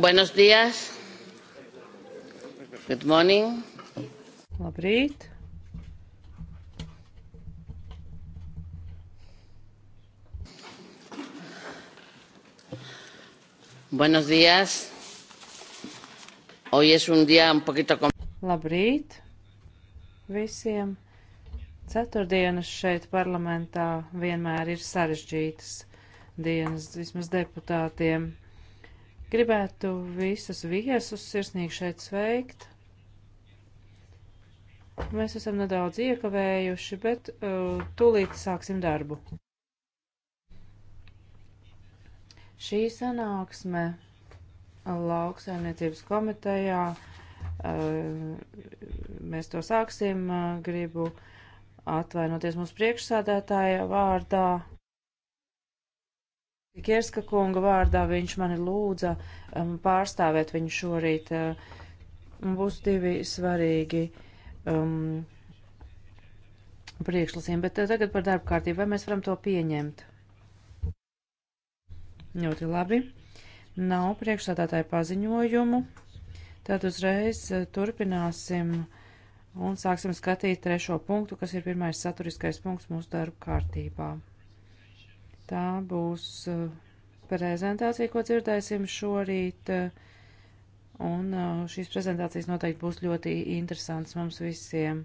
Buenos días. Good morning. Labrīt. Buenos días. Hoy es un día un poquito. Labrīt visiem. Ceturtdienas šeit parlamentā vienmēr ir sarežģītas dienas vismaz deputātiem. Gribētu visus viesus sirsnīgi šeit sveikt. Mēs esam nedaudz iekavējuši, bet uh, tūlīt sāksim darbu. Šī sanāksme lauksaimniecības komitejā, uh, mēs to sāksim, uh, gribu atvainoties mūsu priekšsādātāja vārdā, Kierska kunga vārdā viņš mani lūdza um, pārstāvēt viņu šorīt. Uh, būs divi svarīgi um, priekšlasījumi, bet uh, tagad par darba kārtību. Vai mēs varam to pieņemt? Ļoti labi. Nav priekšstādātāju paziņojumu. Tad uzreiz uh, turpināsim un sāksim skatīt trešo punktu, kas ir pirmais saturiskais punkts mūsu darba kārtībā. Tā būs eh, prezentācija, ko dzirdēsim šorīt. Un eh, šīs prezentācijas noteikti būs ļoti interesants mums visiem.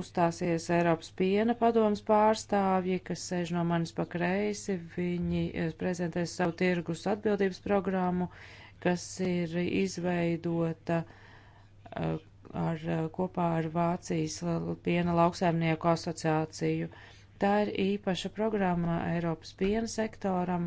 Uzstāsies Eiropas piena padomas pārstāvji, kas sēž no manis pa kreisi. Viņi eh, prezentēs savu tirgus atbildības programmu, kas ir izveidota ar, kopā ar Vācijas piena lauksaimnieku asociāciju. Uh, Tā ir īpaša programma Eiropas piena sektoram,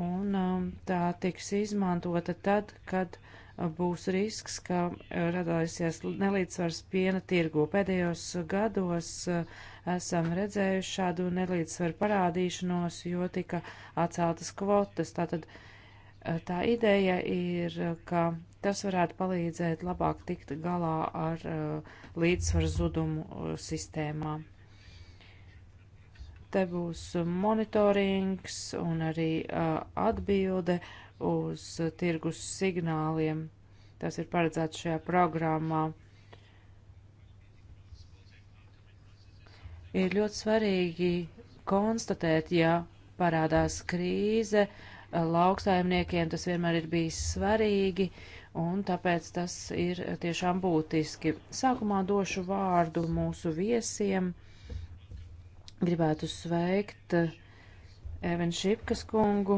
un um, tā tiks izmantota tad, kad uh, būs risks, ka uh, radīsies nelīdzsvars piena tirgu. Pēdējos gados uh, esam redzējuši šādu nelīdzsvaru parādīšanos, jo tika atceltas kvotas. Tātad tā ideja ir, ka tas varētu palīdzēt labāk tikt galā ar līdzsvaru zudumu sistēmām. Te būs monitorings un arī uh, atbilde uz tirgus signāliem. Tas ir paredzēts šajā programmā. Ir ļoti svarīgi konstatēt, ja parādās krīze, lauksaimniekiem tas vienmēr ir bijis svarīgi, un tāpēc tas ir tiešām būtiski. Sākumā došu vārdu mūsu viesiem. Gribētu sveikt eh, Evenu Šipkas kungu,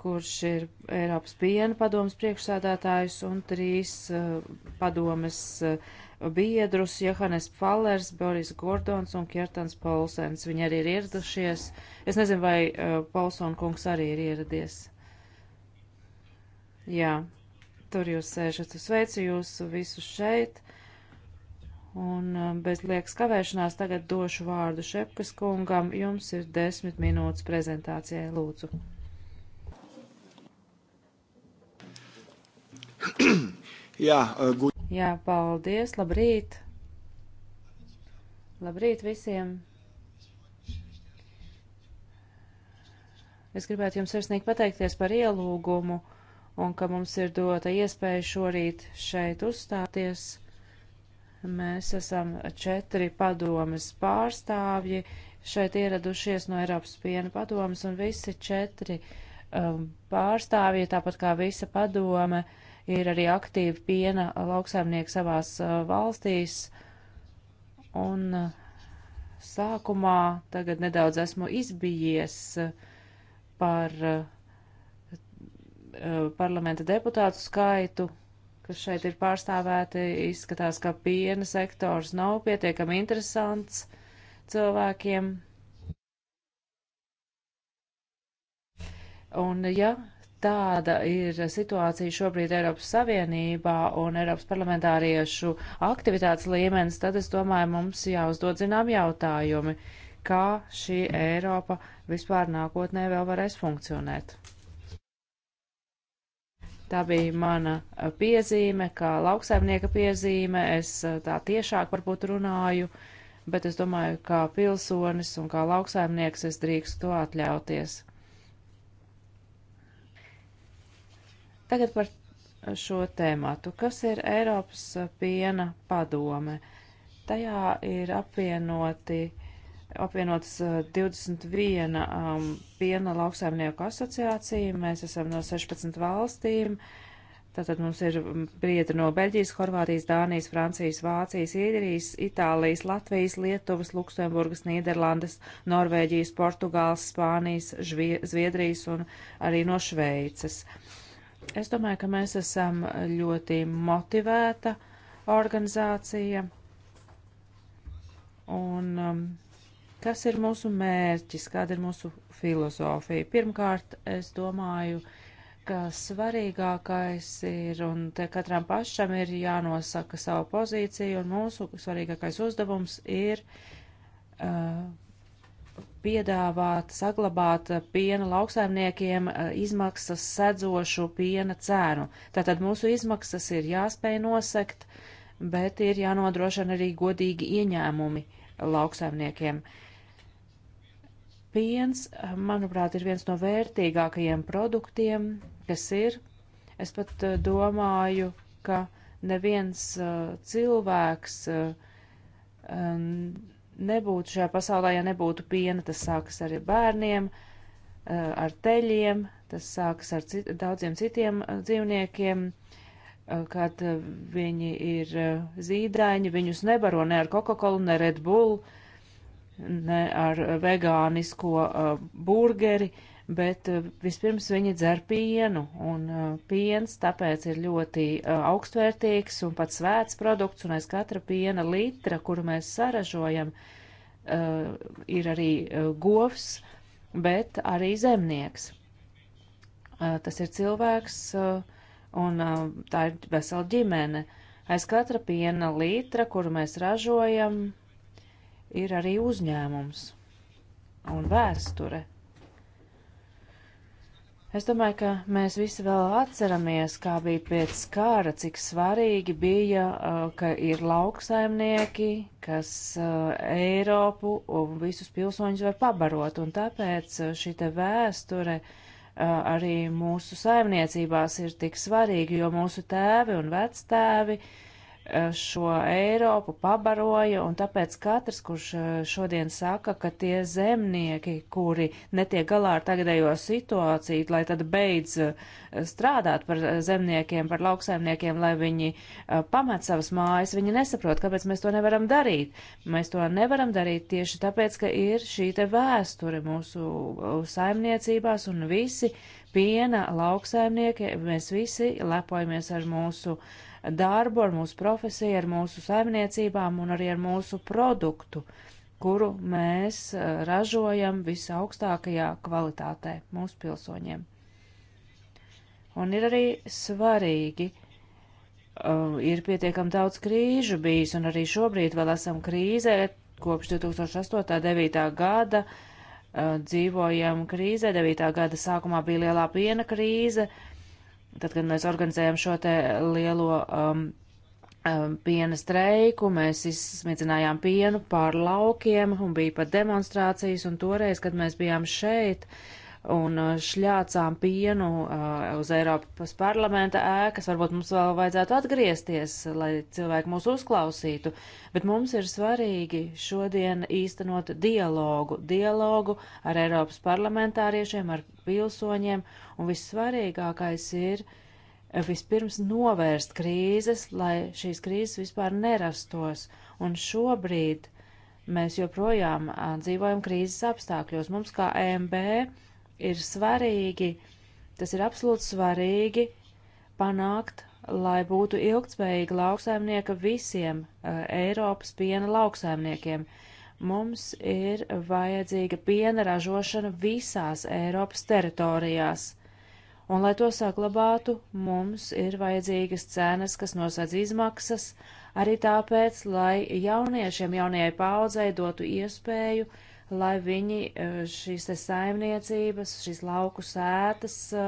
kurš ir Eiropas piena padomas priekšsēdētājs un trīs uh, padomas uh, biedrus - Johannes Fallers, Boris Gordons un Kjertans Polsens. Viņi arī ir ieradušies. Es nezinu, vai uh, Polsona kungs arī ir ieradies. Jā, tur jūs sēžat. Sveicu jūs visus šeit. Un um, bez liekas kavēšanās tagad došu vārdu Šepkas kungam. Jums ir desmit minūtes prezentācijai, lūdzu. Jā, uh, gud... Jā, paldies, labrīt. Labrīt visiem. Es gribētu jums sirsnīgi pateikties par ielūgumu un ka mums ir dota iespēja šorīt šeit uzstāties Mēs esam četri padomas pārstāvji šeit ieradušies no Eiropas piena padomas, un visi četri um, pārstāvji, tāpat kā visa padome, ir arī aktīvi piena lauksaimnieki savās uh, valstīs. Un uh, sākumā tagad nedaudz esmu izbijies uh, par uh, uh parlamenta deputātu skaitu, kas šeit ir pārstāvēti, izskatās, ka piena sektors nav pietiekami interesants cilvēkiem. Un ja tāda ir situācija šobrīd Eiropas Savienībā un Eiropas parlamentāriešu aktivitātes līmenis, tad es domāju, mums jāuzdod zinām jautājumi, kā šī Eiropa vispār nākotnē vēl varēs funkcionēt. Tā bija mana eh, piezīme, kā lauksaimnieka piezīme. Es eh, tā tiešāk varbūt runāju, bet es domāju, kā pilsonis un kā lauksaimnieks es drīkstu to atļauties. Tagad par šo tēmatu. Kas ir Eiropas piena padome? Tajā ir apvienoti uh, apvienotas 21 um, piena lauksaimnieku asociācija. Mēs esam no 16 valstīm. Tātad mums ir biedri no Beļģijas, Horvātijas, Dānijas, Francijas, Vācijas, Īrijas, Itālijas, Latvijas, Lietuvas, Luksemburgas, Nīderlandes, Norvēģijas, Portugāles, Spānijas, Žvie, Zviedrijas un arī no Šveices. Es domāju, ka mēs esam ļoti motivēta organizācija. Un, um, Kas ir mūsu mērķis, kāda ir mūsu filozofija? Pirmkārt, es domāju, ka svarīgākais ir, un te katram pašam ir jānosaka savu pozīciju, un mūsu svarīgākais uzdevums ir uh, piedāvāt, saglabāt piena lauksaimniekiem uh, izmaksas sedzošu piena cēnu. Tātad mūsu izmaksas ir jāspēj nosekt, bet ir jānodrošina arī godīgi ieņēmumi lauksaimniekiem. Uh, piens, manuprāt, ir viens no vērtīgākajiem produktiem, kas ir. Es pat eh, domāju, ka neviens uh, cilvēks uh, nebūtu šajā pasaulē, ja nebūtu piena. Tas sākas ar bērniem, uh, ar teļiem, tas sākas ar cit daudziem citiem dzīvniekiem. Kad viņi ir zīdaiņi, viņus nebaro ne ar Coca-Cola, ne Red Bull, ne ar vegānisko uh, burgeri, bet uh, vispirms viņi dzer pienu, un uh, piens tāpēc ir ļoti uh, augstvērtīgs un pat svēts produkts, un aiz katra piena litra, kuru mēs saražojam, uh, ir arī uh, govs, bet arī zemnieks. Uh, tas ir cilvēks, uh, un uh, tā ir vesela ģimene. Aiz katra piena litra, kuru mēs ražojam, ir arī uzņēmums un vēsture. Es domāju, ka mēs visi vēl atceramies, kā bija pēc kara, cik svarīgi bija, uh, ka ir lauksaimnieki, kas uh, Eiropu un visus pilsoņus var pabarot, un tāpēc uh, šī te vēsture arī mūsu saimniecībās ir tik svarīga, jo mūsu tēvi un vectēvi tēvi šo Eiropu pabaroja, un tāpēc katrs, kurš eh, šodien saka, ka tie zemnieki, kuri netiek galā ar tagadējo situāciju, lai tad beidz eh, strādāt par zemniekiem, par lauksaimniekiem, lai viņi eh, pamet savas mājas, viņi nesaprot, kāpēc mēs to nevaram darīt. Mēs to nevaram darīt tieši tāpēc, ka ir šī te vēsture mūsu saimniecībās un visi piena lauksaimnieki, mēs visi lepojamies ar mūsu uh, darbu, ar mūsu profesiju, ar mūsu saimniecībām un arī ar mūsu produktu, kuru mēs eh, ražojam visaugstākajā kvalitātē mūsu pilsoņiem. Un ir arī svarīgi, uh, ir pietiekam daudz krīžu bijis, un arī šobrīd vēl esam krīzē, kopš 2008.9. gada uh, dzīvojam krīzē, 9. gada sākumā bija lielā piena krīze, uh, tad, kad mēs organizējam šo te lielo um, um piena streiku, mēs izsmidzinājām pienu pār laukiem un bija pat demonstrācijas, un toreiz, kad mēs bijām šeit, uh, un uh, šļācām pienu uh, uz Eiropas parlamenta ēkas. Varbūt mums vēl vajadzētu atgriezties, lai cilvēki mūs uzklausītu, bet mums ir svarīgi šodien īstenot dialogu, dialogu ar Eiropas parlamentāriešiem, ar pilsoņiem, un vissvarīgākais ir eh, vispirms novērst krīzes, lai šīs krīzes vispār nerastos. Un šobrīd mēs joprojām dzīvojam krīzes apstākļos. Mums kā MB ir svarīgi, tas ir absolūti svarīgi panākt, lai būtu ilgtspējīga lauksaimnieka visiem uh, Eiropas piena lauksaimniekiem. Mums ir vajadzīga piena ražošana visās Eiropas teritorijās. Un, lai to saglabātu, mums ir vajadzīgas cenas, kas nosedz izmaksas, arī tāpēc, lai jauniešiem, jaunajai paudzei dotu iespēju uh, lai viņi e, šīs te saimniecības, šīs lauku sētas, e,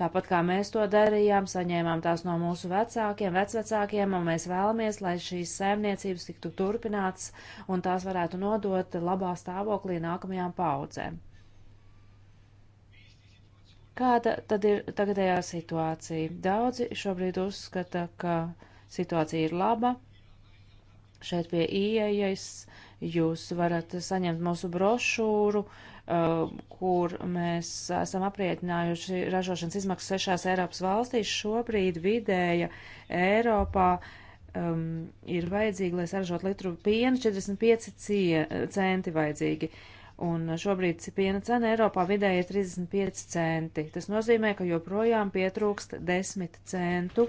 tāpat kā mēs to darījām, saņēmām tās no mūsu vecākiem, vecvecākiem, un mēs vēlamies, lai šīs saimniecības tiktu turpināts un tās varētu nodot labā stāvoklī nākamajām paudzēm. Kāda tad ir tagadējā situācija? Daudzi šobrīd uzskata, ka situācija ir laba. Šeit pie ieejas Jūs varat saņemt mūsu brošūru, kur mēs esam aprietinājuši ražošanas izmaksas sešās Eiropas valstīs. Šobrīd vidēja Eiropā um, ir vajadzīga, lai saražot litru piena, 45 centi vajadzīgi. Un šobrīd piena cena Eiropā vidēji ir 35 centi. Tas nozīmē, ka joprojām pietrūkst 10 centu,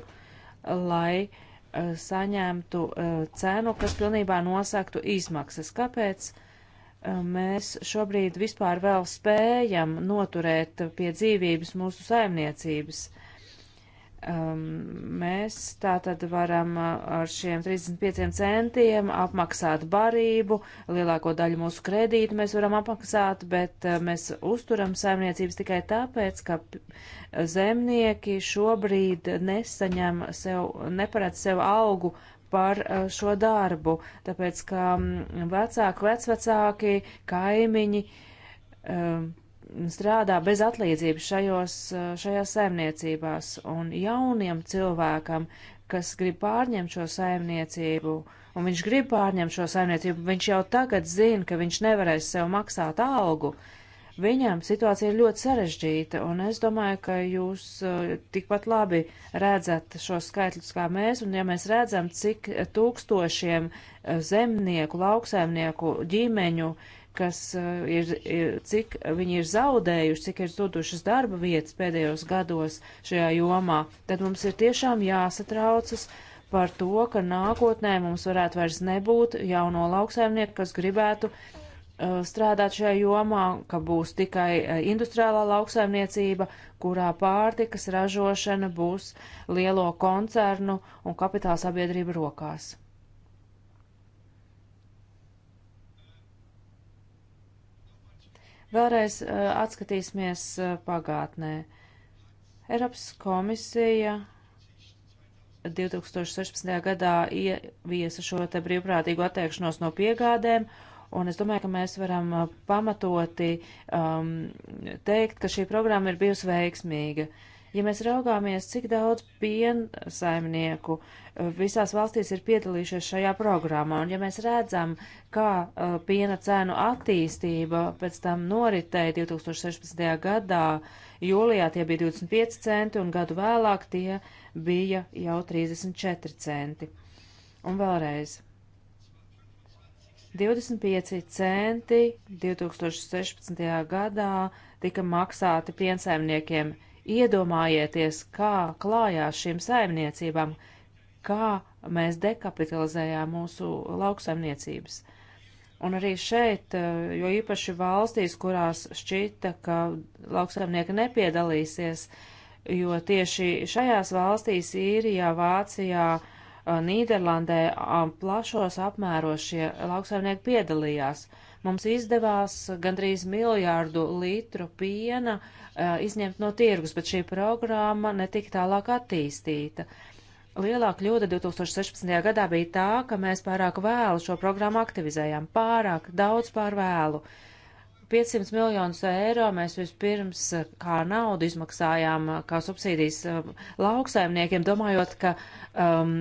lai uh, E, saņemtu e, cenu, kas pilnībā nosaktu izmaksas. Kāpēc e, mēs šobrīd vispār vēl spējam noturēt pie dzīvības mūsu saimniecības? Um, mēs tātad varam eh, ar šiem 35 centiem apmaksāt barību, lielāko daļu mūsu kredītu mēs varam apmaksāt, bet uh, mēs uzturam saimniecības tikai tāpēc, ka zemnieki šobrīd nesaņem sev, neparāda sev algu par uh, šo darbu, tāpēc, ka um, vecāki, vecvecāki, kaimiņi, um, strādā bez atlīdzības šajos, šajās saimniecībās, un jauniem cilvēkam, kas grib pārņemt šo saimniecību, un viņš grib pārņemt šo saimniecību, viņš jau tagad zina, ka viņš nevarēs sev maksāt algu. Viņam situācija ir ļoti sarežģīta, un es domāju, ka jūs eh, tikpat labi redzat šos skaitļus kā mēs, un ja mēs redzam, cik tūkstošiem eh, zemnieku, lauksaimnieku ģimeņu kas eh, ir, ir cik viņi ir zaudējuši, cik ir zudušas darba vietas pēdējos gados šajā jomā, tad mums ir tiešām jāsatraucas par to, ka nākotnē mums varētu vairs nebūt jauno lauksaimnieku, kas gribētu uh, strādāt šajā jomā, ka būs tikai uh, industriālā lauksaimniecība, kurā pārtikas ražošana būs lielo koncernu un kapitāla sabiedrību rokās. Vēlreiz atskatīsimies pagātnē. Eiropas komisija 2016. gadā ieviesa šo te brīvprātīgu atteikšanos no piegādēm, un es domāju, ka mēs varam pamatoti um, teikt, ka šī programma ir bijusi veiksmīga. Uh, Ja mēs raugāmies, cik daudz piensaimnieku visās valstīs ir piedalījušies šajā programmā, un ja mēs redzam, kā uh, piena cēnu attīstība pēc tam noritēja 2016. gadā, jūlijā tie bija 25 centi, un gadu vēlāk tie bija jau 34 centi. Un vēlreiz. 25 centi 2016. gadā tika maksāti piensaimniekiem Iedomājieties, kā klājās šīm saimniecībām, kā mēs dekapitalizējām mūsu lauksaimniecības. Un arī šeit, eh, jo īpaši valstīs, kurās šķita, ka lauksaimnieki nepiedalīsies, jo tieši šajās valstīs Īrijā, Vācijā, eh, Nīderlandē plašos apmēros šie lauksaimnieki piedalījās. Uh, Mums izdevās gandrīz miljārdu litru piena uh, izņemt no tirgus, bet šī programma netika tālāk attīstīta. Lielā kļūda 2016. gadā bija tā, ka mēs pārāk vēlu šo programmu aktivizējām, pārāk daudz pār vēlu. 500 miljonus eiro mēs vispirms eh, kā naudu izmaksājām, eh, kā subsīdijas lauksaimniekiem, domājot, ka um,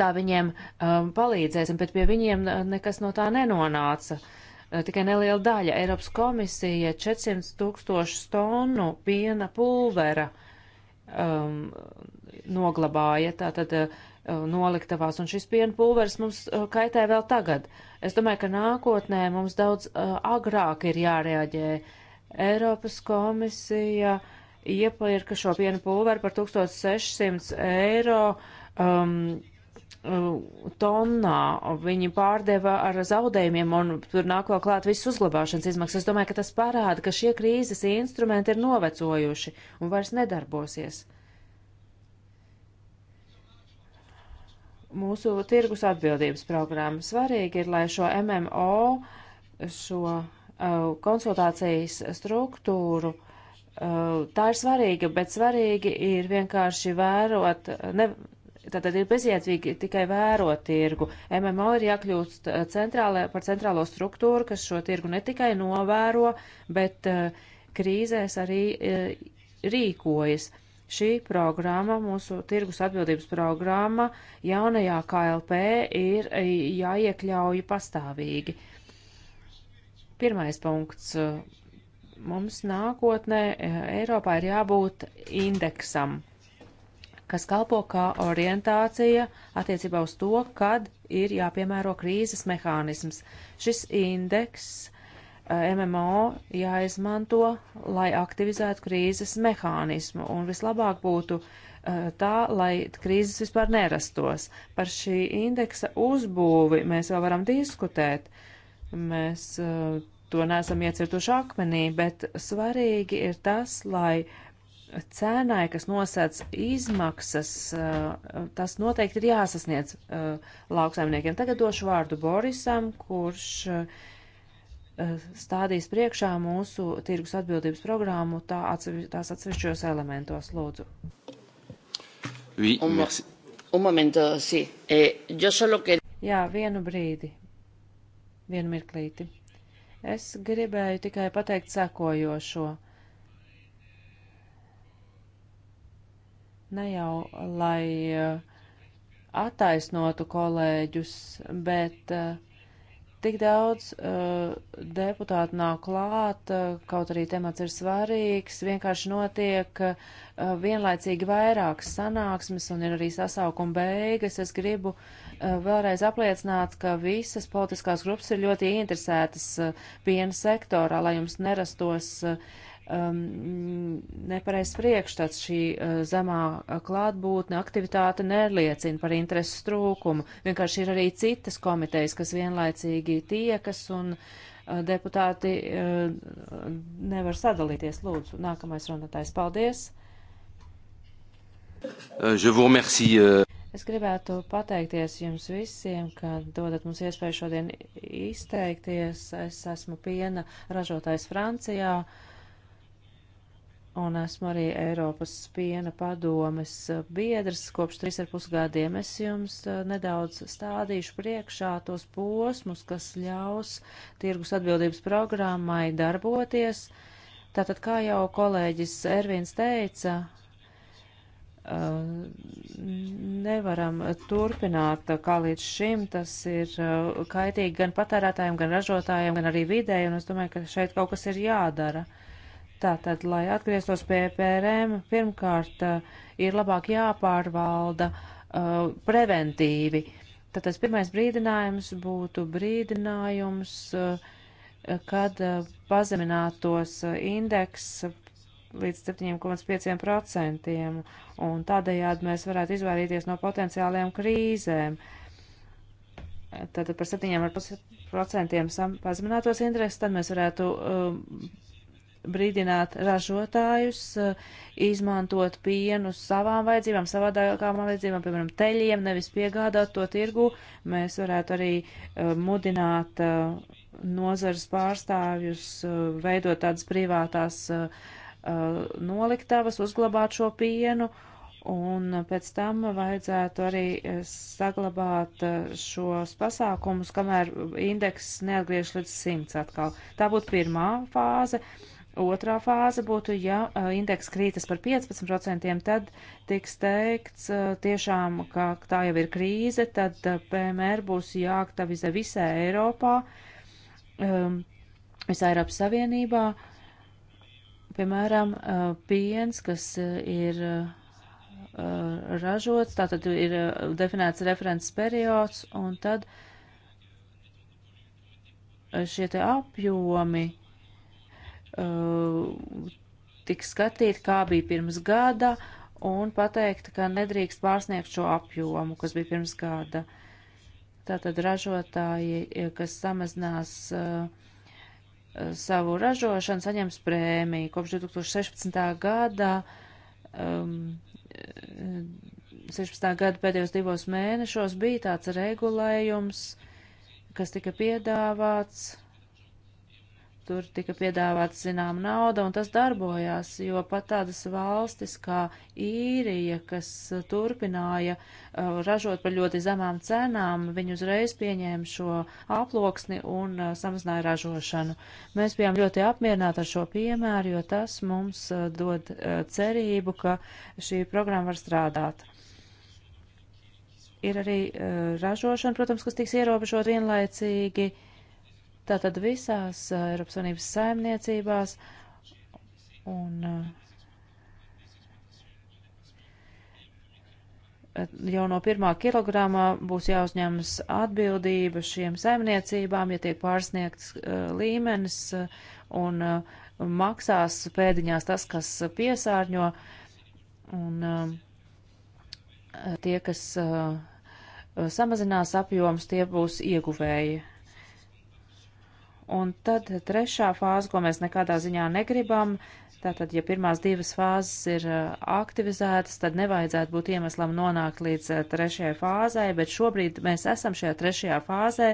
tā viņiem um, palīdzēsim, bet pie viņiem uh, nekas no tā nenonāca. Uh, tikai neliela daļa. Eiropas komisija 400 tūkstošu tonu piena pulvera um, noglabāja tātad uh, noliktavās, un šis piena pulveris mums uh, kaitē vēl tagad. Es domāju, ka nākotnē mums daudz uh, agrāk ir jārēģē. Eiropas komisija iepirka šo piena pulveru par 1600 eiro. Um, tonnā viņi pārdeva ar zaudējumiem un tur nāko klāt visas uzglabāšanas izmaksas. Es domāju, ka tas parāda, ka šie krīzes instrumenti ir novecojuši un vairs nedarbosies. Mūsu tirgus atbildības programma svarīgi ir, lai šo MMO, šo uh, konsultācijas struktūru uh, Tā ir svarīga, bet svarīgi ir vienkārši vērot, ne, Tātad ir bezjēdzīgi tikai vērot tirgu. MMO ir jākļūst eh, centrālē, par centrālo struktūru, kas šo tirgu ne tikai novēro, bet uh, krīzēs arī uh, rīkojas. Šī programma, mūsu tirgus atbildības programma, jaunajā KLP ir jāiekļauj pastāvīgi. Pirmais punkts. Mums nākotnē Eiropā ir jābūt indeksam kas kalpo kā orientācija attiecībā uz to, kad ir jāpiemēro krīzes mehānisms. Šis indeks eh, MMO jāizmanto, lai aktivizētu krīzes mehānismu, un vislabāk būtu eh, tā, lai krīzes vispār nerastos. Par šī indeksa uzbūvi mēs vēl varam diskutēt. Mēs eh, to neesam iecirtuši akmenī, bet svarīgi ir tas, lai cēnai, kas nosēc izmaksas, eh, tas noteikti ir jāsasniedz eh, lauksaimniekiem. Tagad došu vārdu Borisam, kurš eh, stādīs priekšā mūsu tirgus atbildības programmu tā atsevi, tās atsevišķos elementos. Lūdzu. Oui, merci. Un momento, sí. Eh, yo solo que... Jā, vienu brīdi. Vienu mirklīti. Es gribēju tikai pateikt sekojošo. ne jau lai uh, attaisnotu kolēģus, bet uh, tik daudz uh, deputātu nav klāt, kaut arī temats ir svarīgs, vienkārši notiek vienlaicīgi vairākas sanāksmes un ir arī sasaukuma beigas. Es gribu vēlreiz apliecināt, ka visas politiskās grupas ir ļoti interesētas piena sektorā, lai jums nerastos uh, um, nepareizs priekšstats, šī uh, zemā klātbūtne aktivitāte neliecina par interesu trūkumu. Vienkārši ir arī citas komitejas, kas vienlaicīgi tiekas un uh, deputāti uh, nevar sadalīties. Lūdzu, nākamais runātājs, paldies! Uh, uh. Es gribētu pateikties jums visiem, ka dodat mums iespēju šodien izteikties. Es esmu piena ražotājs Francijā. Uh, un esmu arī Eiropas piena padomes biedrs kopš trīs ar pusgadiem. Es jums eh, nedaudz stādīšu priekšā tos posmus, kas ļaus tirgus atbildības programmai darboties. Tātad, kā jau kolēģis Ervins teica, eh, nevaram turpināt eh, kā līdz šim. Tas ir kaitīgi gan patērētājiem, gan ražotājiem, gan arī vidēji, un es domāju, ka šeit kaut kas ir jādara. Tātad, lai atgrieztos pie PRM, pirmkārt eh, ir labāk jāpārvalda uh, preventīvi. Tātad pirmais brīdinājums būtu brīdinājums, uh, kad uh, pazeminātos indeks līdz 7,5%, un tādējādi mēs varētu izvairīties no potenciālajām krīzēm. Tātad par 7% pazeminātos intereses, tad mēs varētu uh, brīdināt ražotājus, eh, izmantot pienu savām vajadzībām, savādākām vajadzībām, piemēram, teļiem, nevis piegādāt to tirgu. Mēs varētu arī eh, mudināt eh, nozars pārstāvjus veidot tādas privātās noliktavas, uzglabāt šo pienu. Un pēc tam vajadzētu arī saglabāt šos pasākumus, kamēr indeks neatgriež līdz simts atkal. Tā būtu pirmā fāze. Uh, Otrā fāze būtu, ja indeks krītas par 15%, tad tiks teikts tiešām, ka tā jau ir krīze, tad PMR būs jāaktavizē visā Eiropā, visā Eiropas Savienībā. Piemēram, piens, kas ir ražots, tātad ir definēts referents periods, un tad šie te apjomi tiks skatīt, kā bija pirms gada, un pateikt, ka nedrīkst pārsniegt šo apjomu, kas bija pirms gada. Tātad ražotāji, kas samazinās uh, savu ražošanu, saņems prēmiju. Kopš 2016. gada, um, 16. gada pēdējos divos mēnešos bija tāds regulējums, kas tika piedāvāts tur tika piedāvāts zinām nauda, un tas darbojās, jo pat tādas valstis kā īrija, kas uh, turpināja uh, ražot par ļoti zemām cenām, viņi uzreiz pieņēma šo aploksni un uh, samazināja ražošanu. Mēs bijām ļoti apmierināti ar šo piemēru, jo tas mums uh, dod uh, cerību, ka šī programma var strādāt ir arī uh, ražošana, protams, kas tiks ierobežot vienlaicīgi, Tātad visās Eiropas Savienības saimniecībās un jau no pirmā kilograma būs jāuzņemas atbildība šiem saimniecībām, ja tiek pārsniegts uh, līmenis uh, un uh, maksās pēdiņās tas, kas piesārņo, un tie, kas samazinās apjoms, tie būs ieguvēji. Un tad trešā fāze, ko mēs nekādā ziņā negribam, tātad, ja pirmās divas fāzes ir uh, aktivizētas, tad nevajadzētu būt iemeslam nonākt līdz uh, trešajai fāzai, bet šobrīd mēs esam šajā trešajā fāzē,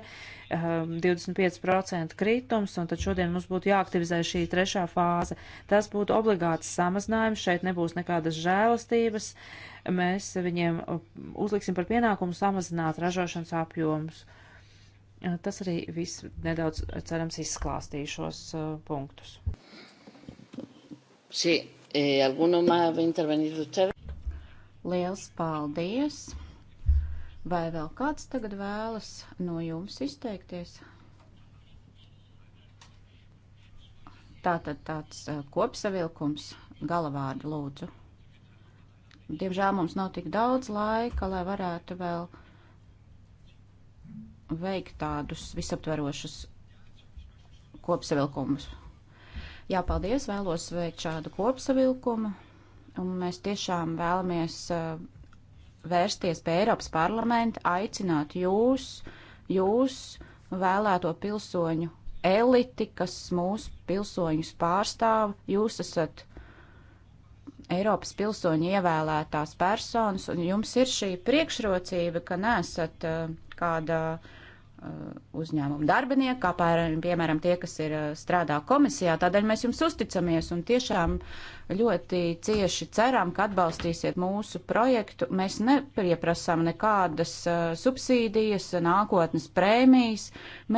25% um, kritums, un tad šodien mums būtu jāaktivizē šī trešā fāze. Tas būtu obligāts samazinājums, šeit nebūs nekādas žēlastības, mēs viņiem uh, uzliksim par pienākumu samazināt ražošanas apjomus. Tas arī viss nedaudz, cerams, izklāstīja šos punktus. Sí, eh, alguno más va a intervenir usted? Liels paldies! Vai vēl kāds tagad vēlas no jums izteikties? Tātad tāds kopsavilkums galavārdu lūdzu. Diemžēl mums nav tik daudz laika, lai varētu vēl veikt tādus visaptverošus kopsavilkumus. Jā, paldies, vēlos veikt šādu kopsavilkumu, un mēs tiešām vēlamies uh, vērsties pie Eiropas parlamenta, aicināt jūs, jūs vēlēto pilsoņu eliti, kas mūsu pilsoņus pārstāv, jūs esat Eiropas pilsoņu ievēlētās personas, un jums ir šī priekšrocība, ka nesat uh, kāda uh, uzņēmumu darbinieki, kā piemēram tie, kas ir strādā komisijā. Tādēļ mēs jums uzticamies un tiešām ļoti cieši ceram, ka atbalstīsiet mūsu projektu. Mēs nepieprasām nekādas subsīdijas, nākotnes prēmijas.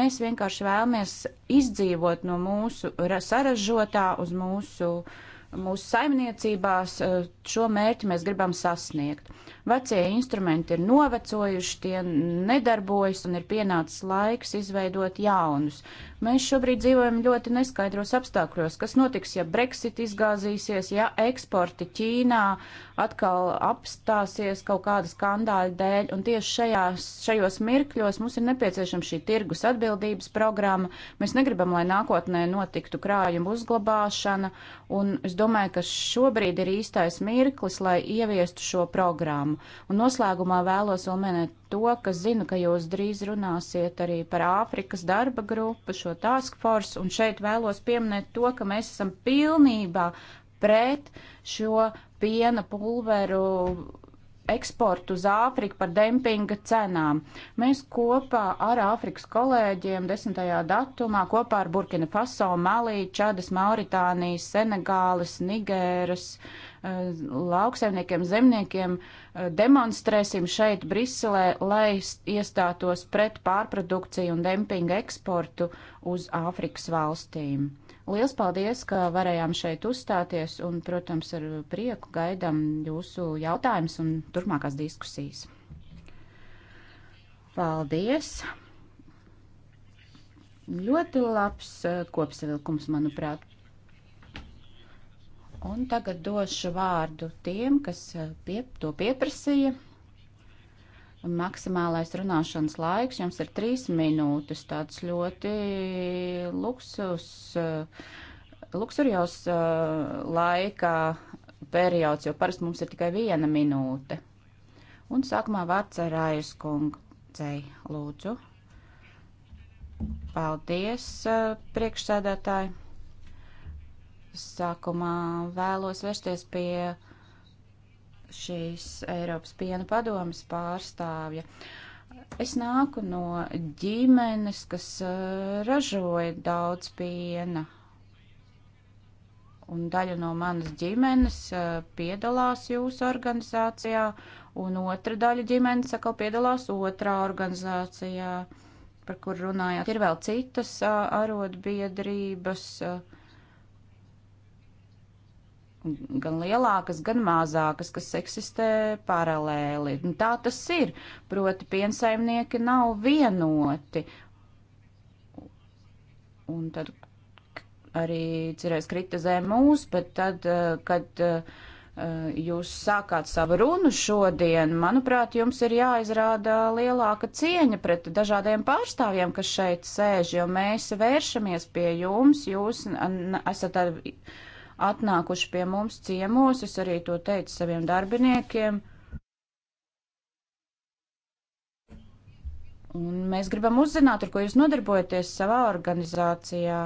Mēs vienkārši vēlamies izdzīvot no mūsu saražotā uz mūsu uh, mūsu saimniecībās e, šo mērķi mēs gribam sasniegt. Vecie instrumenti ir novecojuši, tie nedarbojas un ir pienācis laiks izveidot jaunus. Mēs šobrīd dzīvojam ļoti neskaidros apstākļos, kas notiks, ja Brexit izgāzīsies, ja eksporti Ķīnā atkal apstāsies kaut kāda skandāļa dēļ, un tieši šajās, šajos mirkļos mums ir nepieciešama šī tirgus atbildības programma. Mēs negribam, lai nākotnē notiktu krājumu uzglabāšana, un es domāju, domāju, ka šobrīd ir īstais mirklis, lai ieviestu šo programmu. Un noslēgumā vēlos vēl minēt to, ka zinu, ka jūs drīz runāsiet arī par Āfrikas darba grupu, šo task force, un šeit vēlos pieminēt to, ka mēs esam pilnībā pret šo piena pulveru eksportu uz Āfriku par dempinga cenām. Mēs kopā ar Āfrikas kolēģiem 10. datumā kopā ar Burkina Faso, Malī, Čadas, Mauritānijas, Senegāles, Nigēras eh, lauksaimniekiem, zemniekiem eh, demonstrēsim šeit Briselē, lai iestātos pret pārprodukciju un dempinga eksportu uz Āfrikas valstīm. Liels paldies, ka varējām šeit uzstāties un, protams, ar prieku gaidām jūsu jautājumus un turpmākās diskusijas. Paldies! Ļoti labs eh, kopsavilkums, manuprāt. Un tagad došu vārdu tiem, kas eh, pie, to pieprasīja. Maksimālais runāšanas laiks jums ir trīs minūtes, tāds ļoti luksus, eh, luksurjos eh, laika periods, jo parasti mums ir tikai viena minūte. Un sākumā vārds Rājas kungcei, lūdzu. Paldies, eh, priekšsēdētāji. Sākumā vēlos vērsties pie šīs Eiropas piena padomas pārstāvja. Es nāku no ģimenes, kas eh, ražoja daudz piena. Un daļa no manas ģimenes eh, piedalās jūsu organizācijā, un otra daļa ģimenes atkal piedalās otrā organizācijā, par kur runājāt. Ir vēl citas eh, arotbiedrības. Uh, gan lielākas, gan mazākas, kas eksistē paralēli. Un tā tas ir. Proti, piensaimnieki nav vienoti. Un tad arī cerēs kritizē mūs, bet tad, eh, kad eh, jūs sākāt savu runu šodien, manuprāt, jums ir jāizrāda lielāka cieņa pret dažādiem pārstāvjiem, kas šeit sēž, jo mēs vēršamies pie jums, jūs esat ar. Ar atnākuši pie mums ciemos, es arī to teicu saviem darbiniekiem. Un mēs gribam uzzināt, ar ko jūs nodarbojaties savā organizācijā.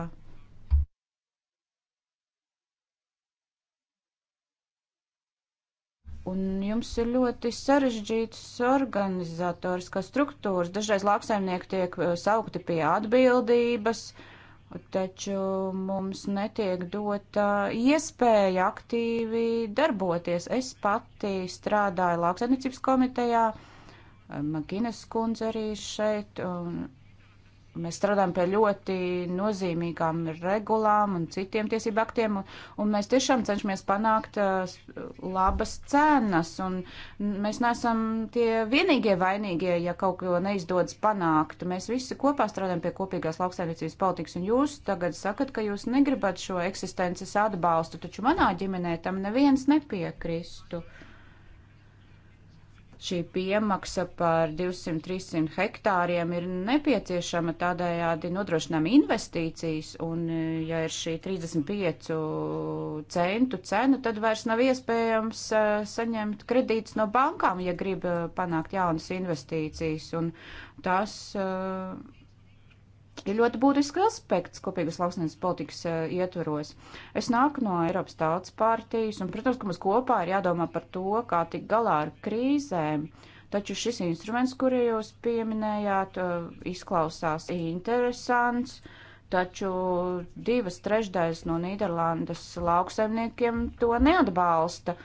Un jums ir ļoti sarežģītas organizatoriskās struktūras. Dažreiz lauksaimnieki tiek eh, saukti pie atbildības. Uh, taču mums netiek dota iespēja aktīvi darboties. Es pati strādāju lauksaimniecības komitejā, Maginas kundze arī šeit, un Mēs strādājam pie ļoti nozīmīgām regulām un citiem tiesību aktiem, un, un mēs tiešām cenšamies panākt uh, labas cenas, un mēs neesam tie vienīgie vainīgie, ja kaut ko neizdodas panākt. Mēs visi kopā strādājam pie kopīgās lauksaimniecības politikas, un jūs tagad sakat, ka jūs negribat šo eksistences atbalstu, taču manā ģimenē tam neviens nepiekristu. Uh, šī piemaksa par 200-300 hektāriem ir nepieciešama tādējādi nodrošinām investīcijas, un eh, ja ir šī 35 centu cena, tad vairs nav iespējams eh, saņemt kredītus no bankām, ja grib eh, panākt jaunas investīcijas, un tas uh, ir ļoti būtisks aspekts kopīgas lauksnes politikas uh, e, ietveros. Es nāku no Eiropas tautas partijas, un, protams, ka mums kopā ir jādomā par to, kā tikt galā ar krīzēm. Taču šis instruments, kuru jūs pieminējāt, uh, izklausās interesants, taču divas trešdaļas no Nīderlandes lauksaimniekiem to neatbalsta.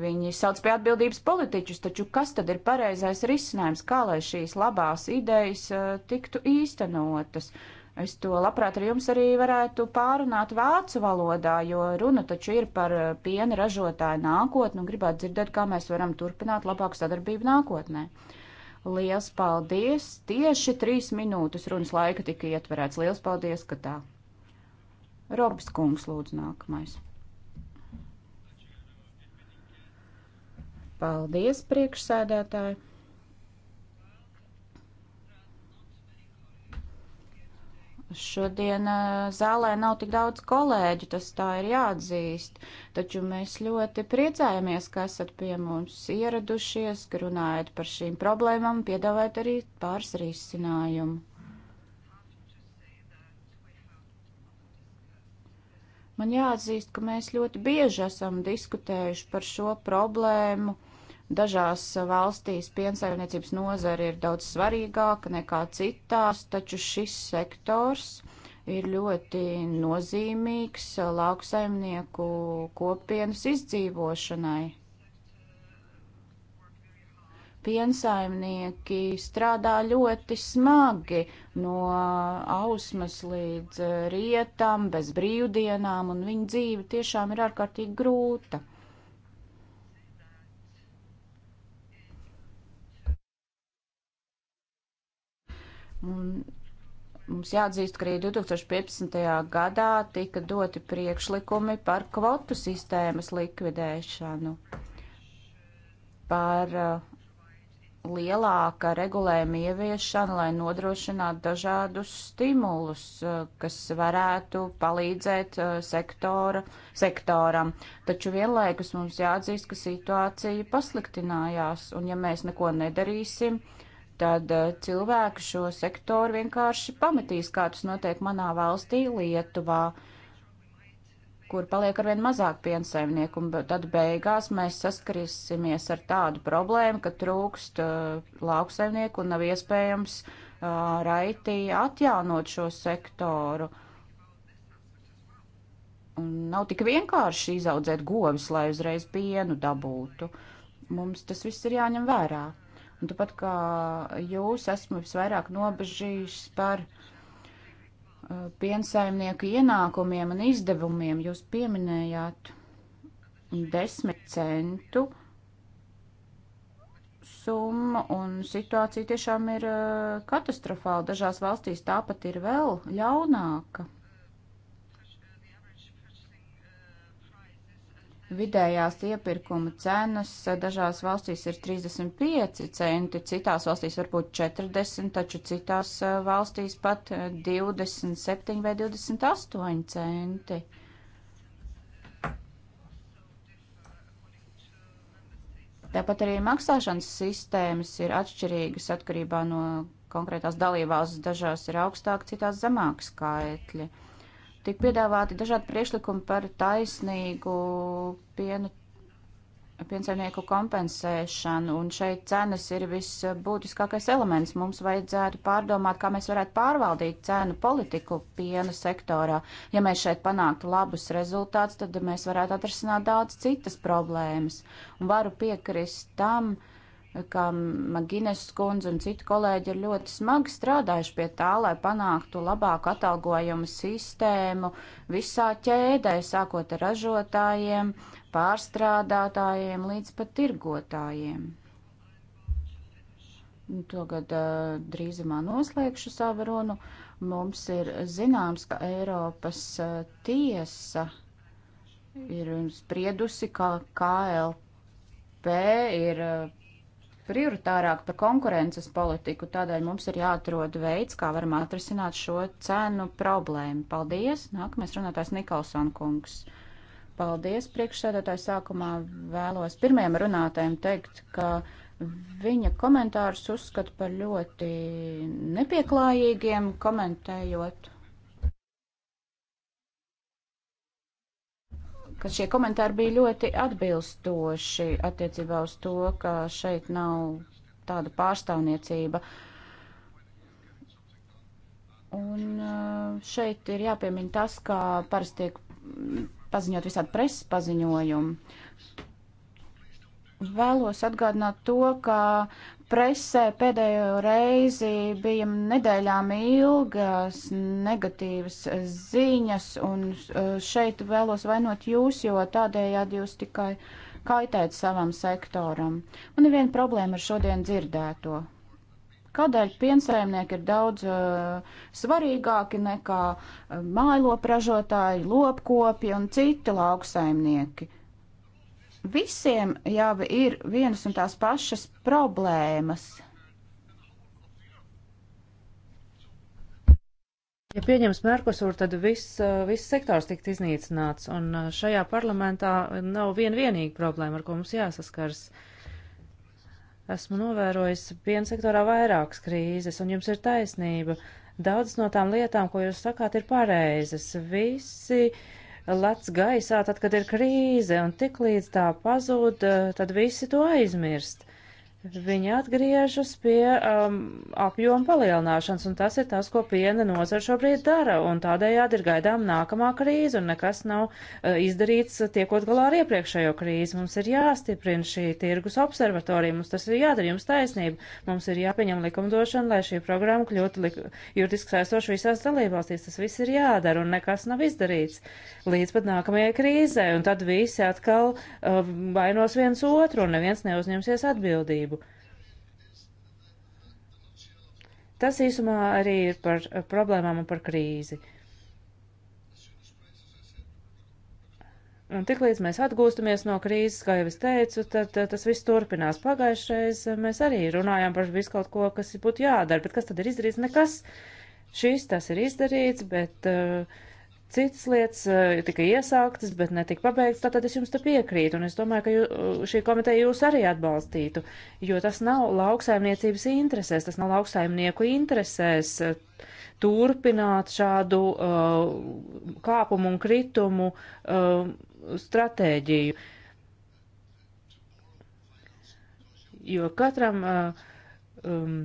Viņi sauc pie atbildības politiķus, taču kas tad ir pareizais risinājums, kā lai šīs labās idejas eh, tiktu īstenotas? Es to labprāt ar jums arī varētu pārunāt vācu valodā, jo runa taču ir par eh, piena ražotāju nākotni un gribētu dzirdēt, kā mēs varam turpināt labāku sadarbību nākotnē. Liels paldies! Tieši trīs minūtes runas laika tika ietverēts. Liels paldies, ka tā! Robs Kungs lūdzu nākamais. Paldies, priekšsēdētāji! Šodien zālē nav tik daudz kolēģu, tas tā ir jāatzīst, taču mēs ļoti priecājamies, ka esat pie mums ieradušies, ka runājat par šīm problēmām, piedāvājat arī pāris risinājumu. Man jāatzīst, ka mēs ļoti bieži esam diskutējuši par šo problēmu Dažās valstīs piensaimniecības nozara ir daudz svarīgāka nekā citās, taču šis sektors ir ļoti nozīmīgs lauksaimnieku kopienas izdzīvošanai. Piensaimnieki strādā ļoti smagi no ausmas līdz rietam, bez brīvdienām, un viņa dzīve tiešām ir ārkārtīgi grūta. Mums jāatzīst, ka arī 2015. gadā tika doti priekšlikumi par kvotu sistēmas likvidēšanu, par uh, lielāka regulējuma ieviešanu, lai nodrošinātu dažādus stimulus, uh, kas varētu palīdzēt uh, sektora, sektoram. Taču vienlaikus mums jāatzīst, ka situācija pasliktinājās, un ja mēs neko nedarīsim, tad tad eh, cilvēki šo sektoru vienkārši pametīs, kā tas notiek manā valstī, Lietuvā, kur paliek arvien mazāk piensaimnieku, un tad beigās mēs saskarīsimies ar tādu problēmu, ka trūkst uh, lauksaimnieku un nav iespējams uh, eh, raitī atjaunot šo sektoru. Un nav tik vienkārši izaudzēt govis, lai uzreiz pienu dabūtu. Mums tas viss ir jāņem vērā. Un tāpat kā jūs, esmu visvairāk nobežījis par uh, piensaimnieku ienākumiem un izdevumiem. Jūs pieminējāt desmit centu summa un situācija tiešām ir uh, katastrofāla. Dažās valstīs tāpat ir vēl ļaunāka. Vidējās iepirkuma cenas eh, dažās valstīs ir 35 centi, citās valstīs varbūt 40, taču citās eh, valstīs pat 27 eh, vai 28 centi. Tāpat arī maksāšanas sistēmas ir atšķirīgas atkarībā no konkrētās dalībās. Dažās ir augstāk, citās zemāk skaitļi. Uh, Tik piedāvāti dažādi priekšlikumi par taisnīgu pienu piensaimnieku kompensēšanu, un šeit cenas ir visbūtiskākais elements. Mums vajadzētu pārdomāt, kā mēs varētu pārvaldīt cenu politiku piena sektorā. Ja mēs šeit panāktu labus rezultātus, tad mēs varētu atrisināt daudz citas problēmas. Un varu piekrist tam, uh, ka Magines skundze un citi kolēģi ir ļoti smagi strādājuši pie tā, lai panāktu labāku atalgojumu sistēmu visā ķēdē, sākot ar ražotājiem, pārstrādātājiem līdz pat tirgotājiem. Tagad uh, drīzumā noslēgšu savu runu. Mums ir zināms, ka Eiropas uh, tiesa ir spriedusi, ka KLP ir uh, prioritārāk par konkurences politiku, tādēļ mums ir jāatrod veids, kā varam atrisināt šo cenu problēmu. Paldies! Nākamais runātājs Nikolson kungs. Paldies, priekšsēdētāji. Sākumā vēlos pirmajam runātājiem teikt, ka viņa komentārus uzskata par ļoti nepieklājīgiem, komentējot ka šie komentāri bija ļoti atbilstoši attiecībā uz to, ka šeit nav tāda pārstāvniecība. Un šeit ir jāpiemina tas, kā parasti tiek paziņot visādi preses paziņojumi. Vēlos atgādināt to, ka presē pēdējo reizi bija nedēļām ilgas negatīvas ziņas, un e, šeit vēlos vainot jūs, jo tādējādi jūs tikai kaitēt savam sektoram. Man ir viena problēma ar šodien dzirdēto. Kādēļ piensaimnieki ir daudz uh, svarīgāki nekā uh, mājlopražotāji, lopkopi un citi lauksaimnieki? Visiem jau ir vienas un tās pašas problēmas. Ja pieņems Merkosur, tad uh, viss vis sektors tikt iznīcināts, un uh, šajā parlamentā nav vien vienīga problēma, ar ko mums jāsaskars. Esmu novērojis piena sektorā vairākas krīzes, un jums ir taisnība. Daudzas no tām lietām, ko jūs sakāt, ir pareizas. Visi uh, lats gaisā, tad, kad ir krīze, un tik līdz tā pazūd, tad visi to aizmirst. Viņa atgriežas pie um, apjoma palielināšanas, un tas ir tas, ko piena nozara šobrīd dara, un tādējādi ir gaidām nākamā krīze, un nekas nav uh, izdarīts uh, tiekot galā ar iepriekšējo krīzi. Mums ir jāstiprina šī tirgus observatorija, mums tas ir jādara, jums taisnība, mums ir jāpieņem likumdošana, lai šī programma kļūtu lik juridiski saistoša visās dalībvalstīs, tas viss ir jādara, un nekas nav izdarīts līdz pat nākamajai krīzē, un tad visi atkal uh, vainos viens otru, un neviens neuzņemsies atbildību. Tas īsumā arī ir par eh, problēmām un par krīzi. Un tiklīdz mēs atgūstamies no krīzes, kā jau es teicu, tad, tad eh, tas viss turpinās. Pagājušreiz mēs arī runājām par visu kaut ko, kas būtu jādara, bet kas tad ir izdarīts? Nekas. Šis tas ir izdarīts, bet uh, citas lietas eh, tika iesāktas, bet netika pabeigts, tātad es jums te piekrītu, un es domāju, ka jū, šī komiteja jūs arī atbalstītu, jo tas nav lauksaimniecības interesēs, tas nav lauksaimnieku interesēs eh, turpināt šādu uh, kāpumu un kritumu uh, stratēģiju. Jo katram uh, um,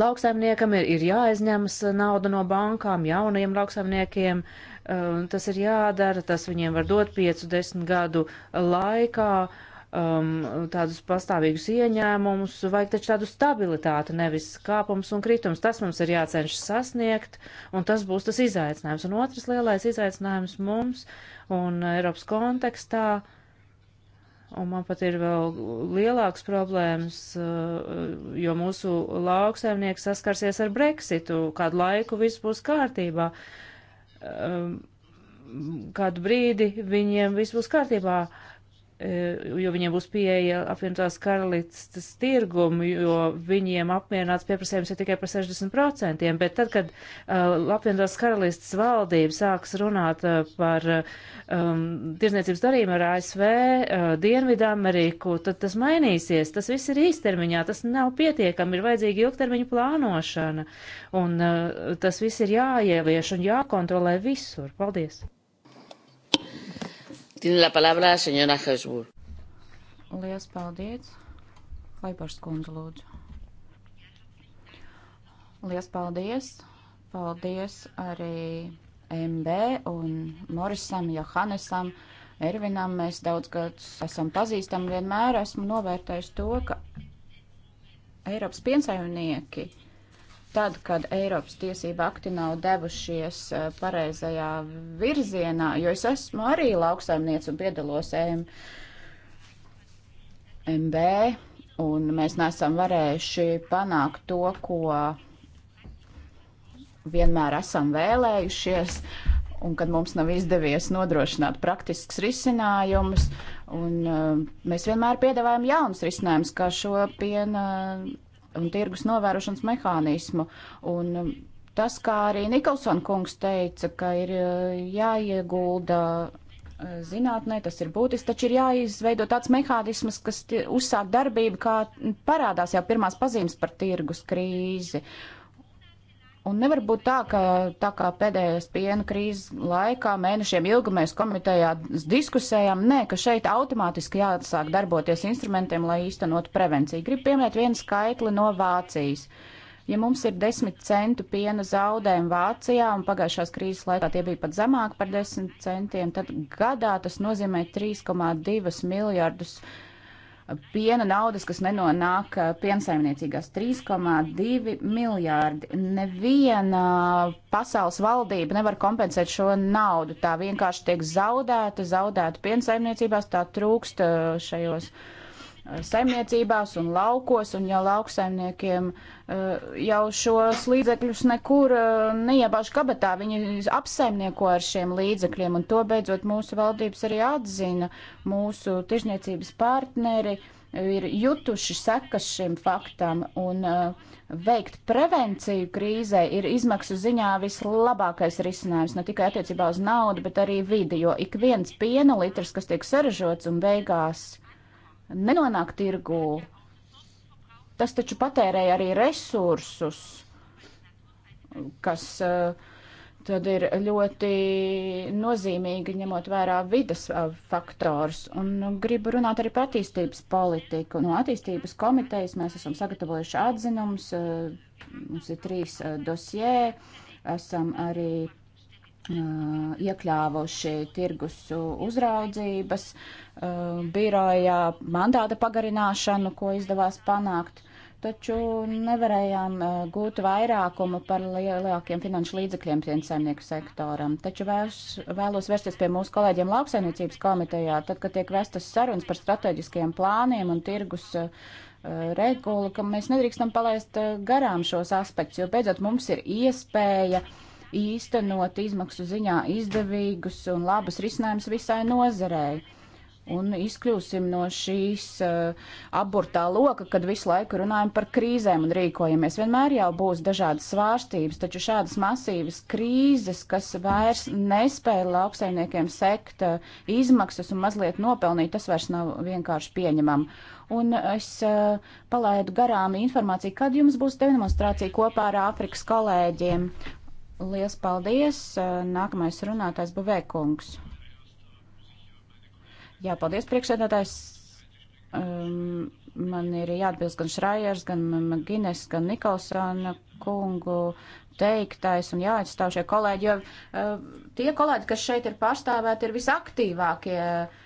lauksaimniekam ir, ir jāaizņemas nauda no bankām jaunajiem lauksaimniekiem. Uh, Un um, tas ir jādara, tas viņiem var dot 5-10 gadu laikā um, tādus pastāvīgus ieņēmumus, vajag taču tādu stabilitāti, nevis kāpums un kritums. Tas mums ir jācenšas sasniegt, un tas būs tas izaicinājums. Un otrs lielais izaicinājums mums un Eiropas kontekstā, un man pat ir vēl lielāks problēmas, uh, jo mūsu lauksaimnieks saskarsies ar Brexitu, kādu laiku viss būs kārtībā. Uh, um, kādu brīdi viņiem viss būs kārtībā. Uh, Eh, jo viņiem būs pieeja apvienotās karalistas tirgumu, jo viņiem apmierināts pieprasījums ir tikai par 60%, bet tad, kad uh, apvienotās karalistas valdība sāks runāt uh, par um, tirzniecības darījumu ar ASV, uh, Dienvidameriku, tad tas mainīsies. Tas viss ir īstermiņā, tas nav pietiekami, ir vajadzīga ilgtermiņa plānošana, un uh, tas viss ir jāievieš un jākontrolē visur. Paldies! Tiene la palabra señora Hesburg. Lielas paldies. Laipašs kundze lūdzu. Lielas paldies. Paldies arī MB un Morisam, Johannesam, Ervinam. Mēs daudz gadus esam pazīstami. Vienmēr esmu novērtējis to, ka Eiropas piensaimnieki tad, kad Eiropas tiesība akti nav devušies eh, pareizajā virzienā, jo es esmu arī lauksaimniec un piedalos MB, un mēs nesam varējuši panākt to, ko vienmēr esam vēlējušies. Un kad mums nav izdevies nodrošināt praktisks risinājums, un, uh, mēs vienmēr piedāvājam jaunus risinājumus, kā šo piena uh, un tirgus novērošanas mehānismu. Un um, tas, kā arī Nikolson kungs teica, ka ir uh, jāiegulda uh, zinātnē, tas ir būtiski, taču ir jāizveido tāds mehānisms, kas uzsāk darbību, kā parādās jau pirmās pazīmes par tirgus krīzi. Uh, Un nevar būt tā, ka tā kā pēdējais piena krīzes laikā mēnešiem ilgi mēs komitejā diskusējām, nē, ka šeit automātiski jāsāk darboties instrumentiem, lai īstenot prevenciju. Gribu pieminēt vienu skaitli no Vācijas. Ja mums ir 10 centu piena zaudējumi Vācijā, un pagājušās krīzes laikā tie bija pat zemāk par 10 centiem, tad gadā tas nozīmē 3,2 miljardus eiro piena naudas, kas nenonāk eh, piensaimniecīgās 3,2 miljārdi. Neviena pasaules valdība nevar kompensēt šo naudu. Tā vienkārši tiek zaudēta, zaudēta piensaimniecībās, tā trūkst eh, šajos. Uh, saimniecībās un laukos, un jau lauksaimniekiem eh, jau šos līdzekļus nekur eh, neiebāž kabatā, viņi apsaimnieko ar šiem līdzekļiem, un to beidzot mūsu valdības arī atzina, mūsu tirzniecības partneri ir jutuši sekas šim faktam, un eh, veikt prevenciju krīzē ir izmaksu ziņā vislabākais risinājums, ne tikai attiecībā uz naudu, bet arī vidi, jo ik viens piena litrs, kas tiek saražots un beigās nenonāk tirgū. Tas taču patērēja arī resursus, kas eh, tad ir ļoti nozīmīgi ņemot vērā vidas eh, faktors. Un gribu runāt arī par attīstības politiku. No attīstības komitejas mēs esam sagatavojuši atzinums, eh, mums ir trīs dosjē, esam arī iekļāvuši tirgus uzraudzības birojā mandāta pagarināšanu, ko izdevās panākt, taču nevarējām gūt vairākumu par lielākiem finanšu līdzekļiem piensaimnieku sektoram. Taču vēs, vēlos vērsties pie mūsu kolēģiem lauksainiecības komitejā, tad, kad tiek vestas sarunas par strateģiskiem plāniem un tirgus regulu, ka mēs nedrīkstam palaist garām šos aspektus, jo beidzot mums ir iespēja uh, īstenot izmaksu ziņā izdevīgus un labus risinājumus visai nozarei. Un izkļūsim no šīs uh, aburtā loka, kad visu laiku runājam par krīzēm un rīkojamies. Vienmēr jau būs dažādas svārstības, taču šādas masīvas krīzes, kas vairs nespēja lauksaimniekiem sekt uh, izmaksas un mazliet nopelnīt, tas vairs nav vienkārši pieņemam. Un es uh, palaidu garām informāciju, kad jums būs demonstrācija kopā ar Āfrikas kolēģiem. Lielas paldies! Eh, nākamais runātājs Buvēkungs. Jā, paldies, priekšsēdētājs. Um, man ir jāatbilst gan Šrājers, gan Magines, gan Nikolsona kungu teiktais un jāatstāv šie kolēģi, jo uh, tie kolēģi, kas šeit ir pārstāvēti, ir visaktīvākie eh,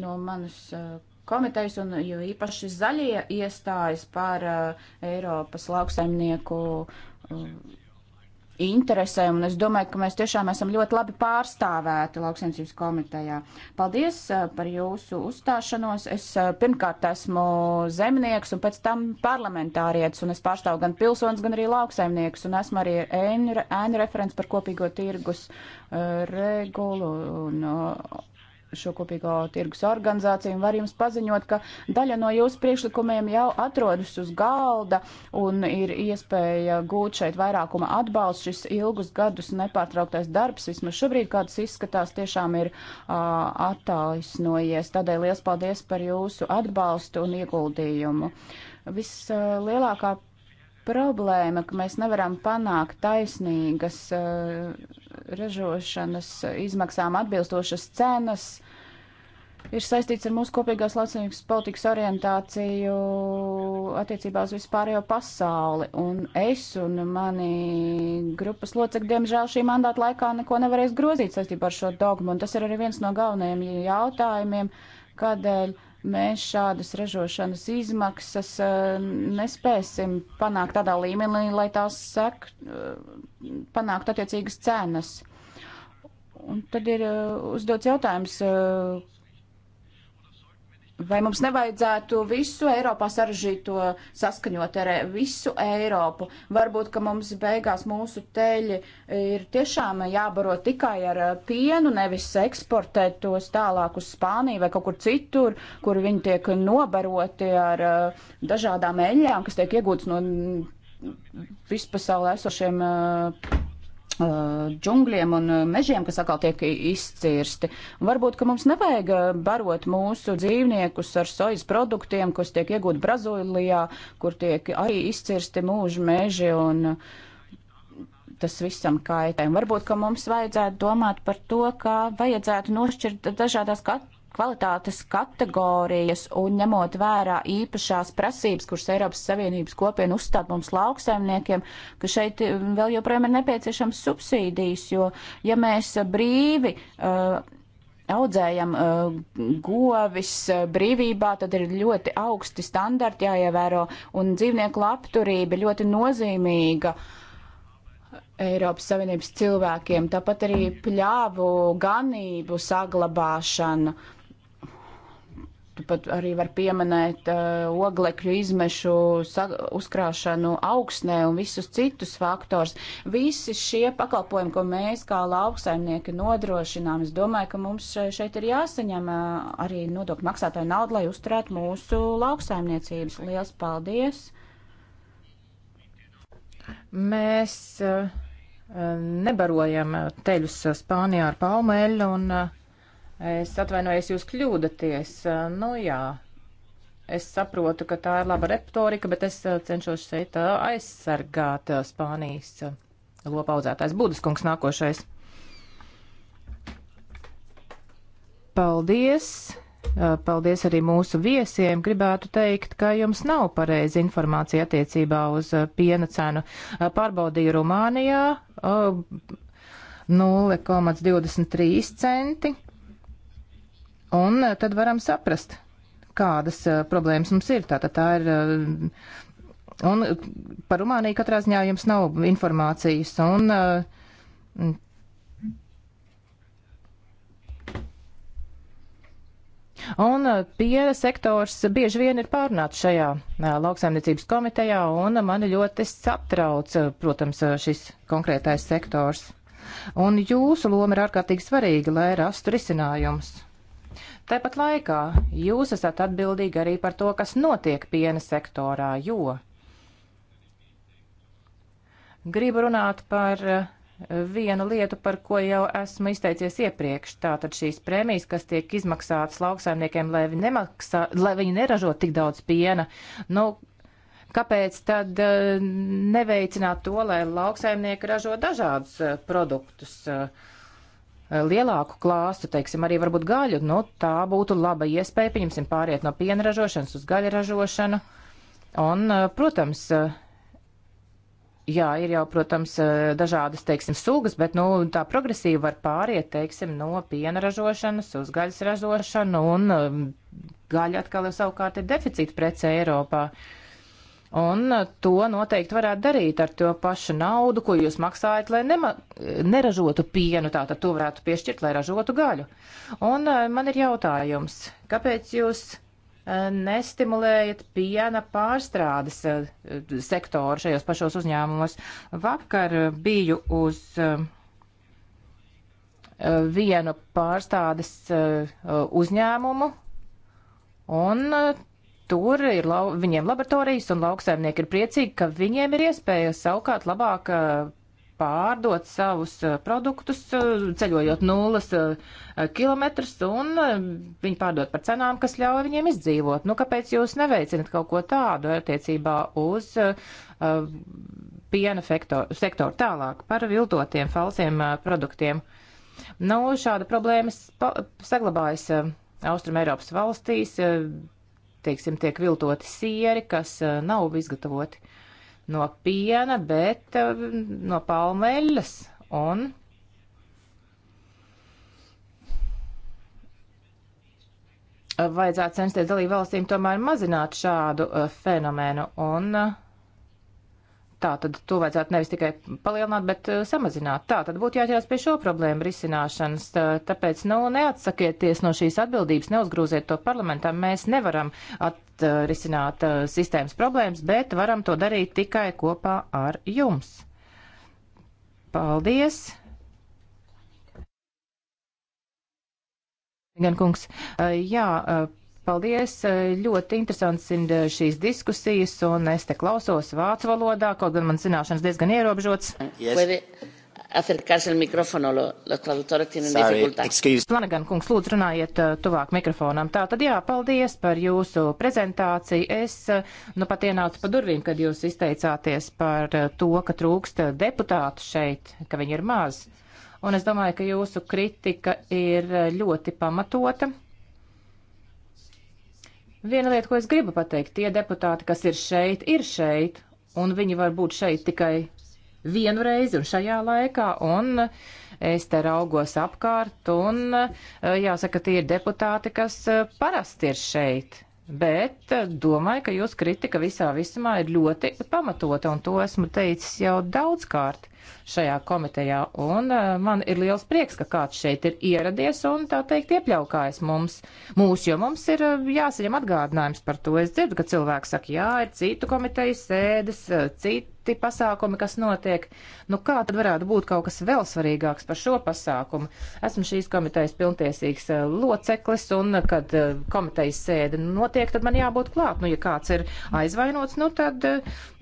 no manas uh, komitejas un jo īpaši zaļie iestājas par uh, Eiropas lauksaimnieku. Uh, interesēm, un es domāju, ka mēs tiešām esam ļoti labi pārstāvēti lauksaimniecības komitejā. Paldies eh, par jūsu uzstāšanos. Es eh, pirmkārt esmu zemnieks un pēc tam parlamentārietis, un es pārstāvu gan pilsonis, gan arī lauksaimnieks, un esmu arī ēnu referents par kopīgo tirgus eh, regulu. Un, šo kopīgo tirgus organizāciju un var jums paziņot, ka daļa no jūsu priekšlikumiem jau atrodas uz galda un ir iespēja gūt šeit vairākuma atbalstu. Šis ilgus gadus nepārtrauktais darbs, vismaz šobrīd kāds izskatās, tiešām ir uh, attaisnojies. Tādēļ liels paldies par jūsu atbalstu un ieguldījumu. Vislielākā uh, problēma, ka mēs nevaram panākt taisnīgas uh, ražošanas izmaksām atbilstošas cenas ir saistīts ar mūsu kopīgās lauksaimnieks politikas orientāciju attiecībā uz vispārējo pasauli. Un es un mani grupas locekļi, diemžēl, šī mandāta laikā neko nevarēs grozīt saistībā ar šo dogmu. Un tas ir arī viens no galvenajiem jautājumiem, kādēļ mēs šādas ražošanas izmaksas eh, nespēsim panākt tādā līmenī, lai tās sek, eh, panākt attiecīgas cenas. Un tad ir eh, uzdots jautājums, Vai mums nevajadzētu visu Eiropā sarežģīto saskaņot ar visu Eiropu? Varbūt, ka mums beigās mūsu teļi ir tiešām jābaro tikai ar pienu, nevis eksportēt tos tālāk uz Spāniju vai kaut kur citur, kur viņi tiek nobaroti ar uh, dažādām eļļām, kas tiek iegūtas no vispasaulē esošiem uh, E, džungļiem un mežiem, kas atkal tiek izcirsti. Varbūt, ka mums nevajag barot mūsu dzīvniekus ar sojas produktiem, kas tiek iegūti Brazīlijā, kur tiek arī izcirsti mūža meži un tas visam kaitē. Varbūt, ka mums vajadzētu domāt par to, kā vajadzētu nošķirt dažādās kat kvalitātes kategorijas un ņemot vērā īpašās prasības, kuras Eiropas Savienības kopiena uzstāda mums lauksaimniekiem, ka šeit mm, vēl joprojām ir nepieciešams subsīdijas, jo ja mēs brīvi uh, audzējam uh, govis uh, brīvībā, tad ir ļoti augsti standarti jāievēro un dzīvnieku labturība ļoti nozīmīga. Uh, Eiropas Savienības cilvēkiem, tāpat arī pļāvu ganību saglabāšana. Pat arī var pieminēt uh, oglekļu izmešu uzkrāšanu augsnē un visus citus faktors. Visi šie pakalpojumi, ko mēs kā lauksaimnieki nodrošinām, es domāju, ka mums šeit ir jāsaņem uh, arī nodokļu maksātāju naudu, lai uzturētu mūsu lauksaimniecības. Liels paldies! Mēs uh, nebarojam teļus Spānijā ar palmeļu un. Uh, Es atvainojos, jūs kļūdaties. Nu jā, es saprotu, ka tā ir laba retorika, bet es eh, cenšos šeit eh, aizsargāt eh, Spānijas lopaudzētājs Budas kungs nākošais. Paldies! Paldies arī mūsu viesiem. Gribētu teikt, ka jums nav pareizi informācija attiecībā uz piena cenu. Pārbaudīju Rumānijā 0,23 centi. Un eh, tad varam saprast, kādas eh, problēmas mums ir. Tātad tā ir. Eh, un par Rumāniju katrā ziņā jums nav informācijas. Un, Un piena sektors bieži vien ir pārnāts šajā lauksaimniecības komitejā, un mani ļoti satrauc, protams, šis konkrētais sektors. Un jūsu loma ir ārkārtīgi svarīga, lai rastu risinājumus. Tāpat laikā jūs esat atbildīgi arī par to, kas notiek piena sektorā, jo gribu runāt par eh, vienu lietu, par ko jau esmu izteicies iepriekš. Tātad šīs prēmijas, kas tiek izmaksātas lauksaimniekiem, lai viņi, nemaksā, lai viņi neražo tik daudz piena, nu, kāpēc tad eh, neveicināt to, lai lauksaimnieki ražo dažādus eh, produktus? Uh, Eh, lielāku klāstu, teiksim, arī varbūt gaļu, nu, tā būtu laba iespēja, pieņemsim, pāriet no piena ražošanas uz gaļa ražošanu. Un, eh, protams, eh, jā, ir jau, protams, dažādas, teiksim, sugas, bet, nu, tā progresīvi var pāriet, teiksim, no piena ražošanas uz gaļas ražošanu, un gaļa atkal jau savukārt ir deficīta prece Eiropā. Uh, Un to noteikti varētu darīt ar to pašu naudu, ko jūs maksājat, lai nema, neražotu pienu, tātad to varētu piešķirt, lai ražotu gaļu. Un eh, man ir jautājums, kāpēc jūs eh, nestimulējat piena pārstrādes eh, sektoru šajos pašos uzņēmumos? Vakar biju uz vienu pārstādes uzņēmumu, un tur ir lau, viņiem laboratorijas un lauksaimnieki ir priecīgi, ka viņiem ir iespēja savukārt labāk uh, pārdot savus uh, produktus, uh, ceļojot nulles kilometrus, un viņi pārdod par cenām, kas ļauj viņiem izdzīvot. Nu, kāpēc jūs neveicinat kaut ko tādu attiecībā uz uh, piena sektoru, sektoru tālāk par viltotiem falsiem uh, produktiem? Nu, šāda problēma saglabājas uh, Austrum Eiropas valstīs. Uh, teiksim, tiek viltoti sieri, kas e, nav izgatavoti no piena, bet e, no palmeļas. Un vajadzētu censties dalību valstīm tomēr mazināt šādu e, fenomenu. Un, uh, Tā tad to vajadzētu nevis tikai palielināt, bet eh, samazināt. Tā tad būtu jāķerās pie šo problēmu risināšanas. Tāpēc, nu, neatsakieties no šīs atbildības, neuzgrūziet to parlamentam. Mēs nevaram atrisināt eh, sistēmas problēmas, bet varam to darīt tikai kopā ar jums. Paldies! Gan kungs, eh, jā, Paldies! Ļoti interesants ir eh, šīs diskusijas, un es te klausos vācu valodā, kaut gan man zināšanas diezgan ierobežots. Yes. Acercarse el micrófono, lo, los traductores tienen Sorry, dificultades. Flanagan, kungs, lūdzu runājiet eh, tuvāk mikrofonam. Tā tad jā, paldies par jūsu prezentāciju. Es eh, nu pat ienācu pa durvīm, kad jūs izteicāties par to, ka trūkst deputātu šeit, ka viņi ir maz. Un es domāju, ka jūsu kritika ir ļoti pamatota. Viena lieta, ko es gribu pateikt, tie deputāti, kas ir šeit, ir šeit, un viņi var būt šeit tikai vienu reizi un šajā laikā, un es te raugos apkārt, un e, jāsaka, tie ir deputāti, kas e, parasti ir šeit. Bet e, domāju, ka jūsu kritika visā visumā ir ļoti pamatota, un to esmu teicis jau daudzkārt šajā komitejā. Un eh, man ir liels prieks, ka kāds šeit ir ieradies un tā teikt iepļaukājis mums, mūs, jo mums ir eh, jāsaņem atgādinājums par to. Es dzirdu, ka cilvēki saka, jā, ir citu komiteju sēdes, eh, citi pasākumi, kas notiek. Nu kā tad varētu būt kaut kas vēl svarīgāks par šo pasākumu? Esmu šīs komitejas pilntiesīgs loceklis un, kad komitejas sēde notiek, tad man jābūt klāt. Nu, ja kāds ir aizvainots, nu tad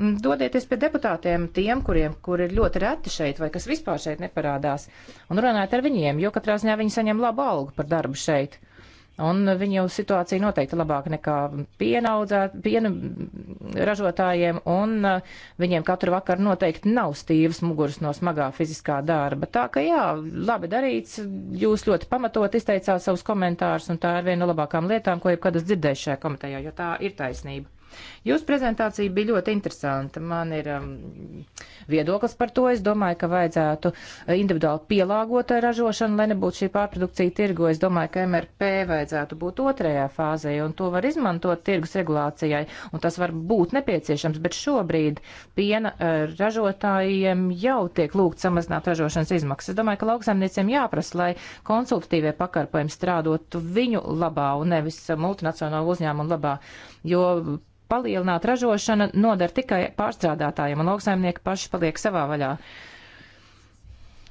dodieties pie deputātiem, tiem, kuriem, kur ir ļoti reti šeit, vai kas vispār šeit neparādās, un runāt ar viņiem, jo katrā ziņā viņi saņem labu algu par darbu šeit. Un viņu situācija noteikti labāka nekā piena ražotājiem, un uh, viņiem katru vakaru noteikti nav stīvas muguras no smagā fiziskā darba. Tā ka jā, labi darīts, jūs ļoti pamatot izteicāt savus komentārus, un tā ir viena no labākām lietām, ko jebkad es dzirdēju šajā komitejā, jo tā ir taisnība. Jūsu prezentācija bija ļoti interesanta. Man ir um, viedoklis par to. Es domāju, ka vajadzētu uh, individuāli pielāgot ražošanu, lai nebūtu šī pārprodukcija tirgo. Es domāju, ka MRP vajadzētu būt otrajā fāzē, un to var izmantot tirgus regulācijai, un tas var būt nepieciešams. Bet šobrīd piena uh, ražotājiem jau tiek lūgt samazināt ražošanas izmaksas. Es domāju, ka lauksaimniecēm jāprasa, lai konsultatīvie pakalpojumi strādātu viņu labā un nevis uh, multinacionālu uzņēmumu labā, jo palielināt ražošana nodar tikai pārstrādātājiem, un lauksaimnieki paši paliek savā vaļā.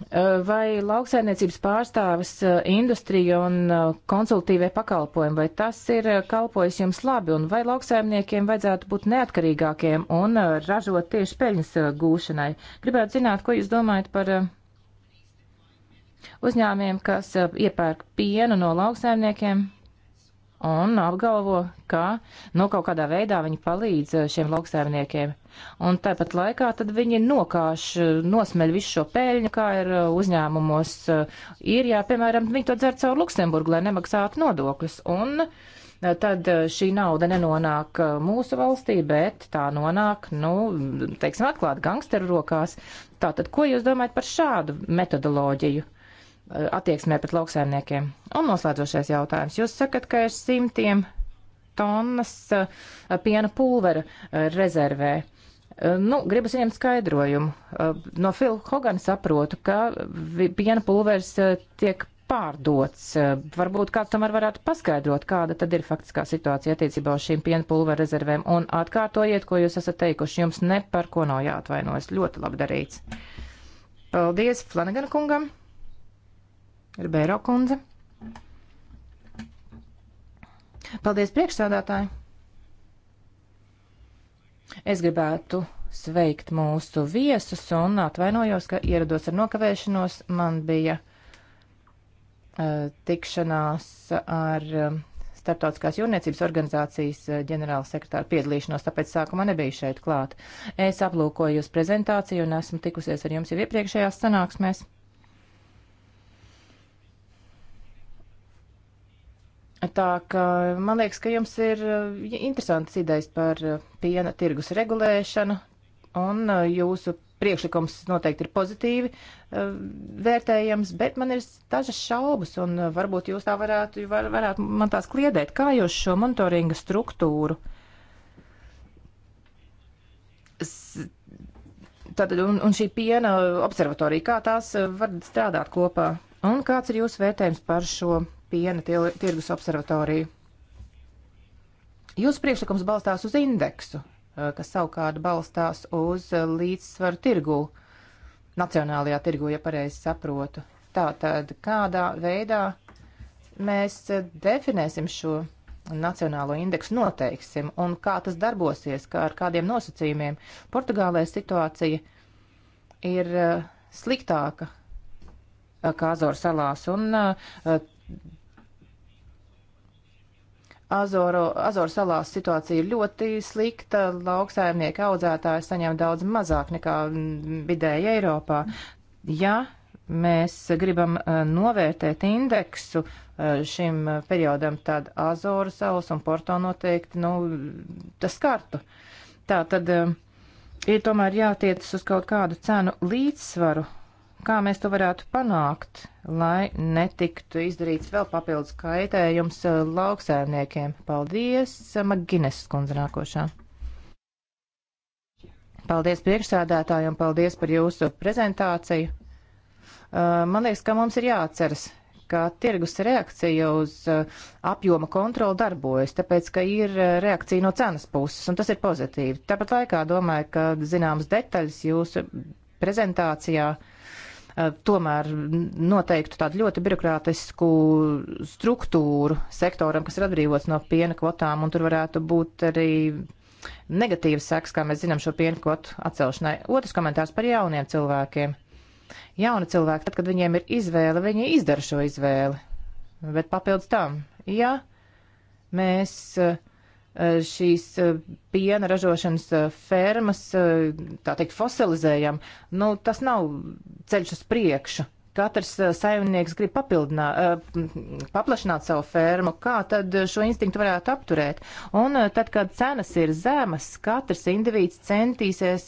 Eh, vai lauksaimniecības pārstāvis eh, industrija un eh, konsultīvie pakalpojumi, vai tas ir kalpojis jums labi, un vai lauksaimniekiem vajadzētu būt neatkarīgākiem un ražot tieši peļņas gūšanai? Gribētu zināt, ko jūs domājat par uzņēmiem, kas iepērk pienu no lauksaimniekiem? un apgalvo, ka nu, kaut kādā veidā viņi palīdz eh, šiem lauksaimniekiem. Un tāpat laikā tad viņi nokāš, eh, nosmeļ visu šo pēļņu, kā ir eh, uzņēmumos īrijā, piemēram, viņi to dzer caur Luksemburgu, lai nemaksātu nodokļus. Un tad šī nauda nenonāk mūsu valstī, bet tā nonāk, nu, teiksim, atklāt gangsteru rokās. Tātad, ko jūs domājat par šādu metodoloģiju? attieksmē pret lauksaimniekiem. Un noslēdzošais jautājums. Jūs sakat, ka ir simtiem tonnas eh, piena pulvera eh, rezervē. Eh, nu, gribas viņam skaidrojumu. No Fila Hogana saprotu, ka piena pulvers tiek pārdots. Varbūt kāds tomēr varētu paskaidrot, kāda tad ir faktiskā situācija attiecībā uz šīm piena pulvera rezervēm. Un atkārtojiet, ko jūs esat teikuši. Jums ne par ko nav jāatvainojas. Ļoti labi darīts. Paldies Flanagana kungam! Ir Bēro kundze. Paldies priekšsādātāji. Es gribētu sveikt mūsu viesus un atvainojos, ka ierados ar nokavēšanos. Man bija uh, tikšanās ar uh, Startautiskās jūrniecības organizācijas uh, ģenerāla sekretāra piedalīšanos, tāpēc sākumā nebija šeit klāt. Es aplūkoju jūs prezentāciju un esmu tikusies ar jums jau iepriekšējās sanāksmēs. Tā ka man liekas, ka jums ir interesantas idejas par piena tirgus regulēšanu, un uh, jūsu priekšlikums noteikti ir pozitīvi uh, vērtējams, bet man ir dažas šaubas, un uh, varbūt jūs tā varētu, var, varētu man tās kliedēt. Kā jūs šo monitoringa struktūru? Tad, un, un šī piena observatorija, kā tās var strādāt kopā? Un kāds ir jūsu vērtējums par šo piena tirgus observatoriju. Jūsu priekšlikums balstās uz indeksu, eh, kas savukārt balstās uz līdzsvaru tirgu, nacionālajā tirgu, ja pareizi saprotu. Tātad, kādā veidā mēs definēsim šo nacionālo indeksu noteiksim un kā tas darbosies, kā ar kādiem nosacījumiem. Portugālē situācija ir eh, sliktāka eh, kā Azoru salās un Azoru, Azoru salās situācija ir ļoti slikta, lauksājumnieki audzētāji saņem daudz mazāk nekā vidēji Eiropā. Ja mēs gribam eh, novērtēt indeksu eh, šim periodam, tad Azoru salas un Porto noteikti, nu, tas skartu. Tā tad eh, ir tomēr jātiecas uz kaut kādu cenu līdzsvaru kā mēs to varētu panākt, lai netiktu izdarīts vēl papildus kaitējums eh, lauksēmniekiem. Paldies, eh, Magines skundze nākošā. Paldies priekšsādātājiem, paldies par jūsu prezentāciju. Eh, man liekas, ka mums ir jāatceras, ka tirgus reakcija uz apjoma kontroli darbojas, tāpēc, ka ir reakcija no cenas puses, un tas ir pozitīvi. Tāpat laikā domāju, ka zināmas detaļas jūsu prezentācijā uh, Eh, tomēr noteiktu tādu ļoti birokrātisku struktūru sektoram, kas ir atbrīvots no piena kvotām, un tur varētu būt arī negatīvas sekas, kā mēs zinām, šo piena kvotu atcelšanai. Otrs komentārs par jauniem cilvēkiem. Jauni cilvēki, tad, kad viņiem ir izvēle, viņi izdara šo izvēli. Bet papildus tam, ja mēs uh, E, šīs e, piena ražošanas e, fermas, tā teikt, fosilizējam, nu, tas nav ceļš uz priekšu. Katrs saimnieks grib paplašināt savu fermu, kā tad šo instinktu varētu apturēt. Un tad, kad cenas ir zemas, katrs individs centīsies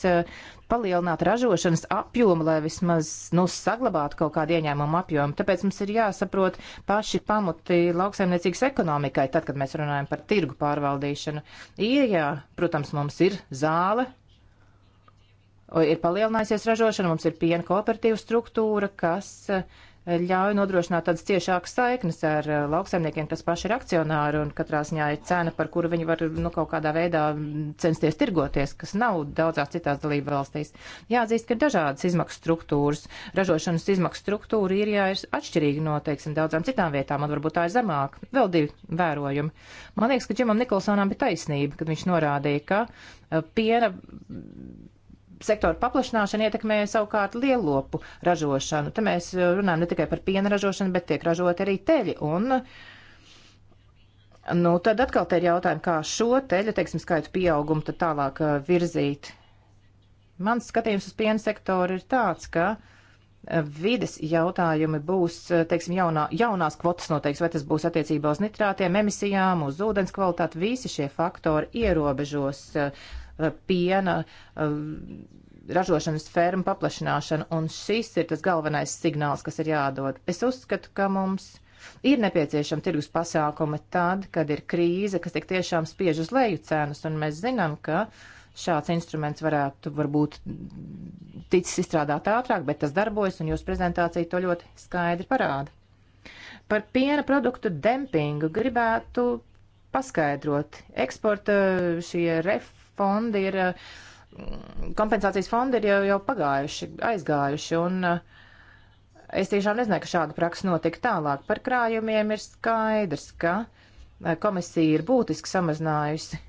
palielināt ražošanas apjomu, lai vismaz nu, saglabātu kaut kādu ieņēmumu apjomu. Tāpēc mums ir jāsaprot paši pamati lauksaimniecības ekonomikai, tad, kad mēs runājam par tirgu pārvaldīšanu. Īrijā, protams, mums ir zāle. Ir palielinājusies ražošana, mums ir piena kooperatīva struktūra, kas uh, ļauj nodrošināt tādas ciešākas saiknes ar eh, lauksaimniekiem, kas paši ir akcionāri un katrā ziņā ir cena, par kuru viņi var nu, kaut kādā veidā censties tirgoties, kas nav daudzās citās dalība valstīs. Jāatzīst, ka ir dažādas izmaksu struktūras. Ražošanas izmaksu struktūra ir, jā, ir atšķirīga no, teiksim, daudzām citām vietām, un varbūt tā ir zemāka. Vēl divi vērojumi. Man liekas, ka Džimam Nikolsonam bija taisnība, kad viņš norādīja, ka eh, piena sektora paplašināšana ietekmē savukārt lielopu ražošanu. Te mēs runājam ne tikai par piena ražošanu, bet tiek ražoti arī teļi. Un, nu, tad atkal te ir jautājumi, kā šo teļa, teiksim, skaitu pieaugumu tad tālāk uh, virzīt. Mans skatījums uz piena sektoru ir tāds, ka uh, vides jautājumi būs, uh, teiksim, jaunā, jaunās kvotas noteiks, vai tas būs attiecībā uz nitrātiem, emisijām, uz ūdens kvalitāti. Visi šie faktori ierobežos uh, Eh, piena eh, ražošanas fermu paplašināšanu, un šis ir tas galvenais signāls, kas ir jādod. Es uzskatu, ka mums ir nepieciešama tirgus pasākuma tad, kad ir krīze, kas tik tiešām spiež uz leju cenas, un mēs zinām, ka šāds instruments varētu varbūt ticis izstrādāt ātrāk, bet tas darbojas, un jūsu prezentācija to ļoti skaidri parāda. Par piena produktu dempingu gribētu paskaidrot. Eksporta šie ref fondi ir, mm, kompensācijas fondi ir jau, jau pagājuši, aizgājuši, un eh, es tiešām nezināju, ka šāda praksa notiek tālāk. Par krājumiem ir skaidrs, ka eh, komisija ir būtiski samazinājusi.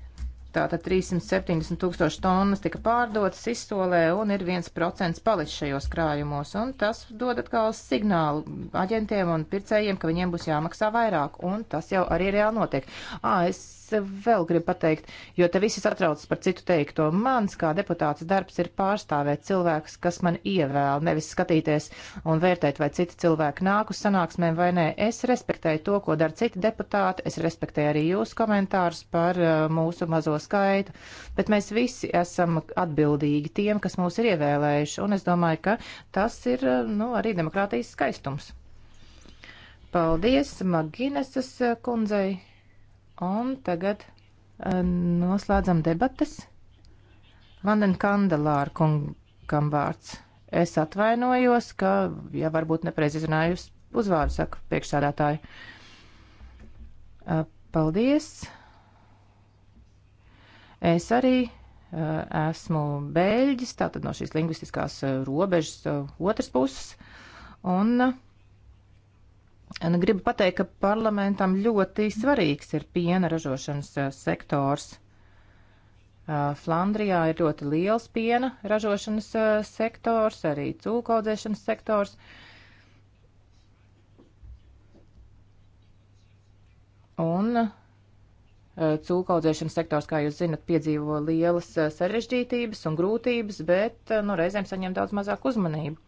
Tātad 370 tūkstoši tonnas tika pārdotas izsolē un ir 1% palicis šajos krājumos. Un tas dod atkal signālu aģentiem un pircējiem, ka viņiem būs jāmaksā vairāk. Un tas jau arī reāli notiek. À, es vēl gribu pateikt, jo te visi satraucas par citu teikto. Mans kā deputāts darbs ir pārstāvēt cilvēkus, kas man ievēl, nevis skatīties un vērtēt, vai citi cilvēki nāk uz sanāksmēm vai nē. Es respektēju to, ko dara citi deputāti, es respektēju arī jūsu komentārus par uh, mūsu mazo skaitu, bet mēs visi esam atbildīgi tiem, kas mūs ir ievēlējuši, un es domāju, ka tas ir uh, nu, arī demokrātijas skaistums. Paldies Maginesas uh, kundzei! Un tagad uh, noslēdzam debatas. Vanden Kandelāra kungam vārds. Es atvainojos, ka, ja varbūt nepareiz izrunājus uzvārdu, saku priekšsādātāju. Uh, e, paldies. Es arī uh, esmu Beļģis, tātad no šīs lingvistiskās robežas otras puses. Un uh, Nu, gribu pateikt, ka parlamentam ļoti svarīgs ir piena ražošanas eh, sektors. Eh, Flandrijā ir ļoti liels piena ražošanas eh, sektors, arī cūku audzēšanas sektors. Un cūku audzēšanas sektors, kā jūs zinat, piedzīvo lielas sarežģītības un grūtības, bet no reizēm saņem daudz mazāk uzmanību.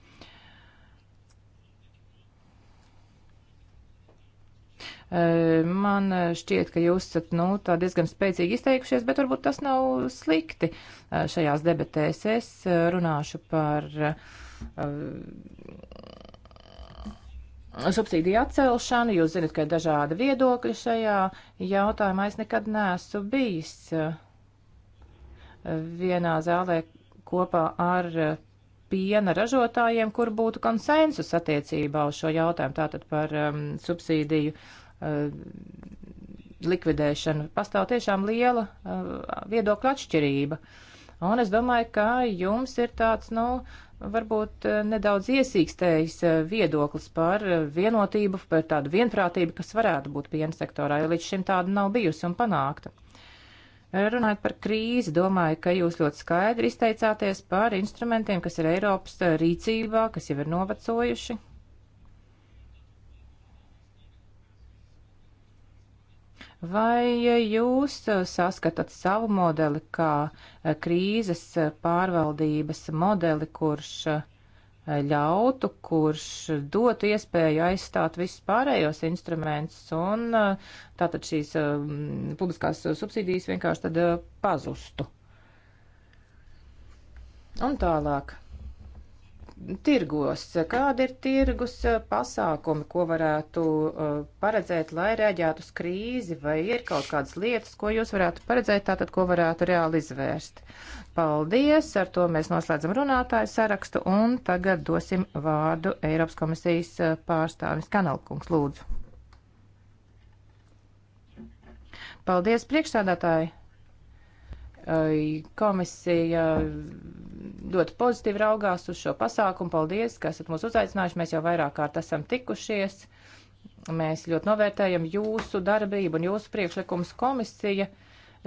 E, man šķiet, ka jūs esat nu, diezgan spēcīgi izteikušies, bet varbūt tas nav slikti e, šajās debatēs. Es e, runāšu par subsīdiju atcelšanu. Jūs zinat, ka ir dažādi viedokļi šajā jautājumā. Es nekad neesmu bijis vienā zālē kopā ar piena ražotājiem, kur būtu konsensus attiecībā uz šo jautājumu, tātad par um, subsīdiju Eh, likvidēšanu. Pastāv tiešām liela eh, viedokļa atšķirība. Un es domāju, ka jums ir tāds, nu, varbūt eh, nedaudz iesīkstējis viedoklis par vienotību, par tādu vienprātību, kas varētu būt piena sektorā, jo līdz šim tāda nav bijusi un panākta. Runājot par krīzi, domāju, ka jūs ļoti skaidri izteicāties par instrumentiem, kas ir Eiropas rīcībā, kas jau ir novecojuši, Vai jūs saskatāt savu modeli kā eh, krīzes pārvaldības modeli, kurš eh, ļautu, kurš dotu iespēju aizstāt visus pārējos instrumentus un eh, tātad šīs publiskās subsīdijas vienkārši tad pazustu? Un tālāk tirgos. Kāda ir tirgus pasākumi, ko varētu uh, paredzēt, lai reaģētu uz krīzi, vai ir kaut kādas lietas, ko jūs varētu paredzēt, tātad ko varētu reāli izvērst? Paldies, ar to mēs noslēdzam runātāju sarakstu un tagad dosim vārdu Eiropas komisijas uh, pārstāvis Kanalkungs, lūdzu. Paldies, priekšstādātāji! Komisija ļoti pozitīvi raugās uz šo pasākumu. Paldies, ka esat mūs uzaicinājuši. Mēs jau vairāk kārt esam tikušies. Mēs ļoti novērtējam jūsu darbību un jūsu priekšlikums komisija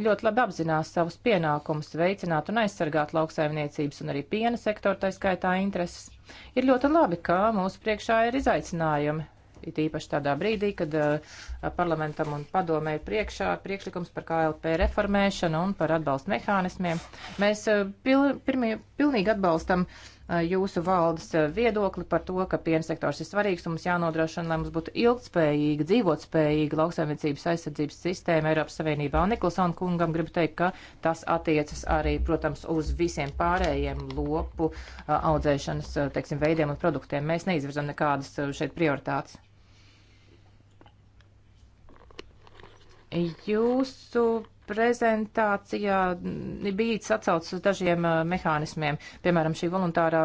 ļoti labi apzinās savus pienākumus veicināt un aizsargāt lauksaimniecības un arī piena sektora taiskaitā intereses. Ir ļoti labi, ka mūsu priekšā ir izaicinājumi It īpaši tādā brīdī, kad uh, parlamentam un padomē ir priekšā priekšlikums par KLP reformēšanu un par atbalstu mehānismiem. Mēs uh, pil, pirmie, pilnīgi atbalstam uh, jūsu valdes viedokli par to, ka piensektors ir svarīgs un mums jānodrošina, lai mums būtu ilgspējīga, dzīvotspējīga lauksaimniecības aizsardzības sistēma Eiropas Savienībā. Un Niklausam kungam gribu teikt, ka tas attiecas arī, protams, uz visiem pārējiem lopu audzēšanas, teiksim, veidiem un produktiem. Mēs neizvirzam nekādas šeit prioritātes. Jūsu prezentācijā bija atsaucis uz dažiem uh, mehānismiem, piemēram, šī voluntārā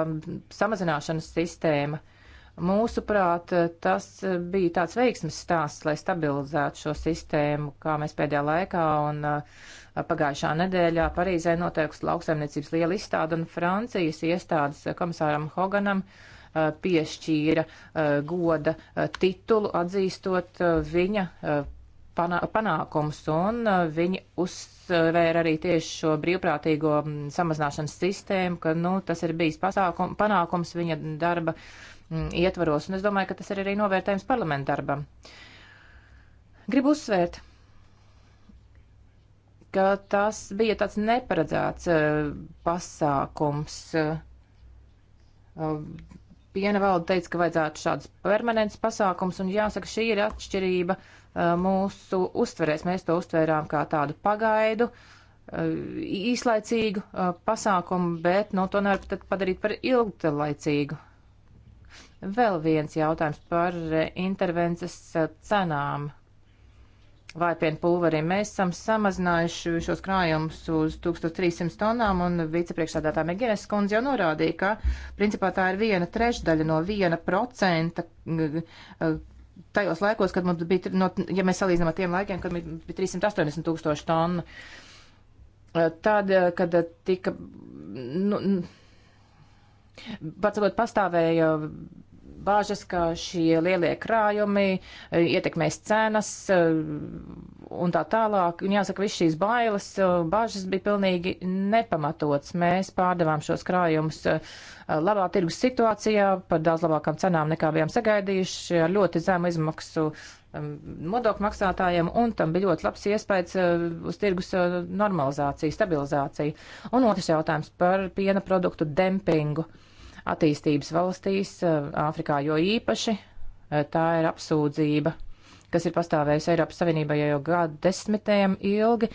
samazināšanas sistēma. Mūsuprāt, tas bija tāds veiksmes stāsts, lai stabilizētu šo sistēmu, kā mēs pēdējā laikā un uh, pagājušā nedēļā Parīzē noteikusi lauksaimniecības liela izstāde un Francijas iestādes komisāram Hoganam uh, piešķīra goda titulu, atzīstot viņa panā, panākums, un viņi uzsvēra arī tieši šo brīvprātīgo samazināšanas sistēmu, ka, nu, tas ir bijis pasākum, panākums viņa darba ietvaros, un es domāju, ka tas ir arī novērtējums parlamentu darbam. Gribu uzsvērt, ka tas bija tāds neparedzēts e, pasākums. E, e, piena valde teica, ka vajadzētu šādus permanents pasākums, un jāsaka, šī ir atšķirība uh, mūsu uztverēs. Mēs to uztvērām kā tādu pagaidu, īslaicīgu pasākumu, bet no nu, to nevar padarīt par ilglaicīgu. Vēl viens jautājums par intervences cenām. Vaipienu pulveriem mēs esam samazinājuši šos krājumus uz 1300 tonām, un vicepriekšsādātā Meginas skundze jau norādīja, ka principā tā ir viena trešdaļa no viena procenta tajos laikos, kad mums bija, no, ja mēs salīdzinām ar tiem laikiem, kad bija 380 tūkstoši tonu, e, tad, e, kad tika, nu, Pats, sakot, pastāvēja bāžas, ka šie lielie krājumi e, ietekmēs cenas e, un tā tālāk. Un jāsaka, viss šīs bailes, e, bāžas bija pilnīgi nepamatots. Mēs pārdevām šos krājumus labā tirgus situācijā par daudz labākām cenām nekā bijām sagaidījuši, ar ļoti zemu izmaksu nodokļu maksātājiem, un tam bija ļoti labs iespējas uz tirgus normalizāciju, stabilizāciju. Un otrs jautājums par piena produktu dempingu. Uh, attīstības valstīs, Āfrikā jo īpaši. Tā ir apsūdzība, kas ir pastāvējusi Eiropas Savienībā jau gadu desmitiem ilgi.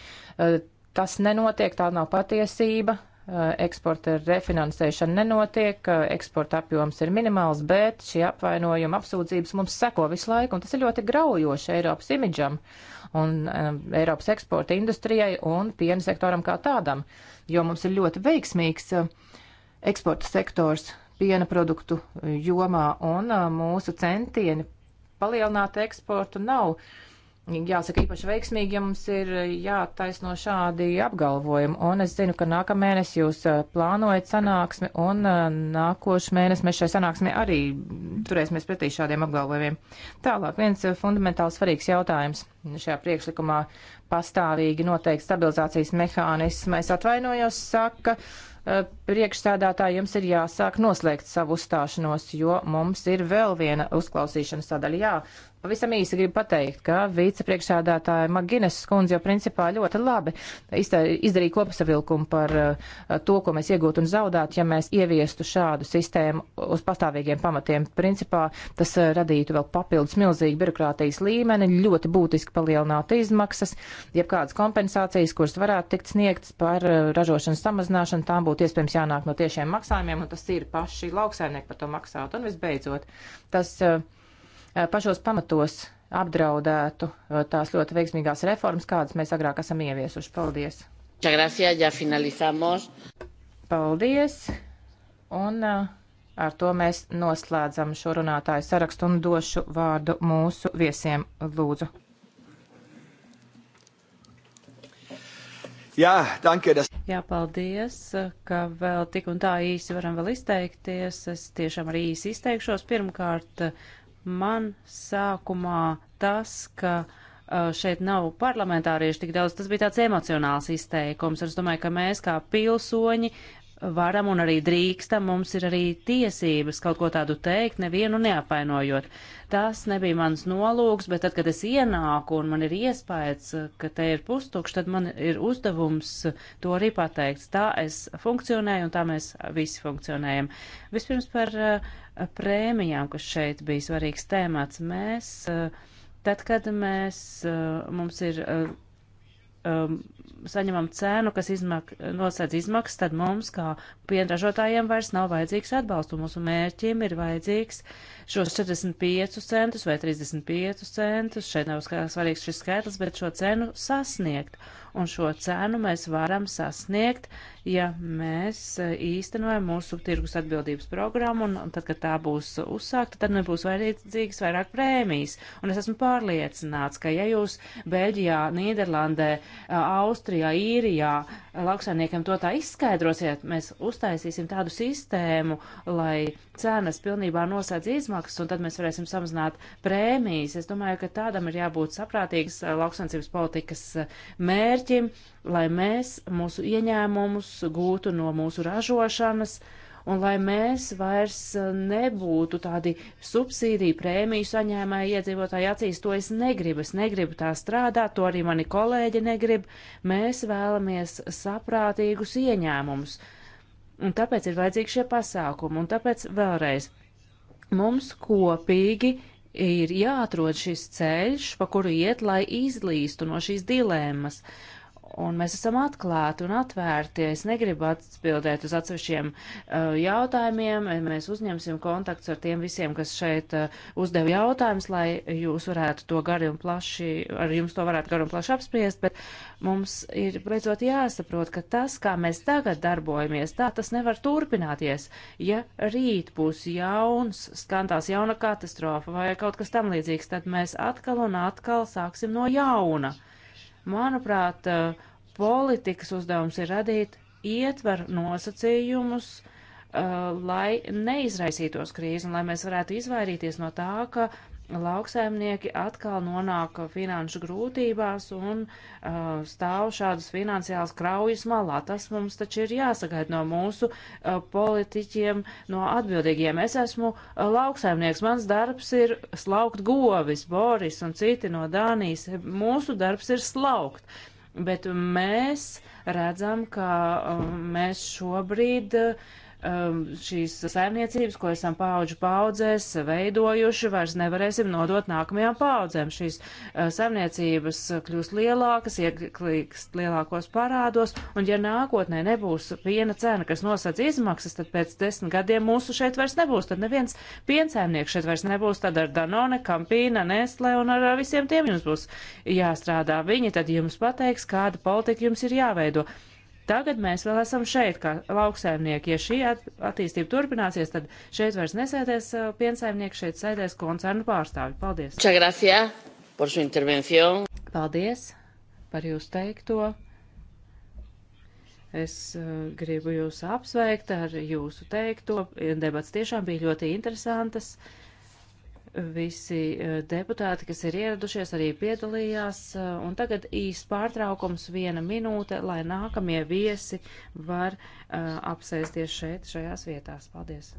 Tas nenotiek, tā nav patiesība. Eksporta refinansēšana nenotiek, eksporta apjoms ir minimāls, bet šie apvainojumi, apsūdzības mums seko visu laiku, un tas ir ļoti graujoši Eiropas imidžam un um, Eiropas eksporta industrijai un piena sektoram kā tādam, jo mums ir ļoti veiksmīgs uh, eksporta sektors piena produktu e, jomā, un e, mūsu centieni palielināt eksportu nav, jāsaka, īpaši veiksmīgi, ja mums ir e, jātaisno šādi apgalvojumi. Un es zinu, ka nākamēnes jūs plānojat sanāksmi, un nākošu mēnesi mēs šai sanāksmē arī turēsimies pretī šādiem apgalvojumiem. Tālāk, viens fundamentāls svarīgs jautājums šajā priekšlikumā pastāvīgi noteikti stabilizācijas mehānismais atvainojos, saka, uh, Eh, priekšsēdētāji, jums ir jāsāk noslēgt savu uzstāšanos, jo mums ir vēl viena uzklausīšanas sadaļa. Jā, Pavisam īsi gribu pateikt, ka vicepriekšādātāja Maginas skundze jau principā ļoti labi izdarīja kopsavilkumu par eh, to, ko mēs iegūtu un zaudātu, ja mēs ieviestu šādu sistēmu uz pastāvīgiem pamatiem. Principā tas eh, radītu vēl papildus milzīgu birokrātijas līmeni, ļoti būtiski palielinātu izmaksas, jeb kādas kompensācijas, kuras varētu tikt sniegtas par eh, ražošanas samazināšanu, tām būtu iespējams jānāk no tiešiem maksājumiem, un tas ir paši lauksaimnieki par to maksāt. Un visbeidzot, tas uh, Eh, pašos pamatos apdraudētu eh, tās ļoti veiksmīgās reformas, kādas mēs agrāk esam ieviesuši. Paldies! Paldies! Un eh, ar to mēs noslēdzam šo runātāju sarakstu un došu vārdu mūsu viesiem lūdzu. Jā, danke, das... Jā, paldies, ka vēl tik un tā īsi varam vēl izteikties. Es tiešām arī īsi izteikšos. Pirmkārt, uh, Man sākumā tas, ka šeit nav parlamentārieši tik daudz, tas bija tāds emocionāls izteikums. Es domāju, ka mēs kā pilsoņi varam un arī drīkstam, mums ir arī tiesības kaut ko tādu teikt, nevienu neapainojot. Tas nebija mans nolūks, bet tad, kad es ienāku un man ir iespējas, ka te ir pustukšs, tad man ir uzdevums to arī pateikt. Tā es funkcionēju un tā mēs visi funkcionējam. Vispirms par uh, prēmijām, kas šeit bija svarīgs tēmats. Mēs, eh, tad, kad mēs, eh, mums ir, eh, um, saņemam cēnu, kas izmak, nosedz izmaksas, tad mums, kā pienražotājiem, vairs nav vajadzīgs atbalsts. Mūsu mērķim ir vajadzīgs šos 45 centus vai 35 centus, šeit nav svarīgs šis skaitlis, bet šo cenu sasniegt. Un šo cenu mēs varam sasniegt, ja mēs e, īstenojam mūsu tirgus atbildības programmu, un tad, kad tā būs uzsākta, tad nebūs vajadzīgas vairāk prēmijas. Un es esmu pārliecināts, ka ja jūs Beļģijā, Nīderlandē, Austrijā, Īrijā, lauksaimniekiem to tā izskaidrosiet, mēs uztaisīsim tādu sistēmu, lai cenas pilnībā nosēdz izmaksas, un tad mēs varēsim samazināt prēmijas. Es domāju, ka tādam ir jābūt saprātīgas eh, lauksaimniecības politikas eh, mērķim, lai mēs mūsu ieņēmumus gūtu no mūsu ražošanas, uh, un lai mēs vairs eh, nebūtu tādi subsīdiju prēmiju saņēmēji iedzīvotāji acīs, to es negribu, es negribu tā strādāt, to arī mani kolēģi negrib, mēs vēlamies saprātīgus ieņēmumus, un tāpēc ir vajadzīgi šie pasākumi, un tāpēc vēlreiz mums kopīgi ir jāatrod šis ceļš, pa kuru iet, lai izlīstu no šīs dilēmas. Un mēs esam atklāti un atvērti. Es negribu atbildēt uz atsevišķiem uh, jautājumiem. Mēs uzņemsim kontakts ar tiem visiem, kas šeit uh, uzdev jautājumus, lai jūs varētu to gari un plaši, ar jums to varētu gari un plaši apspriest, bet mums ir beidzot jāsaprot, ka tas, kā mēs tagad darbojamies, tā tas nevar turpināties. Ja rīt būs jauns, skandās jauna katastrofa vai kaut kas tam līdzīgs, tad mēs atkal un atkal sāksim no jauna. Uh, Manuprāt, eh, politikas uzdevums ir radīt ietver nosacījumus, eh, lai neizraisītos krīzi un lai mēs varētu izvairīties no tā, ka lauksaimnieki atkal nonāk finanšu grūtībās un uh, stāv šādas finansiālas kraujas malā. Tas mums taču ir jāsagaida no mūsu uh, politiķiem, no atbildīgiem. Es esmu uh, lauksaimnieks, mans darbs ir slaukt govis, Boris un citi no Dānijas. Mūsu darbs ir slaukt. Bet mēs redzam, ka uh, mēs šobrīd uh, šīs saimniecības, ko esam paudžu paudzēs veidojuši, vairs nevarēsim nodot nākamajām paudzēm. Šīs eh, saimniecības kļūst lielākas, ieklīkst lielākos parādos, un ja nākotnē nebūs piena cena, kas nosac izmaksas, tad pēc desmit gadiem mūsu šeit vairs nebūs, tad neviens piensaimnieks šeit vairs nebūs, tad ar Danone, Kampīna, Nestle un ar visiem tiem jums būs jāstrādā. Viņi tad jums pateiks, kāda politika jums ir jāveido. Tagad mēs vēl esam šeit, kā lauksaimnieki. Ja šī at attīstība turpināsies, tad šeit vairs nesēdēs uh, eh, piensaimnieki, šeit sēdēs koncernu pārstāvi. Paldies! Paldies par jūsu teikto. Es eh, gribu jūs apsveikt ar jūsu teikto. Debats tiešām bija ļoti interesantas. Visi e, deputāti, kas ir ieradušies, arī piedalījās. E, un tagad īs pārtraukums viena minūte, lai nākamie viesi var uh, apsēsties šeit, šajās vietās. Paldies!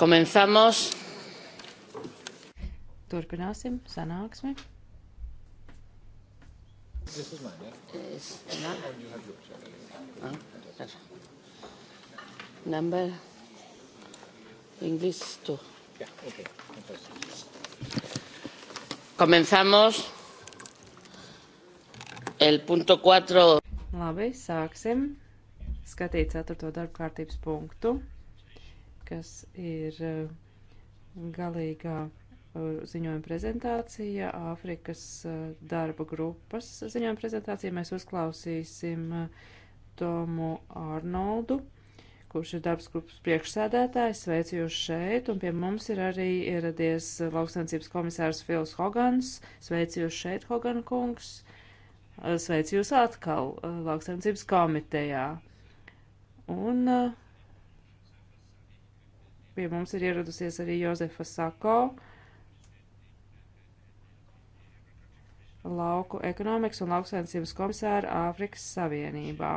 Comenzamos. Turpināsim sanāksmi. This is mine, yeah? Is not. Or you have yours. Oh, that's number English too. Yeah, okay. Comenzamos el punto 4. Labi, sāksim skatīt 4. darba kārtības punktu kas ir e, galīgā e, ziņojuma prezentācija, Āfrikas e, darba grupas ziņojuma prezentācija. Mēs uzklausīsim Tomu Arnoldu, kurš ir darbas grupas priekšsēdētājs. Sveicu jūs šeit, un pie mums ir arī ieradies lauksaimniecības komisārs Fils Hogans. Sveicu jūs šeit, Hogan kungs. Sveicu jūs atkal lauksaimniecības komitejā. Un uh, Pie mums ir ieradusies arī Jozefa Sako, lauku ekonomikas un lauksainicības komisāra Āfrikas Savienībā.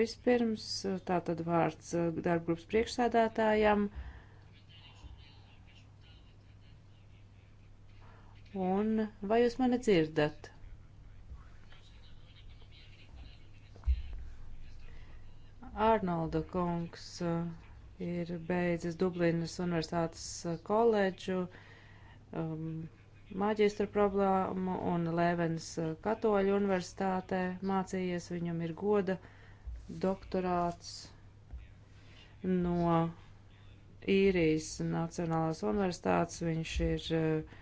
Vispirms tātad vārds eh, darbgrupas priekšsēdētājam. Un vai jūs mani dzirdat? Arnolda kungs, ir beidzis Dublinas Universitātes eh, koledžu, um, maģistra problēmu un Lēvens eh, Katoļu universitātē mācījies. Viņam ir goda doktorāts no Īrijas Nacionālās universitātes. Viņš ir uh,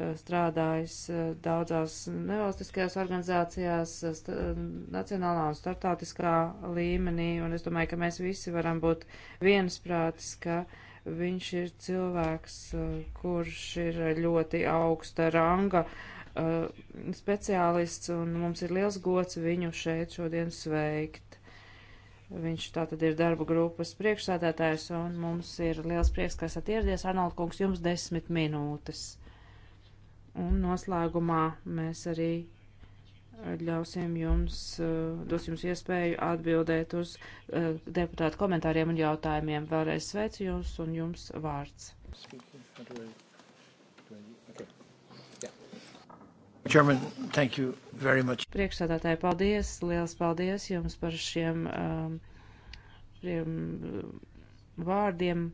E, strādājis e, daudzās nevalstiskajās organizācijās, e, nacionālā un startautiskā līmenī, un es domāju, ka mēs visi varam būt viensprātis, ka viņš ir cilvēks, kurš ir ļoti augsta ranga speciālists, un mums ir liels gods viņu šeit šodien sveikt. Viņš tātad ir darba grupas priekšsādātājs, un mums ir liels prieks, ka esat ieradies. Arnold kungs, jums desmit minūtes. Un noslēgumā mēs arī eh, ļausim jums, eh, dos jums iespēju atbildēt uz eh, deputātu komentāriem un jautājumiem. Vēlreiz sveicu jūs un jums vārds. German, thank you very much. Priekšsādātāji, paldies, liels paldies jums par šiem, ehm, šiem ehm, vārdiem.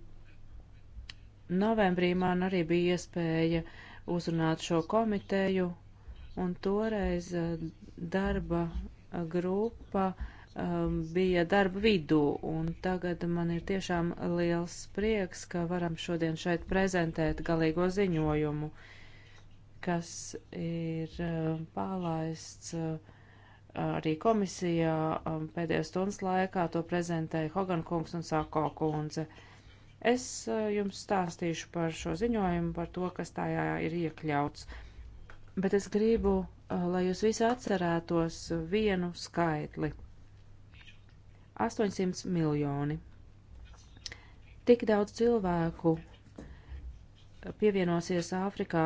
Novembrī man arī bija iespēja uh, uzrunāt šo komiteju, un toreiz eh, darba eh, grupa um, bija darba vidū, un tagad man ir tiešām liels prieks, ka varam šodien šeit prezentēt galīgo ziņojumu, kas ir um, palaists uh, arī komisijā um, pēdējos stundas laikā, to prezentēja Hogan kungs un Sako kundze. Uh, Es e, jums stāstīšu par šo ziņojumu, par to, kas tajā ir iekļauts. Bet es gribu, e, lai jūs visi atcerētos vienu skaitli. 800 miljoni. Tik daudz cilvēku pievienosies Āfrikā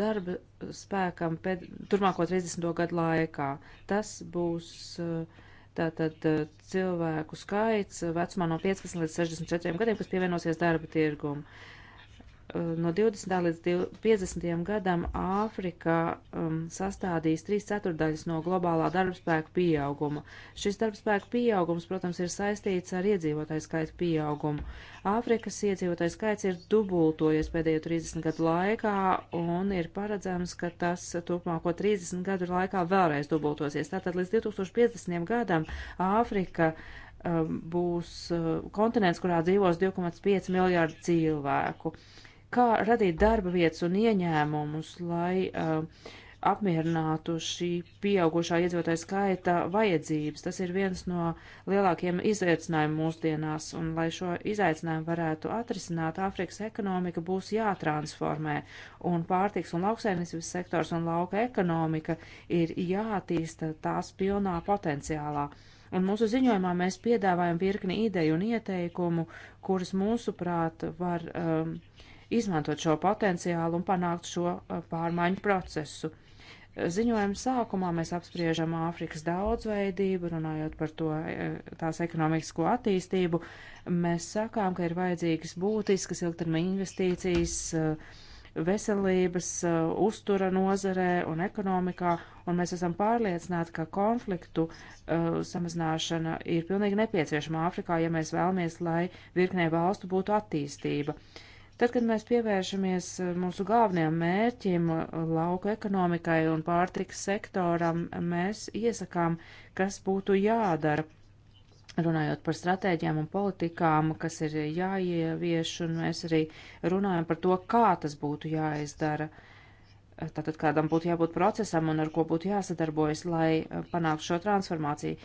darba spēkam pēd, turmāko 30. gadu laikā. Tas būs uh, Tātad cilvēku skaits vecumā no 15 līdz 64 gadiem, kas pievienosies darba tirgumu. Eh, no 20. līdz 50. gadam Āfrika um, sastādīs 3 ceturdaļas no globālā darbspēka pieauguma. Šis darbspēka pieaugums, protams, ir saistīts ar iedzīvotāju skaitu pieaugumu. Āfrikas iedzīvotāju skaits ir dubultojies pēdējo 30 gadu laikā un ir paredzams, ka tas turpmāko 30 gadu laikā vēlreiz dubultosies. Tātad līdz 2050. gadam Āfrika um, būs uh, kontinents, kurā dzīvos 2,5 miljārdu cilvēku. Uh, kā radīt darba vietas un ieņēmumus, lai uh, apmierinātu šī pieaugušā iedzīvotāja skaita vajadzības. Tas ir viens no lielākiem izaicinājumiem mūsdienās, un lai šo izaicinājumu varētu atrisināt, Āfrikas ekonomika būs jātransformē, un pārtiks un lauksaimniecības sektors un lauka ekonomika ir jātīsta tās pilnā potenciālā. Un mūsu ziņojumā mēs piedāvājam virkni ideju un ieteikumu, kuras mūsuprāt var um, uh, izmantot šo potenciālu un panākt šo uh, pārmaiņu procesu. Ziņojuma sākumā mēs apspriežam Āfrikas daudzveidību, runājot par to, uh, tās ekonomisko attīstību. Mēs sakām, ka ir vajadzīgas būtiskas ilgtermiņa investīcijas uh, veselības, uztura nozarē un ekonomikā, un mēs esam pārliecināti, ka konfliktu uh, samazināšana ir pilnīgi nepieciešama Āfrikā, ja mēs vēlamies, lai virknē valstu būtu attīstība. Uh, Tad, kad mēs pievēršamies e, mūsu galvenajam mērķim, e, lauka ekonomikai un pārtiks sektoram, mēs iesakām, kas būtu jādara. Runājot par stratēģiem un politikām, kas ir jāievieš, un mēs arī runājam par to, kā tas būtu jāizdara. E, tātad kādam būtu jābūt procesam un ar ko būtu jāsadarbojas, lai panāktu šo transformāciju.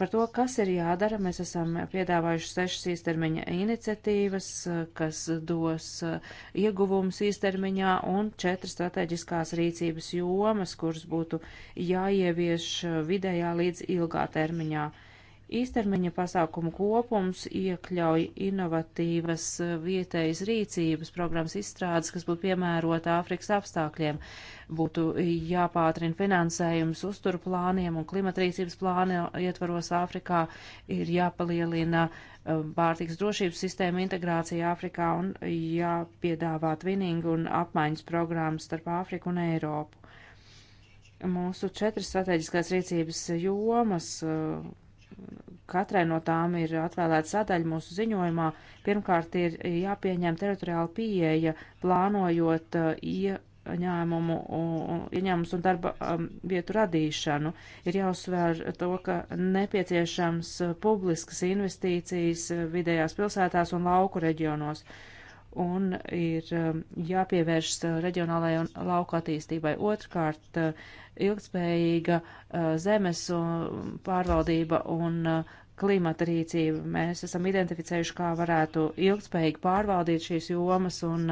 Par to, kas ir jādara, mēs esam piedāvājuši sešas īstermiņa iniciatīvas, kas dos eh, ieguvums īstermiņā un četras strateģiskās rīcības jomas, kuras būtu jāievieš eh, vidējā līdz ilgā termiņā. Īstermiņa pasākumu kopums iekļauj inovatīvas vietējas rīcības programmas izstrādes, kas būtu piemērota Āfrikas apstākļiem. Būtu jāpātrina finansējums uzturu plāniem un klimatrīcības plāni ietvaros Āfrikā, ir jāpalielina um, pārtiks drošības sistēma integrācija Āfrikā un jāpiedāvā tviningu un apmaiņas programmas starp Āfriku un Eiropu. Mūsu četras strateģiskās rīcības jomas uh, Katrai no tām ir atvēlēta sadaļa mūsu ziņojumā. Pirmkārt, ir jāpieņem teritoriāla pieeja, plānojot uh, ieņēmumu, ieņēmumus un darba um, vietu radīšanu. Ir jāuzsver to, ka nepieciešams uh, publiskas investīcijas uh, vidējās pilsētās un lauku reģionos. Uh, un ir um, jāpievērš uh, reģionālajai un lauka attīstībai. Otrkārt, uh, ilgspējīga uh, zemes um, pārvaldība un klimata rīcība. Mēs esam identificējuši, kā varētu ilgspējīgi pārvaldīt šīs jomas un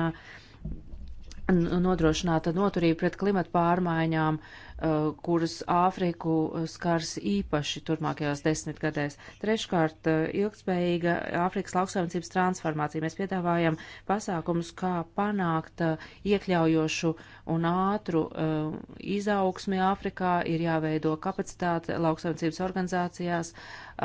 nodrošināt noturību pret klimata pārmaiņām. Uh, Eh, kuras Āfriku eh, skars īpaši turmākajās desmitgadēs. Treškārt, eh, ilgspējīga Āfrikas lauksaimniecības transformācija. Mēs piedāvājam pasākumus, kā panākt iekļaujošu un ātru izaugsmi Āfrikā, ir jāveido kapacitāte lauksaimniecības organizācijās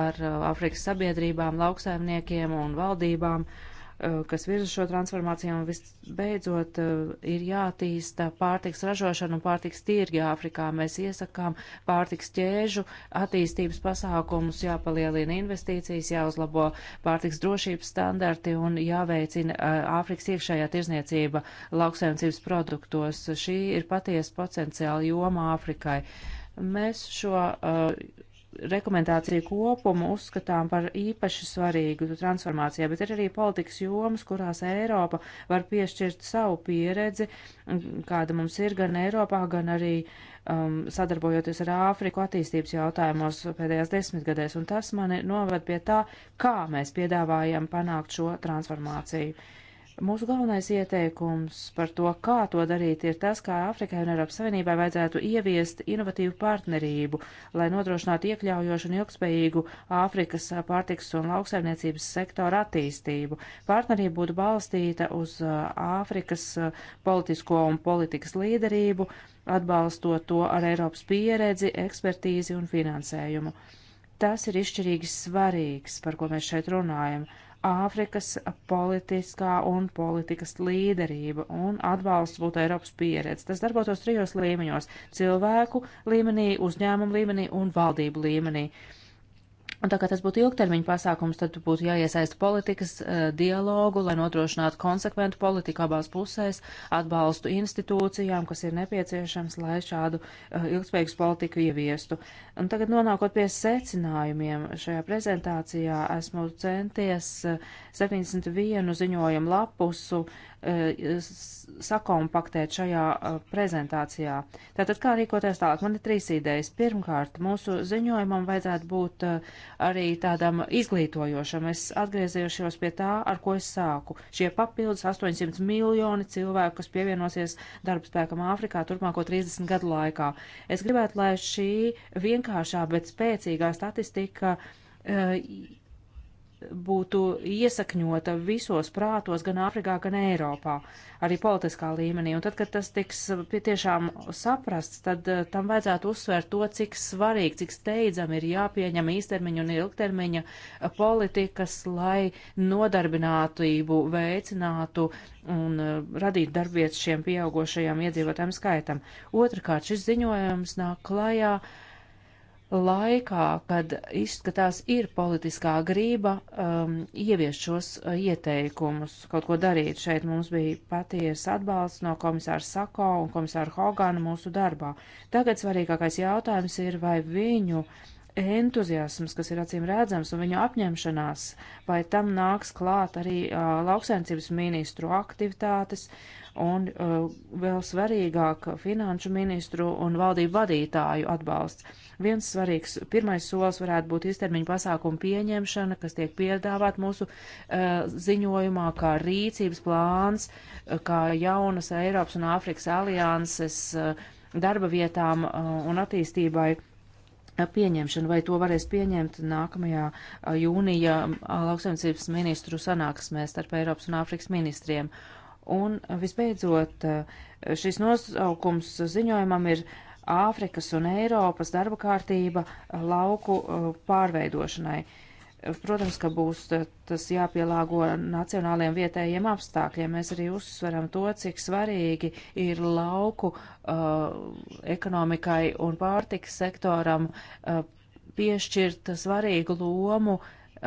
ar Āfrikas sabiedrībām, lauksaimniekiem un valdībām. Uh, Eh, kas virza šo transformāciju, un visbeidzot eh, ir jātīsta pārtiks ražošana un pārtiks tirgi Āfrikā. Mēs iesakām pārtiks ķēžu attīstības pasākumus, jāpalielina investīcijas, jāuzlabo pārtiks drošības standarti un jāveicina eh, Āfrikas iekšējā tirzniecība lauksaimniecības produktos. Šī ir patiesa potenciāla joma Āfrikai. Mēs šo uh, rekomendāciju kopumu uzskatām par īpaši svarīgu transformācijā, bet ir arī politikas jomas, kurās Eiropa var piešķirt savu pieredzi, kāda mums ir gan Eiropā, gan arī um, sadarbojoties ar Āfriku attīstības jautājumos pēdējās desmitgadēs, un tas mani novad pie tā, kā mēs piedāvājam panākt šo transformāciju. Mūsu galvenais ieteikums par to, kā to darīt, ir tas, kā Āfrikai un Eiropas Savienībai vajadzētu ieviest inovatīvu partnerību, lai nodrošinātu iekļaujošu un ilgspējīgu Āfrikas pārtikas un lauksaimniecības sektora attīstību. Partnerība būtu balstīta uz uh, Āfrikas uh, politisko un politikas līderību, atbalstot to ar Eiropas pieredzi, ekspertīzi un finansējumu. Tas ir izšķirīgi svarīgs, par ko mēs šeit runājam Āfrikas politiskā un politikas līderība un atbalsts būtu Eiropas pieredze. Tas darbotos trijos līmeņos - cilvēku līmenī, uzņēmumu līmenī un valdību līmenī. Uh, Un tā kā tas būtu ilgtermiņa pasākums, tad būtu jāiesaist politikas eh, dialogu, lai nodrošinātu konsekventu politiku abās pusēs, atbalstu institūcijām, kas ir nepieciešams, lai šādu eh, ilgspējīgu politiku ieviestu. Un tagad nonākot pie secinājumiem, šajā prezentācijā esmu centies 71 eh, ziņojumu lapusu E, sakompaktē šajā e, prezentācijā. Tātad, kā rīkoties tālāk? Man ir trīs idejas. Pirmkārt, mūsu ziņojumam vajadzētu būt e, arī tādam izglītojošam. Es atgriezīšos pie tā, ar ko es sāku. Šie papildus 800 miljoni cilvēku, kas pievienosies darbspēkam Āfrikā turpmāko 30 gadu laikā. Es gribētu, lai šī vienkāršā, bet spēcīgā statistika būtu iesakņota visos prātos, gan Āfrikā, gan Eiropā, arī politiskā līmenī. Un tad, kad tas tiks tiešām saprasts, tad eh, tam vajadzētu uzsvērt to, cik svarīgi, cik steidzami ir jāpieņem īstermiņa un ilgtermiņa eh, politikas, lai nodarbinātību veicinātu un eh, radītu darbvietas šiem pieaugošajiem iedzīvotājiem skaitam. Otrakārt, šis ziņojums nāk klajā. Uh, laikā, kad izskatās ir politiskā grība um, ieviest šos uh, ieteikumus, kaut ko darīt. Šeit mums bija patiesa atbalsts no komisāra Sako un komisāra Hogana mūsu darbā. Tagad svarīgākais jautājums ir, vai viņu entuziasms, kas ir acīm redzams, un viņu apņemšanās, vai tam nāks klāt arī uh, lauksaimniecības ministru aktivitātes, uh, un uh, vēl svarīgāk finanšu ministru un valdību vadītāju atbalsts. Viens svarīgs pirmais solis varētu būt iztermiņu pasākumu pieņemšana, kas tiek piedāvāt mūsu uh, ziņojumā kā rīcības plāns, uh, kā jaunas Eiropas un Āfrikas alianses uh, darba vietām uh, un attīstībai uh, pieņemšanu, vai to varēs pieņemt nākamajā uh, jūnija uh, lauksaimniecības ministru sanāksmē starp Eiropas un Āfrikas ministriem. Uh, Un visbeidzot, eh, šis nosaukums ziņojumam ir Āfrikas un Eiropas darba kārtība lauku eh, pārveidošanai. Eh, protams, ka būs tas jāpielāgo nacionāliem vietējiem apstākļiem. Mēs arī uzsveram to, cik svarīgi ir lauku uh, ekonomikai un pārtikas sektoram uh, piešķirt svarīgu lomu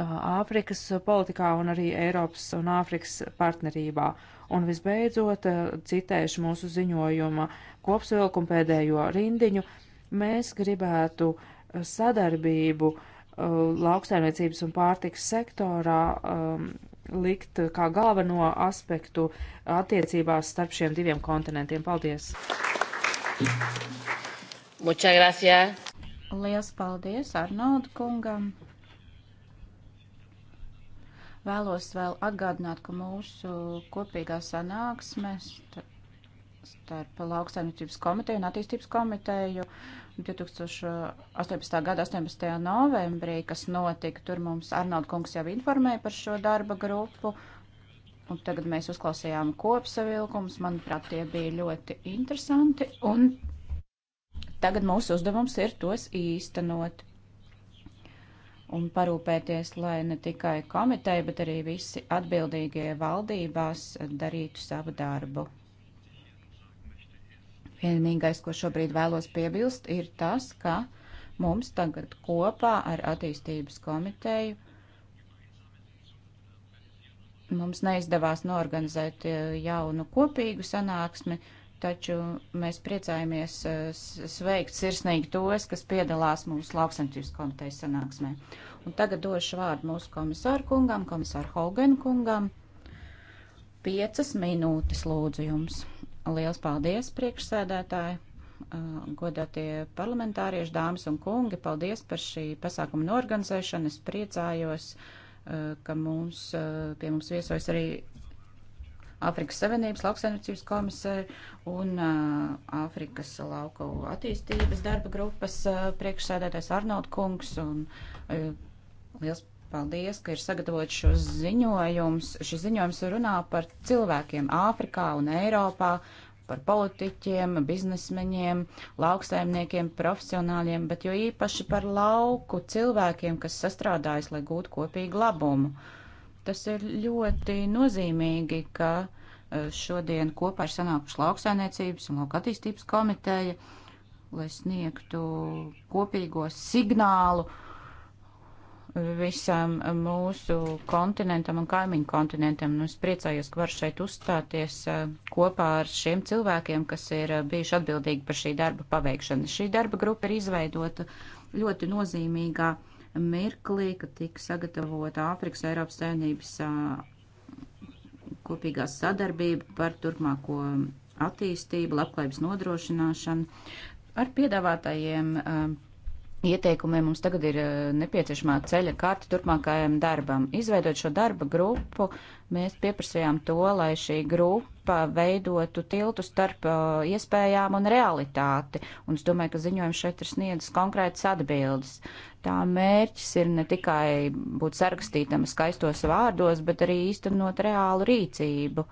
Āfrikas uh, politikā un arī Eiropas un Āfrikas partnerībā. Uh, Un visbeidzot, eh, citēšu mūsu ziņojuma kopsavilkumu pēdējo rindiņu, mēs gribētu eh, sadarbību uh, lauksaimniecības un pārtiks sektorā um, likt kā galveno aspektu attiecībās starp šiem diviem kontinentiem. Paldies! Muchas gracias! Lielas paldies Arnoldu kungam! Vēlos vēl atgādināt, ka mūsu kopīgā sanāksme starp lauksaimniecības komiteju un attīstības komiteju 2018. gada 18. novembrī, kas notika, tur mums Arnold kungs jau informēja par šo darba grupu. Un tagad mēs uzklausījām kopsavilkumus. Manuprāt, tie bija ļoti interesanti. Un tagad mūsu uzdevums ir tos īstenot un parūpēties, lai ne tikai komiteja, bet arī visi atbildīgie valdībās darītu savu darbu. Vienīgais, ko šobrīd vēlos piebilst, ir tas, ka mums tagad kopā ar attīstības komiteju mums neizdevās norganizēt eh, jaunu kopīgu sanāksmi, uh, taču mēs priecājamies eh, sveikt sirsnīgi tos, kas piedalās mūsu lauksaimniecības komitejas sanāksmē. Un tagad došu vārdu mūsu komisāru kungam, komisāru Hogan kungam. Piecas minūtes lūdzu jums. Liels paldies, priekšsēdētāji, godātie parlamentārieši, dāmas un kungi. Paldies par šī pasākuma norganizēšanu. Es priecājos, ka mums, pie mums viesojas arī Āfrikas Savienības lauksaimniecības komisāri un Āfrikas lauku attīstības darba grupas priekšsēdētājs Arnold Kungs. Un, liels paldies, ka ir sagatavots šos ziņojums. Šis ziņojums runā par cilvēkiem Āfrikā un Eiropā, par politiķiem, biznesmeņiem, lauksaimniekiem, profesionāļiem, bet jo īpaši par lauku cilvēkiem, kas sastrādājas, lai gūtu kopīgu labumu. Uh, Tas ir ļoti nozīmīgi, ka e, šodien kopā ir sanākuši lauksainiecības un lauka attīstības komiteja, lai sniegtu kopīgo signālu visam mūsu kontinentam un kaimiņu kontinentam. Un es priecājos, ka varu šeit uzstāties e, kopā ar šiem cilvēkiem, kas ir e, bijuši atbildīgi par šī darba paveikšanu. Šī darba grupa ir izveidota ļoti nozīmīgā mirklī, kad tika sagatavota Āfrikas Eiropas saimnības kopīgā sadarbība par turpmāko attīstību, labklājības nodrošināšanu ar piedāvātajiem uh, ieteikumiem mums tagad ir eh, nepieciešamā ceļa karta turpmākajam darbam. Izveidot šo darba grupu, mēs pieprasījām to, lai šī grupa veidotu tiltu starp eh, iespējām un realitāti. Un es domāju, ka ziņojums šeit ir sniedzis konkrētas atbildes. Tā mērķis ir ne tikai būt sarakstītam skaistos vārdos, bet arī īstenot reālu rīcību.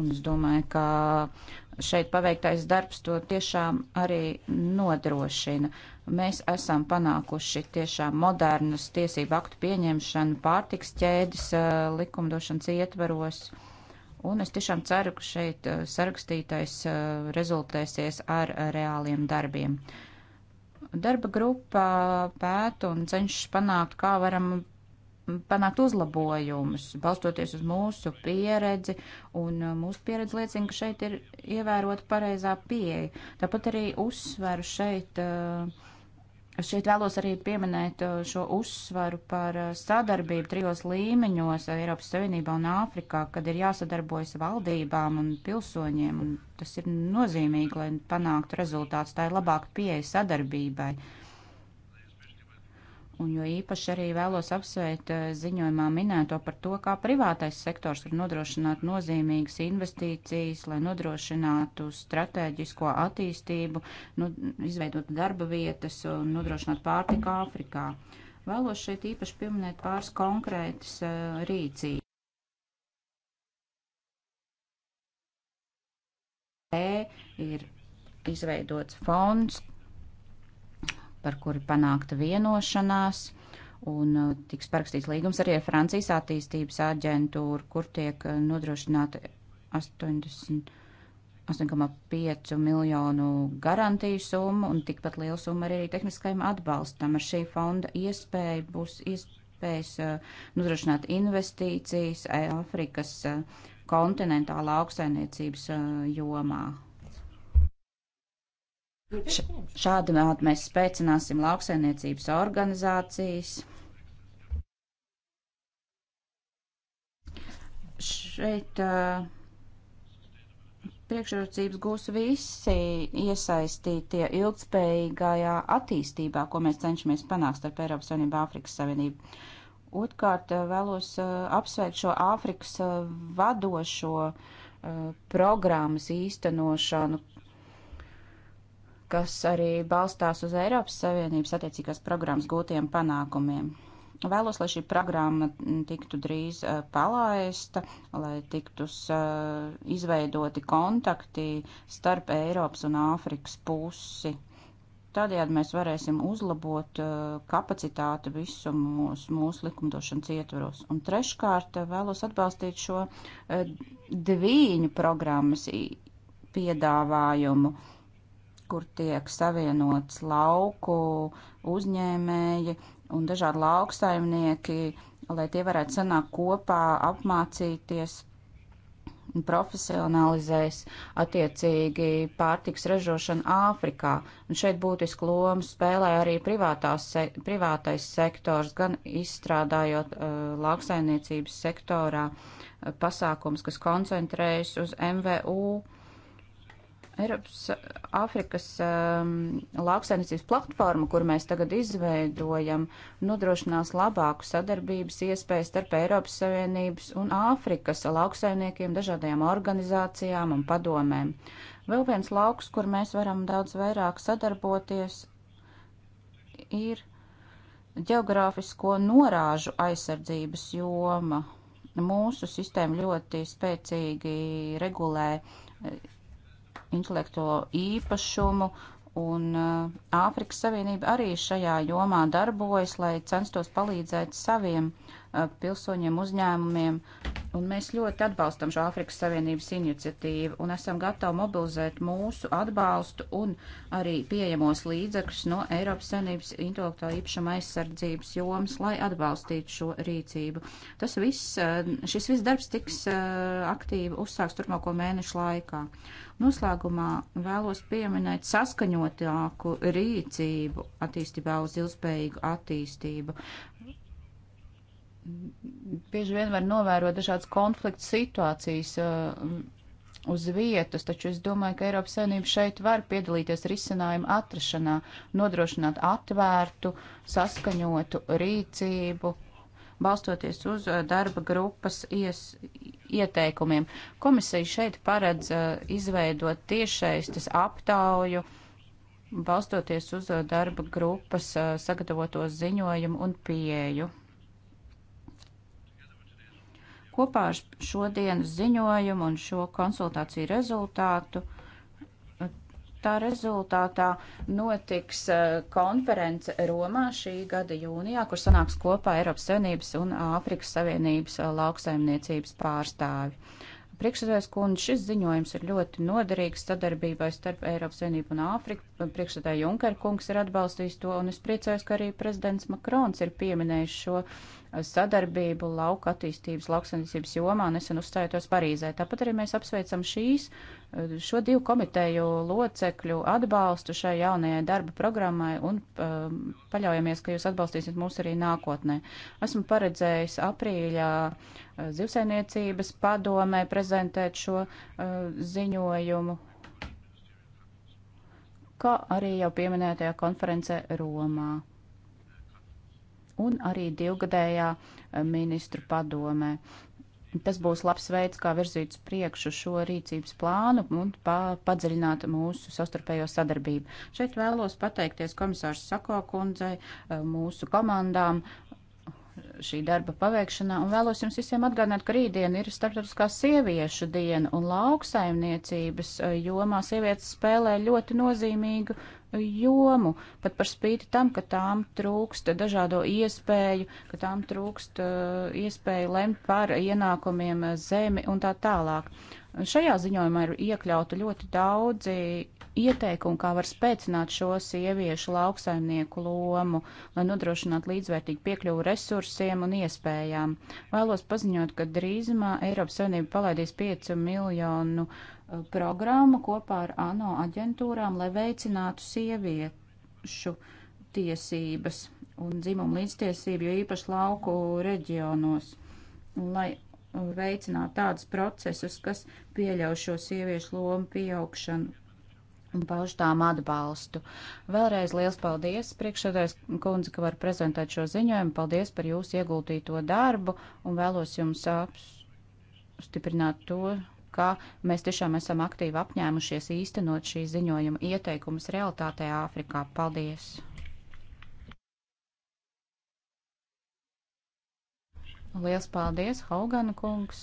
Un es domāju, ka uh, šeit paveiktais darbs to tiešām arī nodrošina. Mēs esam panākuši tiešām modernas tiesību aktu pieņemšanu pārtiks ķēdes likumdošanas ietvaros. Un es tiešām ceru, ka šeit sarakstītais rezultēsies ar reāliem darbiem. Darba grupā pēta un cenšas panākt, kā varam panākt uzlabojumus, balstoties uz mūsu pieredzi, un uh, mūsu pieredze liecina, ka šeit ir ievērota pareizā pieeja. Tāpat arī uzsveru šeit. Uh, šeit vēlos arī pieminēt uh, šo uzsvaru par sadarbību trijos līmeņos Eiropas Savienībā un Āfrikā, kad ir jāsadarbojas valdībām un pilsoņiem, un tas ir nozīmīgi, lai panāktu rezultāts. Tā ir labāka pieeja sadarbībai. Uh, un jo īpaši arī vēlos apsvērt eh, ziņojumā minēto par to, kā privātais sektors var nodrošināt nozīmīgas investīcijas, lai nodrošinātu strateģisko attīstību, nu, izveidot darba vietas un nodrošināt pārtika Āfrikā. Vēlos šeit īpaši pieminēt pāris konkrētas uh, rīcības. Ir izveidots fonds, par kuru panākta vienošanās, un uh, tiks parakstīts līgums arī ar Francijas attīstības aģentūru, kur tiek uh, nodrošināta 8,5 miljonu garantiju summa un tikpat liela summa arī tehniskajam atbalstam. Ar šī fonda iespēju būs iespējas uh, nodrošināt investīcijas Afrikas kontinentāla augsainiecības jomā. Šādi mēs spēcināsim lauksainiecības organizācijas. Šeit uh, priekšrocības gūs visi iesaistītie ilgspējīgajā attīstībā, ko mēs cenšamies panākt starp Eiropas Savienību un Āfrikas Savienību. Otkārt vēlos uh, apsveikt šo Āfrikas uh, vadošo uh, programmas īstenošanu, kas arī balstās uz Eiropas Savienības attiecīgās programmas gūtiem panākumiem. Vēlos, lai šī programma tiktu drīz eh, palaista, lai tiktu eh, izveidoti kontakti starp Eiropas un Āfrikas pusi. Tādējādi mēs varēsim uzlabot eh, kapacitāti visu mūsu, mūsu likumdošanas ietvaros. Un treškārt vēlos atbalstīt šo dvīņu programmas piedāvājumu. Uh, kur tiek savienots lauku uzņēmēji un dažādi lauksaimnieki, lai tie varētu sanākt kopā, apmācīties, profesionalizēs attiecīgi pārtiks ražošanu Āfrikā. Un šeit būtisku lomu spēlē arī se privātais sektors, gan izstrādājot uh, lauksaimniecības sektorā uh, pasākums, kas koncentrējas uz MVU. Uh, Eiropas Āfrikas um, lauksainicības platforma, kur mēs tagad izveidojam, nodrošinās labāku sadarbības iespējas starp Eiropas Savienības un Āfrikas lauksainiekiem, dažādajām organizācijām un padomēm. Vēl viens lauks, kur mēs varam daudz vairāk sadarboties, ir ģeogrāfisko norāžu aizsardzības joma. Mūsu sistēma ļoti spēcīgi regulē intelektuālo īpašumu, un eh, Āfrikas Savienība arī šajā jomā darbojas, lai censtos palīdzēt saviem eh, pilsoņiem uzņēmumiem, un mēs ļoti atbalstam šo Āfrikas Savienības iniciatīvu, un esam gatavi mobilizēt mūsu atbalstu un arī pieejamos līdzekļus no Eiropas Savienības intelektuālā īpašuma aizsardzības jomas, lai atbalstītu šo rīcību. Tas viss, eh, šis viss darbs tiks aktīvi uzsāks turpmāko mēnešu laikā. Noslēgumā vēlos pieminēt saskaņotāku rīcību attīstībā uz ilgspējīgu attīstību. Bieži vien var novērot dažādas konflikts situācijas uh, uz vietas, taču es domāju, ka Eiropas Savienība šeit var piedalīties risinājumu atrašanā, nodrošināt atvērtu, saskaņotu rīcību balstoties uz eh, darba grupas ies, ieteikumiem. Komisija šeit paredz eh, izveidot tiešaistes aptauju, balstoties uz eh, darba grupas sagatavoto ziņojumu un pieeju. Kopā ar šodienas ziņojumu un šo konsultāciju rezultātu Tā rezultātā notiks eh, konference Romā šī gada jūnijā, kur sanāks kopā Eiropas Savienības un Āfrikas Savienības eh, lauksaimniecības pārstāvi. Priekšsēdājas kundze, šis ziņojums ir ļoti noderīgs sadarbībai starp Eiropas Savienību un Āfriku. Priekšsēdāja Junker kungs ir atbalstījis to, un es priecājos, ka arī prezidents Makrons ir pieminējis šo sadarbību lauka attīstības lauksaimniecības jomā nesen uzstājoties Parīzē. Tāpat arī mēs apsveicam šīs, šo divu komiteju locekļu atbalstu šai jaunajai darba programmai un um, paļaujamies, ka jūs atbalstīsiet mūs arī nākotnē. Esmu paredzējis aprīļā uh, zivsainiecības padomē prezentēt šo uh, ziņojumu kā arī jau pieminētajā konferencē Romā un arī divgadējā eh, ministru padomē. Tas būs labs veids, kā virzīt uz priekšu šo rīcības plānu un pa padziļināt mūsu sastarpējo sadarbību. Šeit vēlos pateikties komisārs Sako kundzei, eh, mūsu komandām šī darba paveikšanā, un vēlos jums visiem atgādināt, ka rītdien ir starptautiskā sieviešu diena, un lauksaimniecības eh, jomā sievietes spēlē ļoti nozīmīgu jomu, pat par spīti tam, ka tām trūkst dažādo iespēju, ka tām trūkst uh, iespēju lemt par ienākumiem eh, zemi un tā tālāk. Šajā ziņojumā ir iekļauta ļoti daudzi ieteikumi, kā var spēcināt šo sieviešu lauksaimnieku lomu, lai nodrošinātu līdzvērtīgu piekļuvu resursiem un iespējām. Vēlos paziņot, ka drīzumā Eiropas Savienība palaidīs 5 miljonu uh, programmu kopā ar ANO aģentūrām, lai veicinātu sieviešu tiesības un dzimumu līdztiesību, jo īpaši lauku reģionos, lai veicinātu tādus procesus, kas pieļauj šo sieviešu lomu pieaugšanu un pauž tām atbalstu. Vēlreiz liels paldies, priekšsēdājs kundze, ka var prezentēt šo ziņojumu. Paldies par jūsu ieguldīto darbu un vēlos jums apstiprināt to, ka mēs tiešām esam aktīvi apņēmušies īstenot šī ziņojuma ieteikumus realitātē Āfrikā. Paldies! Liels paldies, Haugana kungs!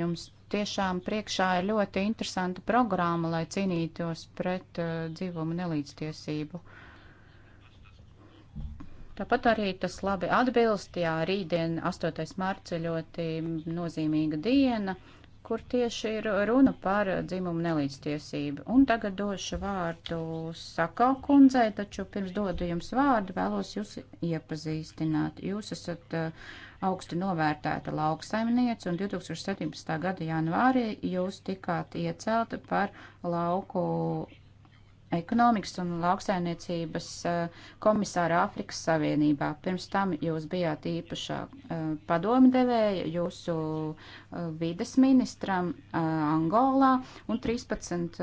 Jums tiešām priekšā ir ļoti interesanta programma, lai cīnītos pret uh, dzīvumu nelīdztiesību. Uh, Tāpat arī tas labi atbilst, jā, rītdien 8. marts ir ļoti nozīmīga diena, kur tieši ir runa par dzimumu nelīdztiesību. Un tagad došu vārdu Sakau kundzei, taču pirms dodu jums vārdu vēlos jūs iepazīstināt. Jūs esat eh, augsti novērtēta lauksaimniece un 2017. gada janvārī jūs tikāt iecelta par lauku ekonomikas un lauksainiecības eh, komisāra Āfrikas Savienībā. Pirms tam jūs bijāt īpašā eh, padomdevēja jūsu eh, vides ministram Angolā un 13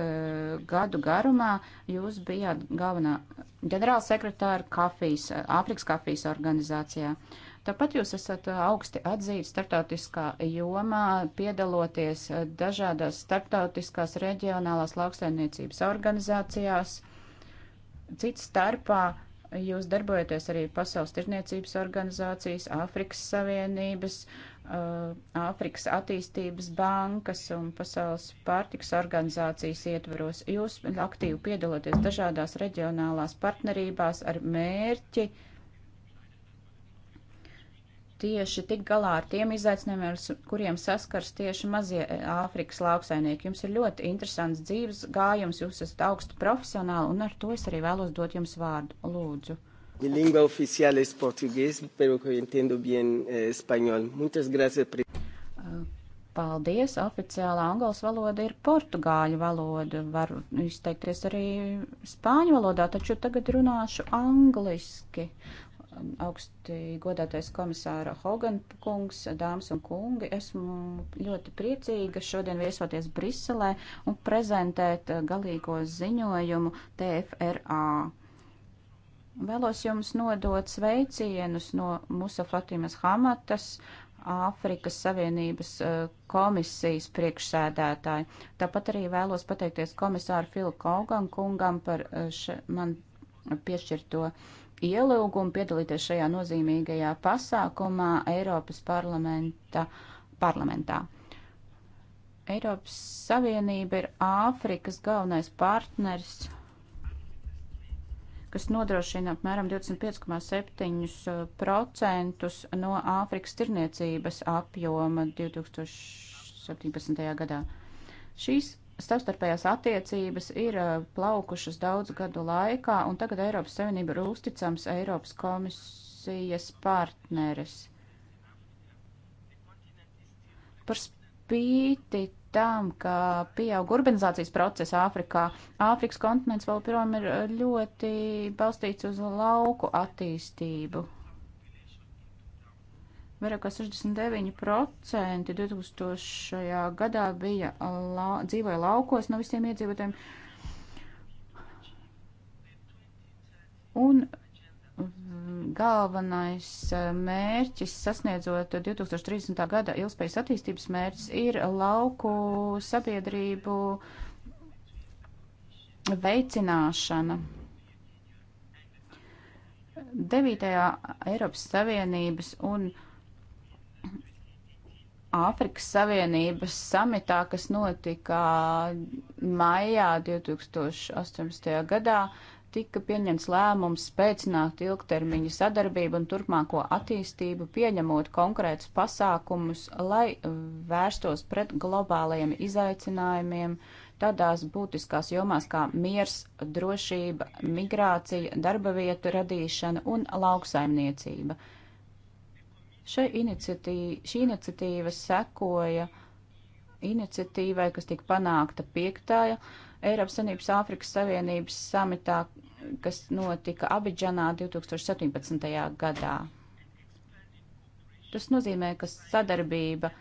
gadu garumā jūs bijāt galvenā ģenerālsekretāra kafijas, Āfrikas kafijas organizācijā. Uh, Tāpat jūs esat augsti atzīts starptautiskā jomā, piedaloties dažādās starptautiskās reģionālās lauksaimniecības organizācijās. Cits starpā jūs darbojaties arī Pasaules tirzniecības organizācijas, Āfrikas Savienības, uh, Āfrikas attīstības bankas un Pasaules pārtiks organizācijas ietvaros. Jūs aktīvi piedaloties dažādās reģionālās partnerībās ar mērķi uh, tieši tik galā ar tiem izaicinājumiem, ar kuriem saskars tieši mazie e, Āfrikas lauksainieki. Jums ir ļoti interesants dzīves gājums, jūs esat augsti profesionāli, un ar to es arī vēlos dot jums vārdu. Lūdzu. Mi lingua oficial es portugués, pero que entiendo bien eh, español. Muchas gracias. Eh, paldies, oficiālā angļu valoda ir portugāļu valoda. Varu izteikties arī spāņu valodā, taču tagad runāšu angliski augstī godātais komisāra Hogan kungs, dāmas un kungi. Esmu ļoti priecīga šodien viesoties Briselē un prezentēt galīgo ziņojumu TFRA. Vēlos jums nodot sveicienus no Musa Fatimas Hamatas, Āfrikas Savienības eh, komisijas priekšsēdētāji. Tāpat arī vēlos pateikties komisāru Filu Kaugan kungam par eh, še, man piešķirto uh, ielūgumu piedalīties šajā nozīmīgajā pasākumā Eiropas parlamenta, parlamentā. Eiropas Savienība ir Āfrikas galvenais partners, kas nodrošina apmēram 25,7% no Āfrikas tirniecības apjoma 2017. gadā. Šīs savstarpējās attiecības ir eh, plaukušas daudz gadu laikā, un tagad Eiropas Savienība ir uzticams Eiropas komisijas partneris. Par spīti tam, ka pieaug urbanizācijas process Āfrikā, Āfrikas kontinents vēl pirmam ir eh, ļoti balstīts uz lauku attīstību. Vairāk kā 69% 2000. gadā bija la, dzīvoja laukos no visiem iedzīvotājiem. Un galvenais eh, mērķis sasniedzot 2030. gada ilgspējas attīstības mērķis ir lauku sabiedrību veicināšana. 9. Eiropas Savienības un Āfrikas Savienības samitā, kas notika maijā 2018. gadā, tika pieņemts lēmums spēcināt ilgtermiņa sadarbību un turpmāko attīstību, pieņemot konkrētus pasākumus, lai vērstos pret globālajiem izaicinājumiem tādās būtiskās jomās kā miers, drošība, migrācija, darba vietu radīšana un lauksaimniecība. Iniciatīva, šī iniciatīva sekoja iniciatīvai, kas tika panākta 5. Eiropas Sanības Āfrikas Savienības samitā, kas notika Abidžanā 2017. gadā. Tas nozīmē, ka sadarbība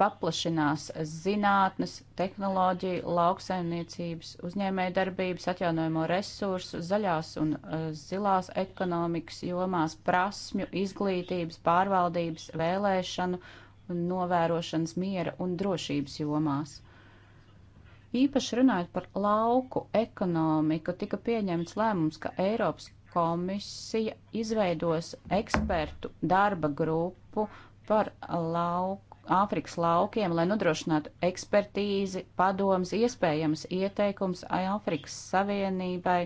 paplašinās zinātnes, tehnoloģija, lauksaimniecības, uzņēmēja darbības, atjaunojamo resursu, zaļās un uh, zilās ekonomikas jomās, prasmju, izglītības, pārvaldības, vēlēšanu, novērošanas, miera un drošības jomās. Īpaši runājot par lauku ekonomiku, tika pieņemts lēmums, ka Eiropas komisija izveidos ekspertu darba grupu par lauku Āfrikas laukiem, lai nodrošinātu ekspertīzi, padoms, iespējams ieteikums Āfrikas Savienībai,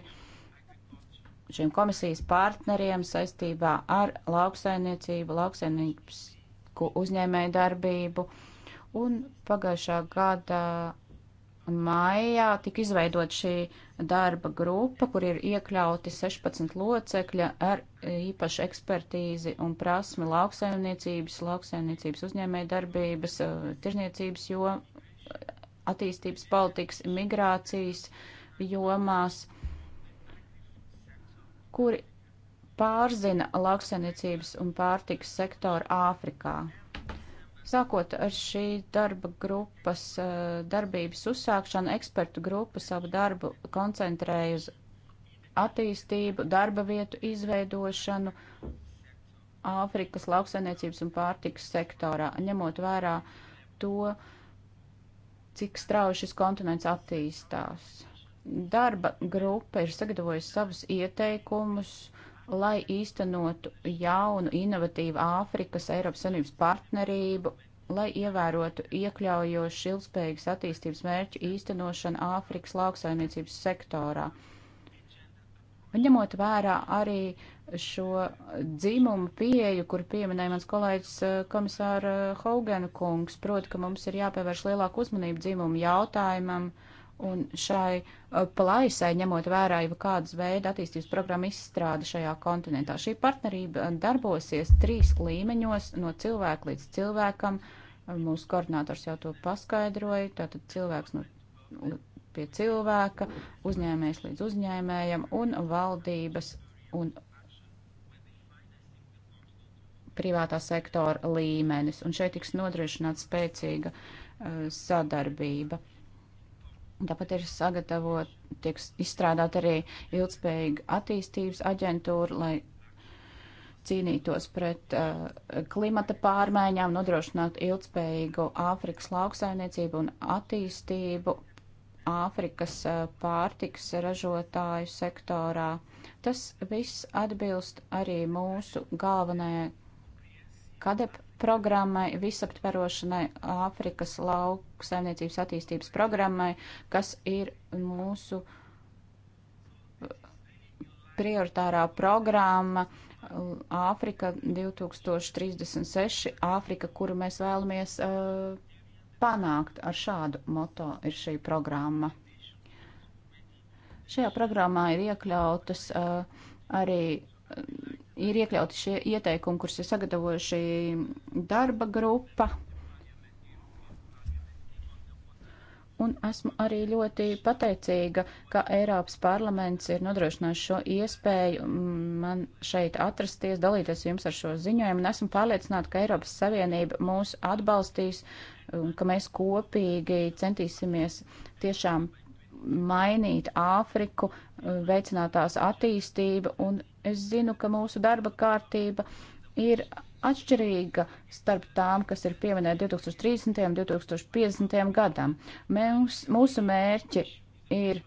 šiem komisijas partneriem saistībā ar lauksainiecību, lauksainiecības uzņēmēju darbību. Un pagājušā gada maijā tika izveidot šī darba grupa, kur ir iekļauti 16 locekļi ar īpašu ekspertīzi un prasmi lauksaimniecības, lauksaimniecības uzņēmē darbības, tirzniecības jo attīstības politikas, migrācijas jomās, kuri pārzina lauksaimniecības un pārtikas sektoru Āfrikā. Sākot ar šī darba grupas eh, darbības uzsākšanu, ekspertu grupa savu darbu koncentrēja uz attīstību, darba vietu izveidošanu Āfrikas lauksainiecības un pārtikas sektorā, ņemot vērā to, cik strauji šis kontinents attīstās. Darba grupa ir sagatavojusi savus ieteikumus lai īstenotu jaunu, inovatīvu Āfrikas Eiropas Savienības partnerību, lai ievērotu iekļaujošu ilgspējīgas attīstības mērķu īstenošanu Āfrikas lauksaimniecības sektorā. Un ņemot vērā arī šo dzimumu pieeju, kur pieminēja mans kolēģis eh, komisāra Haugena kungs, proti, ka mums ir jāpievērš lielāku uzmanību dzimumu jautājumam, uh, Un šai uh, plaisai, ņemot vērā jau kādas veida attīstības programma izstrāda šajā kontinentā, šī partnerība uh, darbosies trīs līmeņos no cilvēka līdz cilvēkam. Uh, mūsu koordinators jau to paskaidroja, tātad cilvēks no, pie cilvēka, uzņēmējs līdz uzņēmējam un valdības un privātā sektora līmenis. Un šeit tiks nodrošināta spēcīga uh, sadarbība. Uh, Tāpat ir sagatavot, tiks izstrādāt arī ilgspējīga attīstības aģentūra, lai cīnītos pret uh, klimata pārmaiņām, nodrošināt ilgspējīgu Āfrikas lauksaimniecību un attīstību Āfrikas uh, pārtiks ražotāju sektorā. Tas viss atbilst arī mūsu galvenajai kadep programmai, visaptverošanai Āfrikas lauksaimniecības attīstības programmai, kas ir mūsu prioritārā programma Āfrika 2036, Āfrika, kuru mēs vēlamies uh, panākt ar šādu moto, ir šī programma. Šajā programmā ir iekļautas uh, arī uh, ir iekļauti šie ieteikumi, kurus ir sagatavojuši darba grupa. Un esmu arī ļoti pateicīga, ka Eiropas parlaments ir nodrošinājis šo iespēju mm, man šeit atrasties, dalīties jums ar šo ziņojumu. Un esmu pārliecināta, ka Eiropas Savienība mūs atbalstīs un ka mēs kopīgi centīsimies tiešām mainīt Āfriku, veicināt tās attīstību un Es zinu, ka mūsu darba kārtība ir atšķirīga starp tām, kas ir pieminēta 2030. un 2050. gadam. Mēs, mūsu mērķi ir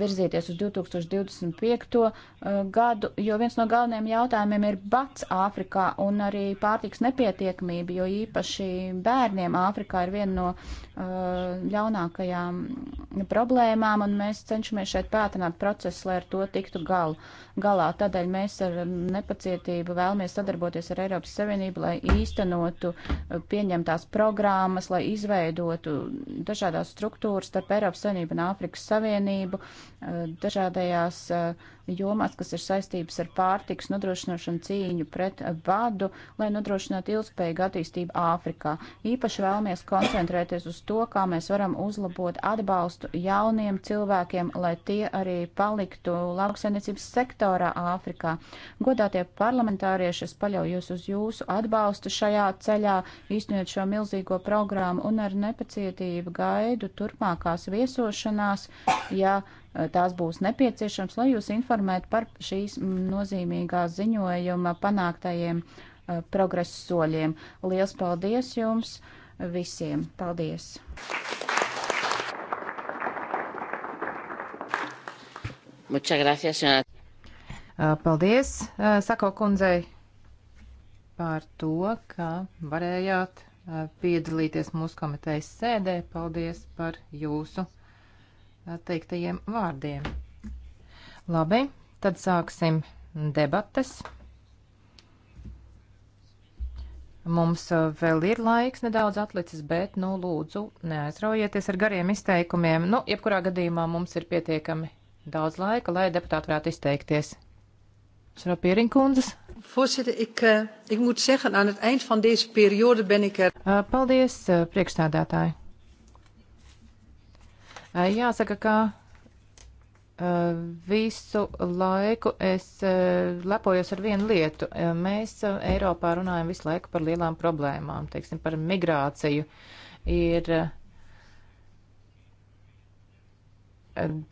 virzīties uz 2025. Eh, gadu, jo viens no galvenajiem jautājumiem ir bats Āfrikā un arī pārtiks nepietiekamība, jo īpaši bērniem Āfrikā ir viena no uh, ļaunākajām problēmām, un mēs cenšamies šeit pātrināt procesu, lai ar to tiktu gal, galā. Tādēļ mēs ar nepacietību vēlamies sadarboties ar Eiropas Savienību, lai īstenotu eh, pieņemtās programmas, lai izveidotu dažādās struktūras starp Eiropas Savienību un Āfrikas Savienību. Uh, dažādajās jomās, kas ir saistības ar pārtiks nodrošināšanu cīņu pret badu, lai nodrošinātu ilgspējīgu attīstību Āfrikā. Īpaši vēlamies koncentrēties uz to, kā mēs varam uzlabot atbalstu jauniem cilvēkiem, lai tie arī paliktu lauksainiecības sektorā Āfrikā. Godātie parlamentārieši, es paļaujos uz jūsu atbalstu šajā ceļā, īstenot šo milzīgo programmu un ar nepacietību gaidu turpmākās viesošanās, ja eh, tās būs nepieciešams, lai jūs informētu informēt par šīs nozīmīgā ziņojuma panāktajiem uh, eh, progresu soļiem. Liels paldies jums visiem! Paldies! Muchas gracias, senat. Eh, paldies, eh, Sako kundzei, par to, ka varējāt piedalīties mūsu komitejas sēdē. Paldies par jūsu teiktajiem vārdiem. Labi, tad sāksim debates. Mums vēl ir laiks nedaudz atlicis, bet, nu, lūdzu, neaizraujieties ar gariem izteikumiem. Nu, jebkurā gadījumā mums ir pietiekami daudz laika, lai deputāti varētu izteikties. Šrapiering kundzes. Voorzitter, ik, eh, ik moet zeggen, aan het eind van deze periode ben ik er. Eh, paldies, eh, priekšstādātāji. Jāsaka, ka Eh, visu laiku es eh, lepojos ar vienu lietu. Eh, mēs Eiropā runājam visu laiku par lielām problēmām, teiksim, par migrāciju. Ir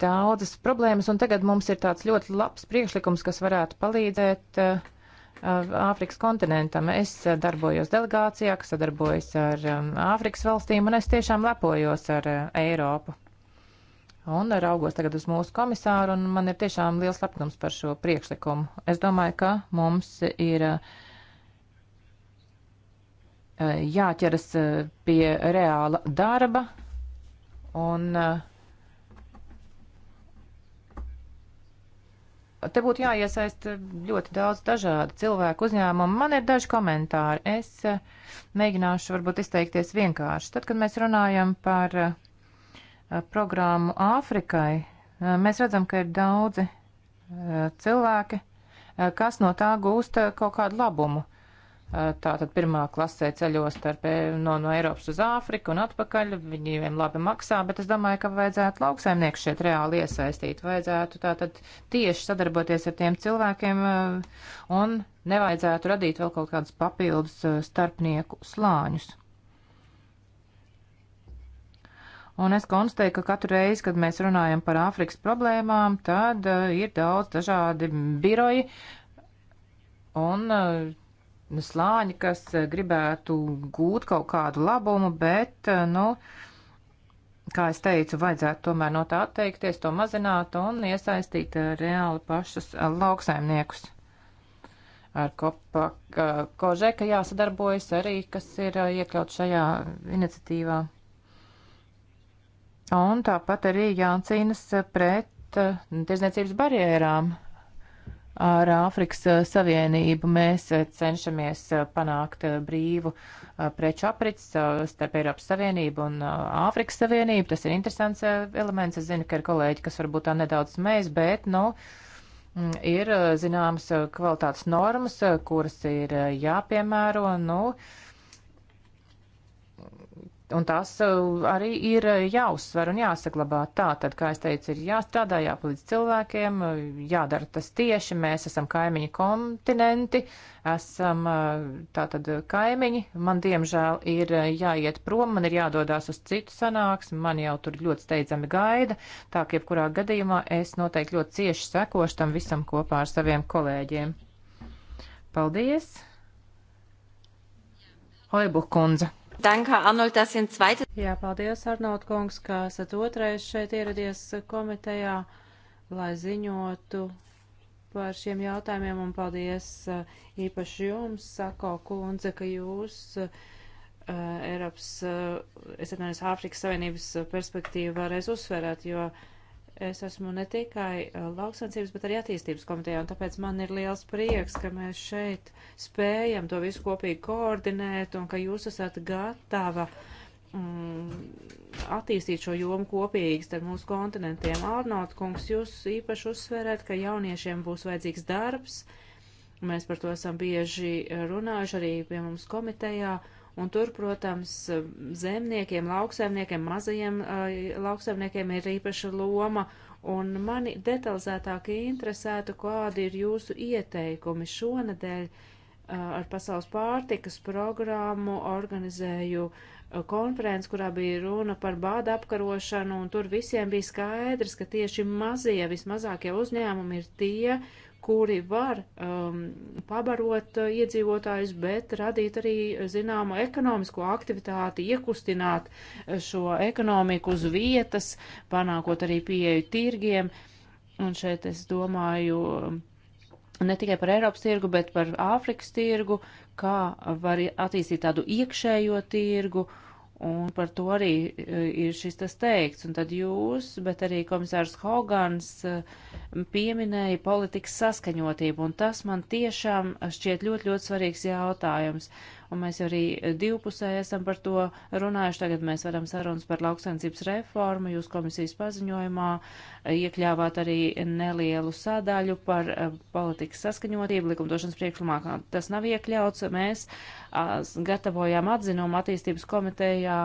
daudzas problēmas, un tagad mums ir tāds ļoti labs priekšlikums, kas varētu palīdzēt uh, Āfrikas kontinentam. Es darbojos delegācijā, kas sadarbojas ar Āfrikas valstīm, un es tiešām lepojos ar Eiropu. Un raugos tagad uz mūsu komisāru, un man ir tiešām liels lepnums par šo priekšlikumu. Es domāju, ka mums ir e, jāķeras e, pie reāla darba, un e, te būtu jāiesaist ļoti daudz dažādu cilvēku uzņēmumu. Man ir daži komentāri. Es mēģināšu varbūt izteikties vienkārši. Tad, kad mēs runājam par programmu Āfrikai, mēs redzam, ka ir daudzi cilvēki, kas no tā gūst kaut kādu labumu. Tātad pirmā klasē ceļos starp, e, no, no Eiropas uz Āfriku un atpakaļ, viņiem labi maksā, bet es domāju, ka vajadzētu lauksaimnieku šeit reāli iesaistīt, vajadzētu tātad tieši sadarboties ar tiem cilvēkiem un nevajadzētu radīt vēl kaut kādus papildus starpnieku slāņus. Un es konstatēju, ka katru reizi, kad mēs runājam par Āfrikas problēmām, tad uh, ir daudz dažādi biroji un uh, slāņi, kas eh, gribētu gūt kaut kādu labumu, bet, uh, nu, kā es teicu, vajadzētu tomēr no tā atteikties, to mazināt un iesaistīt uh, reāli pašus uh, lauksaimniekus ar kopā, ka Kožeka jāsadarbojas arī, kas ir iekļaut šajā iniciatīvā. Un tāpat arī jācīnas pret uh, tirzniecības barjerām ar Āfrikas uh, Savienību mēs uh, cenšamies panākt brīvu preču aprits starp Eiropas Savienību un Āfrikas Savienību. Tas ir interesants elements. Es zinu, ka ir kolēģi, kas varbūt tā nedaudz mēs, bet, nu, mm, ir zināmas kvalitātes normas, kuras ir jāpiemēro, nu, no, Un tās eh, arī ir eh, jāuzsver un jāsaglabā tā, tad, kā es teicu, ir jāstrādā, jāpalīdz cilvēkiem, eh, jādara tas tieši, mēs esam kaimiņi kontinenti, esam tātad kaimiņi, man diemžēl ir jāiet prom, man ir jādodās uz citu sanāksmi, man jau tur ļoti steidzami gaida, tā ka jebkurā gadījumā es noteikti ļoti cieši sekošu tam visam kopā ar saviem kolēģiem. Paldies! Hoibuh kundze! Danka, Arnold, tas ir sveitas. Jā, paldies, Arnold kungs, ka esat otrais šeit ieradies komitejā, lai ziņotu par šiem jautājumiem, un paldies eh, īpaši jums, Sako kundze, ka jūs uh, Eiropas, uh, es atvainojos, Āfrikas Savienības perspektīvu varēs uzsverēt, jo uh, Es esmu ne tikai e, lauksansības, bet arī attīstības komitejā, un tāpēc man ir liels prieks, ka mēs šeit spējam to visu kopīgi koordinēt un ka jūs esat gatava mm, attīstīt šo jomu kopīgi starp mūsu kontinentiem. Arnaut, kungs, jūs īpaši uzsverēt, ka jauniešiem būs vajadzīgs darbs. Mēs par to esam bieži runājuši arī pie mums komitejā, Un tur, protams, zemniekiem, lauksaimniekiem, mazajiem lauksaimniekiem ir īpaša loma, un mani detalizētāk interesētu, kādi ir jūsu ieteikumi. Šonadēļ ar Pasaules pārtikas programmu organizēju konferenci, kurā bija runa par bāda apkarošanu, un tur visiem bija skaidrs, ka tieši mazie, vismazākie uzņēmumi ir tie, kuri var um, pabarot uh, iedzīvotājus, bet radīt arī uh, zināmu ekonomisko aktivitāti, iekustināt uh, šo ekonomiku uz vietas, panākot arī pieeju tirgiem. Un šeit es domāju um, ne tikai par Eiropas tirgu, bet par Āfrikas tirgu, kā var attīstīt tādu iekšējo tirgu. Uh, Un par to arī e, ir šis tas teikts. Un tad jūs, bet arī komisārs Hogans e, pieminēja politikas saskaņotību, un tas man tiešām šķiet ļoti, ļoti svarīgs jautājums un mēs arī divpusē esam par to runājuši. Tagad mēs varam sarunas par lauksaimniecības reformu. Jūs komisijas paziņojumā iekļāvāt arī nelielu sādaļu par eh, politikas saskaņotību likumdošanas priekšlikumā. Tas nav iekļauts. Mēs gatavojām atzinumu attīstības komitejā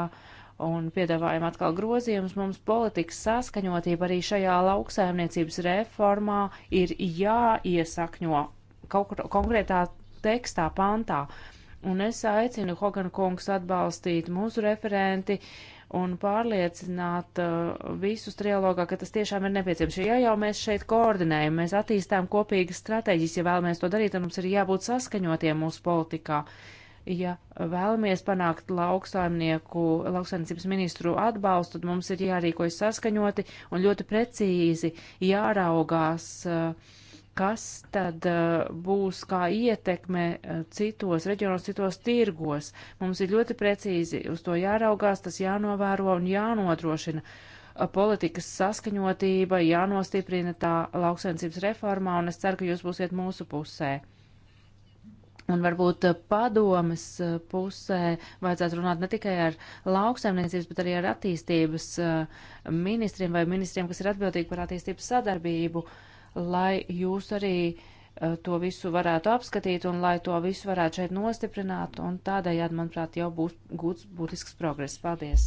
un piedāvājam atkal grozījumus. Mums politikas saskaņotība arī šajā lauksaimniecības reformā ir jāiesakņo kaut kur konkrētā tekstā, pantā. Uh, Un es aicinu Hogan kungs atbalstīt mūsu referenti un pārliecināt uh, visus trialogā, ka tas tiešām ir nepieciešams. Ja jau mēs šeit koordinējam, mēs attīstām kopīgas stratēģijas, ja vēlamies to darīt, tad mums ir jābūt saskaņotiem mūsu politikā. Ja vēlamies panākt lauksaimnieku, lauksaimniecības ministru atbalstu, tad mums ir jārīkojas saskaņoti un ļoti precīzi jāraugās. Uh, kas tad e, būs kā ietekme e, citos reģionos, citos tirgos. Mums ir ļoti precīzi uz to jāraugās, tas jānovēro un jānodrošina. E, politikas saskaņotība jānostiprina tā lauksainicības reformā, un es ceru, ka jūs būsiet mūsu pusē. Un varbūt padomas pusē vajadzētu runāt ne tikai ar lauksaimniecības, bet arī ar attīstības ministriem vai ministriem, kas ir atbildīgi par attīstības sadarbību. Uh, lai jūs arī e, to visu varētu apskatīt un lai to visu varētu šeit nostiprināt, un tādējādi, manuprāt, jau būs gūts būtisks progress. Paldies!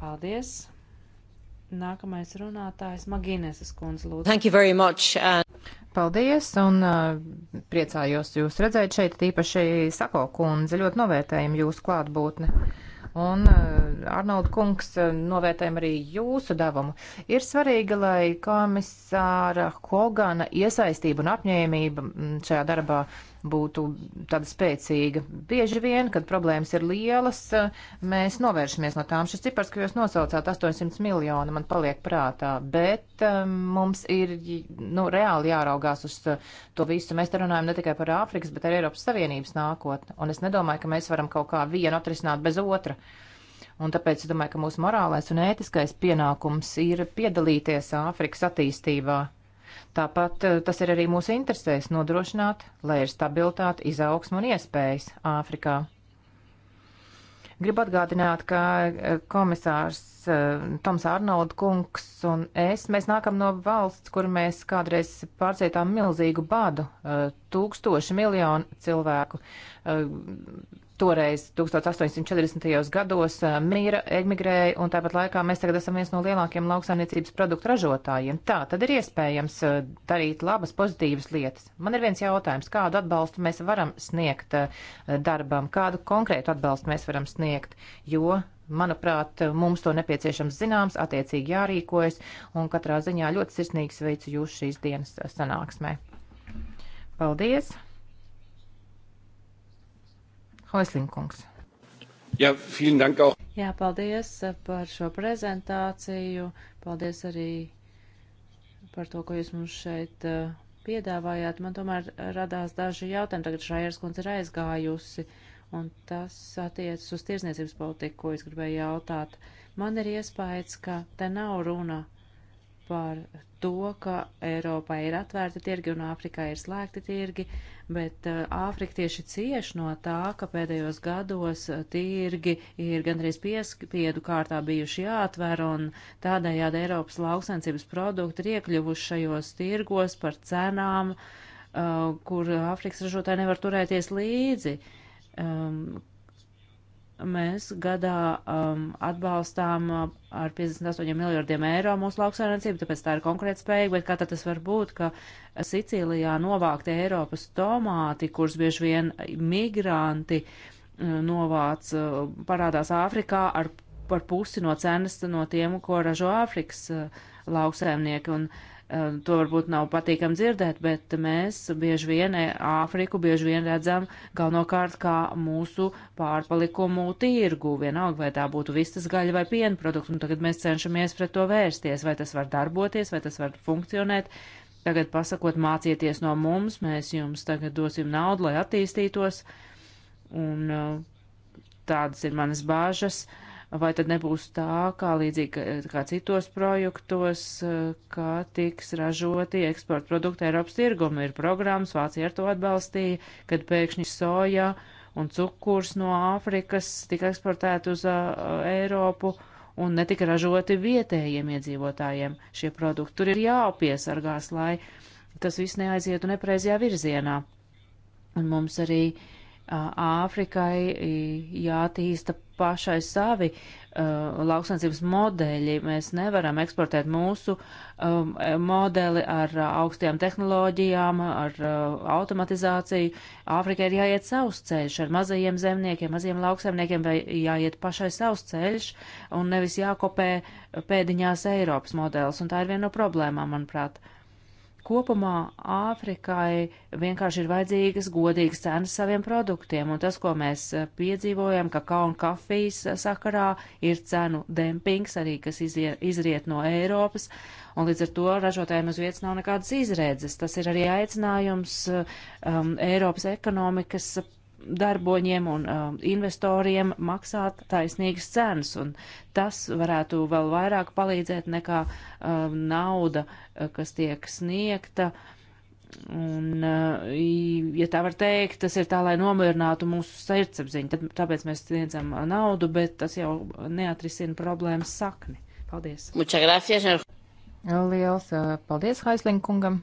Paldies! Nākamais runātājs Magīneses kundze lūdzu. Thank you very much. Uh... Paldies un uh, priecājos jūs redzēt šeit, tīpaši Sako kundze, ļoti novērtējam jūsu klātbūtni. Un, eh, Arnold kungs, eh, novērtējam arī jūsu devumu. Ir svarīgi, lai komisāra Hogana iesaistība un apņēmība mm, šajā darbā būtu tāda spēcīga. Bieži vien, kad problēmas ir lielas, mēs novēršamies no tām. Šis cipars, ko jūs nosaucāt, 800 miljoni, man paliek prātā, bet um, mums ir nu, reāli jāraugās uz to visu. Mēs te runājam ne tikai par Āfrikas, bet arī Eiropas Savienības nākotni, un es nedomāju, ka mēs varam kaut kā vienu atrisināt bez otra. Un tāpēc es domāju, ka mūsu morālais un ētiskais pienākums ir piedalīties Āfrikas attīstībā Tāpat eh, tas ir arī mūsu interesēs nodrošināt, lai ir stabilitāte, izaugsme un iespējas Āfrikā. Gribu atgādināt, ka eh, komisārs eh, Toms Arnold kungs un es, mēs nākam no valsts, kur mēs kādreiz pārcietām milzīgu badu, tūkstoši miljonu cilvēku Toreiz 1840. gados eh, mīra, emigrēja, un tāpat laikā mēs tagad esam viens no lielākiem lauksaimniecības produktu ražotājiem. Tā tad ir iespējams eh, darīt labas, pozitīvas lietas. Man ir viens jautājums, kādu atbalstu mēs varam sniegt eh, darbam, kādu konkrētu atbalstu mēs varam sniegt, jo Manuprāt, mums to nepieciešams zināms, attiecīgi jārīkojas, un katrā ziņā ļoti sirsnīgi sveicu jūs šīs dienas sanāksmē. Paldies! Hoislinkungs. Ja, dank auch. Jā, paldies par šo prezentāciju. Paldies arī par to, ko jūs mums šeit uh, piedāvājāt. Man tomēr radās daži jautājumi. Tagad Šajers kundze ir aizgājusi, un tas attiecas uz tirzniecības politiku, ko es gribēju jautāt. Man ir iespējas, ka te nav runa par to, ka Eiropā ir atvērta tirgi un Āfrikā ir slēgti tirgi, bet eh, Āfrika tieši cieši no tā, ka pēdējos gados eh, tirgi ir gandrīz piespiedu kārtā bijuši jāatver un tādējādi Eiropas lauksensības produkti ir iekļuvuši šajos tirgos par cenām, eh, kur Āfrikas ražotāji nevar turēties līdzi. Um, Mēs gadā um, atbalstām uh, ar 58 miljardiem eiro mūsu lauksaimniecību, tāpēc tā ir konkrēta spēja, bet kā tad tas var būt, ka Sicīlijā novākti Eiropas tomāti, kurus bieži vien migranti uh, novāc, uh, parādās Āfrikā ar par pusi no cenas no tiem, ko ražo Āfrikas lauksaimnieki. Un To varbūt nav patīkam dzirdēt, bet mēs bieži vien e, Āfriku bieži vien redzam galvenokārt kā mūsu pārpalikumu tirgu, vienalga vai tā būtu vistas gaļa vai piena produkts, un tagad mēs cenšamies pret to vērsties, vai tas var darboties, vai tas var funkcionēt. Tagad pasakot, mācieties no mums, mēs jums tagad dosim naudu, lai attīstītos, un e, tādas ir manas bāžas. Uh, vai tad nebūs tā, kā līdzīgi kā citos projektos, kā tiks ražoti eksporta produkti Eiropas tirgumu. Ir programmas, Vācija ar to atbalstīja, kad pēkšņi soja un cukurs no Āfrikas tika eksportēti uz uh, Eiropu un netika ražoti vietējiem iedzīvotājiem šie produkti. Tur ir jāpiesargās, lai tas viss neaizietu nepreizajā virzienā. Un mums arī uh, Āfrikai jātīsta pašai savi uh, lauksansības modeļi. Mēs nevaram eksportēt mūsu um, modeli ar augstajām tehnoloģijām, ar uh, automatizāciju. Āfrikai ir jāiet savs ceļš ar mazajiem zemniekiem, mazajiem lauksaimniekiem, vai jāiet pašai savs ceļš un nevis jākopē pēdiņās Eiropas modelis. Un tā ir viena no problēmām, manuprāt. Uh, Kopumā Āfrikai vienkārši ir vajadzīgas godīgas cenas saviem produktiem, un tas, ko mēs eh, piedzīvojam, ka kaun kafijas eh, sakarā ir cenu dempings arī, kas izriet no Eiropas, un līdz ar to ražotājiem uz vietas nav nekādas izredzes. Tas ir arī aicinājums eh, um, Eiropas ekonomikas darboņiem un uh, investoriem maksāt taisnīgas cenas, un tas varētu vēl vairāk palīdzēt nekā uh, nauda, uh, kas tiek sniegta. Un, uh, ja tā var teikt, tas ir tā, lai nomierinātu mūsu sirdsapziņu, tad tāpēc mēs sniedzam uh, naudu, bet tas jau neatrisina problēmas sakni. Paldies! Lielas uh, paldies Haislinkungam!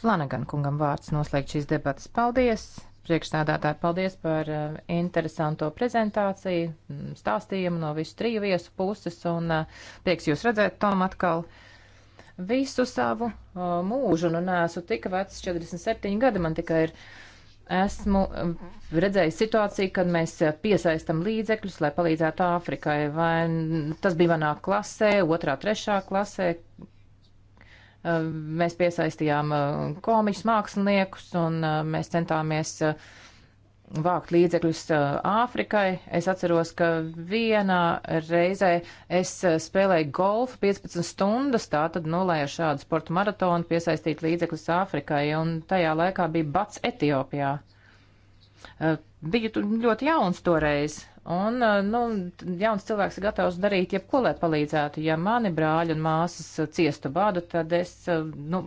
Flanagan kungam vārds noslēgt šīs debatas. Paldies! Priekšstādātāji, paldies par uh, interesanto prezentāciju, mm, stāstījumu no visu triju viesu puses un uh, prieks jūs redzēt, Tom, atkal visu savu uh, mūžu, nu nesu tik vecs, 47 gadi man tikai ir. Esmu redzējis situāciju, kad mēs piesaistam līdzekļus, lai palīdzētu Āfrikai. Vai tas bija manā klasē, otrā, trešā klasē, Ehm, mēs piesaistījām ehm, komiķus, māksliniekus un ehm, mēs centāmies vākt līdzekļus Āfrikai. Es atceros, ka vienā reizē es spēlēju golfu 15 stundas, tā tad, nu, lai ar šādu sporta maratonu piesaistītu līdzekļus Āfrikai, un tajā laikā bija bats Etiopijā. Biju ļoti jauns toreiz, Un, eh, nu, jauns cilvēks ir gatavs darīt jebko, lai palīdzētu. Ja mani brāļi un māsas eh, ciestu bādu, tad es, eh, nu,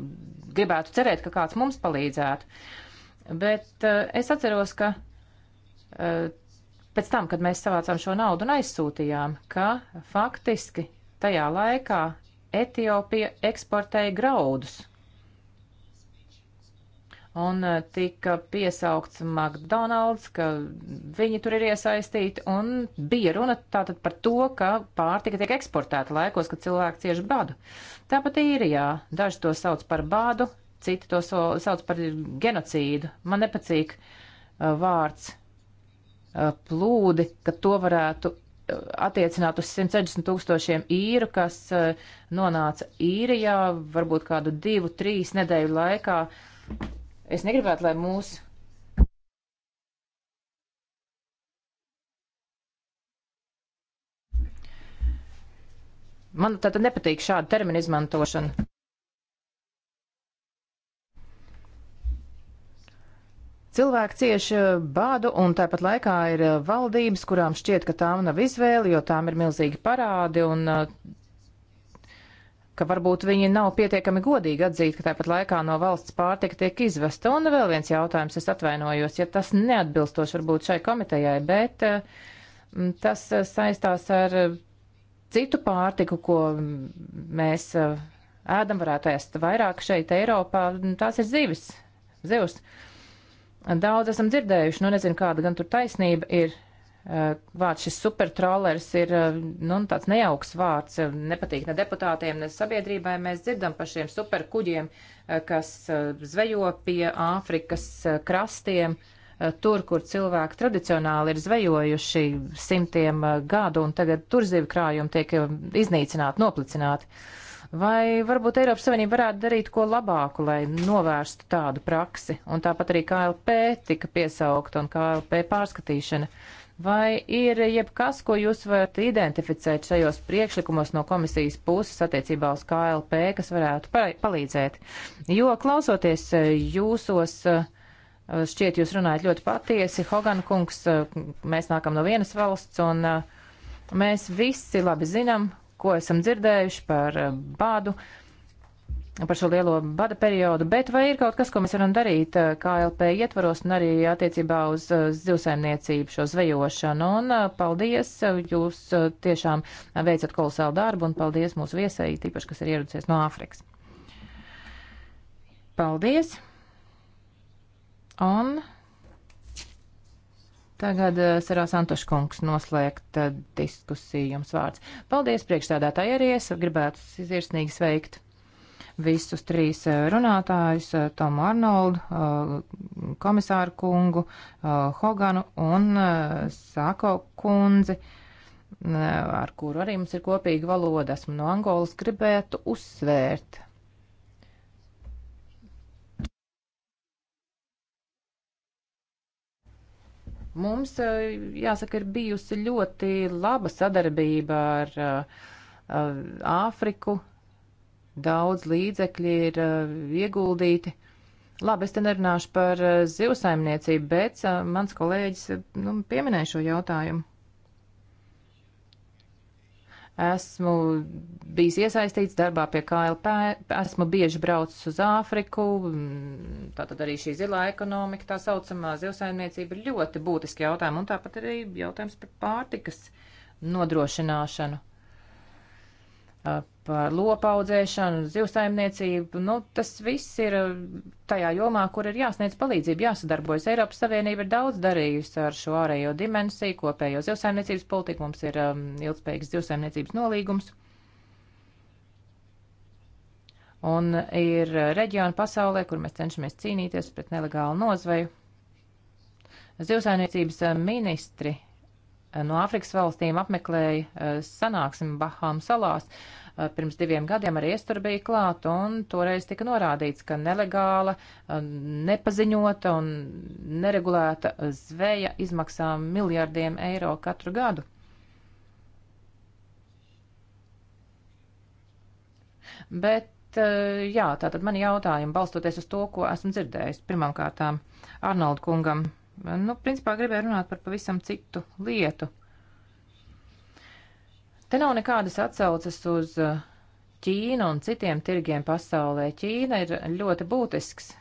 gribētu cerēt, ka kāds mums palīdzētu. Bet uh, es atceros, ka uh, pēc tam, kad mēs savācām šo naudu un aizsūtījām, ka faktiski tajā laikā Etiopija eksportēja graudus Un eh, tika piesaukts McDonald's, ka viņi tur ir iesaistīti, un bija runa tātad par to, ka pārtika tiek eksportēta laikos, kad cilvēki cieši badu. Tāpat īrijā daži to sauc par badu, citi to so, sauc par genocīdu. Man nepatīk uh, vārds uh, plūdi, ka to varētu uh, attiecināt uz 160 tūkstošiem īru, kas nonāca īrijā varbūt kādu divu, trīs nedēļu laikā. Es negribētu, lai mūsu Man tātad nepatīk šāda termina izmantošana. Cilvēki cieši eh, bādu, un tāpat laikā ir eh, valdības, kurām šķiet, ka tām nav izvēle, jo tām ir milzīgi parādi, un eh, ka varbūt viņi nav pietiekami godīgi atzīt, ka tāpat laikā no valsts pārtika tiek izvesta. Un vēl viens jautājums, es atvainojos, ja tas neatbilstoši varbūt šai komitejai, bet mm, tas eh, saistās ar eh, citu pārtiku, ko mm, mēs eh, ēdam varētu ēst vairāk šeit Eiropā, mm, tās ir zivis, zivs. Daudz esam dzirdējuši, nu nezinu, kāda gan tur taisnība ir, Eh, vārds šis supertrollers ir eh, nu, tāds nejauks vārds. Eh, nepatīk ne deputātiem, ne sabiedrībai. Mēs dzirdam par šiem superkuģiem, kas zvejo pie Āfrikas krastiem, tur, kur cilvēki tradicionāli ir zvejojuši simtiem gadu, un tagad tur zivju krājumi tiek iznīcināti, noplicināti. Vai varbūt Eiropas Savienība varētu darīt ko labāku, lai novērstu tādu praksi? Un tāpat arī KLP tika piesaukta un KLP pārskatīšana. Vai ir jebkas, ko jūs varat identificēt šajos priekšlikumos no komisijas puses attiecībā uz KLP, kas varētu palīdzēt? Jo klausoties e, jūsos, e, šķiet jūs runājat ļoti patiesi, Hogan kungs, e, mēs nākam no vienas valsts un mēs visi labi zinām, ko esam dzirdējuši par bādu. Uh, par šo lielo bada periodu, bet vai ir kaut kas, ko mēs varam darīt eh, KLP ietvaros un arī attiecībā uz eh, zivsaimniecību, šo zvejošanu. Un eh, paldies, jūs tiešām veicat kolosālu darbu un paldies mūsu viesēji, tīpaši, kas ir ieradusies no Āfrikas. Paldies! Un Tagad Sarā Santoškungs noslēgt diskusiju jums vārds. Paldies priekšstādātāji arī es gribētu sirsnīgi sveikt visus trīs eh, runātājus eh, - Tomu Arnoldu, eh, komisāru kungu, Hoganu un Sako kundzi, ar kuru arī mums ir kopīga valoda. Esmu no Angolas, gribētu uzsvērt. Mums, jāsaka, ir bijusi ļoti laba sadarbība ar Āfriku. Uh, daudz līdzekļi ir eh, ieguldīti. Labi, es te nerunāšu par eh, zivsaimniecību, bet eh, mans kolēģis nu, pieminēja šo jautājumu. Esmu bijis iesaistīts darbā pie KLP, esmu bieži braucis uz Āfriku, tātad arī šī zilā ekonomika, tā saucamā zivsaimniecība ir ļoti būtiski jautājumi, un tāpat arī jautājums par pārtikas nodrošināšanu par lopaudzēšanu, zivsaimniecību. Nu, tas viss ir uh, tajā jomā, kur ir jāsniedz palīdzība, jāsadarbojas. Eiropas Savienība ir daudz darījusi ar šo ārējo dimensiju, kopējo zivsaimniecības politiku. Mums ir um, ilgspējīgs zivsaimniecības nolīgums. Un ir reģioni pasaulē, kur mēs cenšamies cīnīties pret nelegālu nozveju. Zivsaimniecības uh, ministri no Āfrikas valstīm apmeklēja eh, sanāksmi Bahām salās. Eh, pirms diviem gadiem arī es tur biju klāt, un toreiz tika norādīts, ka nelegāla, eh, nepaziņota un neregulēta zveja izmaksā miljardiem eiro katru gadu. Bet, jā, tātad mani jautājumi balstoties uz to, ko esmu dzirdējis. Pirmkārtām, Arnold kungam Nu, principā gribēju runāt par pavisam citu lietu. Te nav nekādas atsaucas uz uh, Ķīnu un citiem tirgiem pasaulē. Ķīna ir ļoti būtisks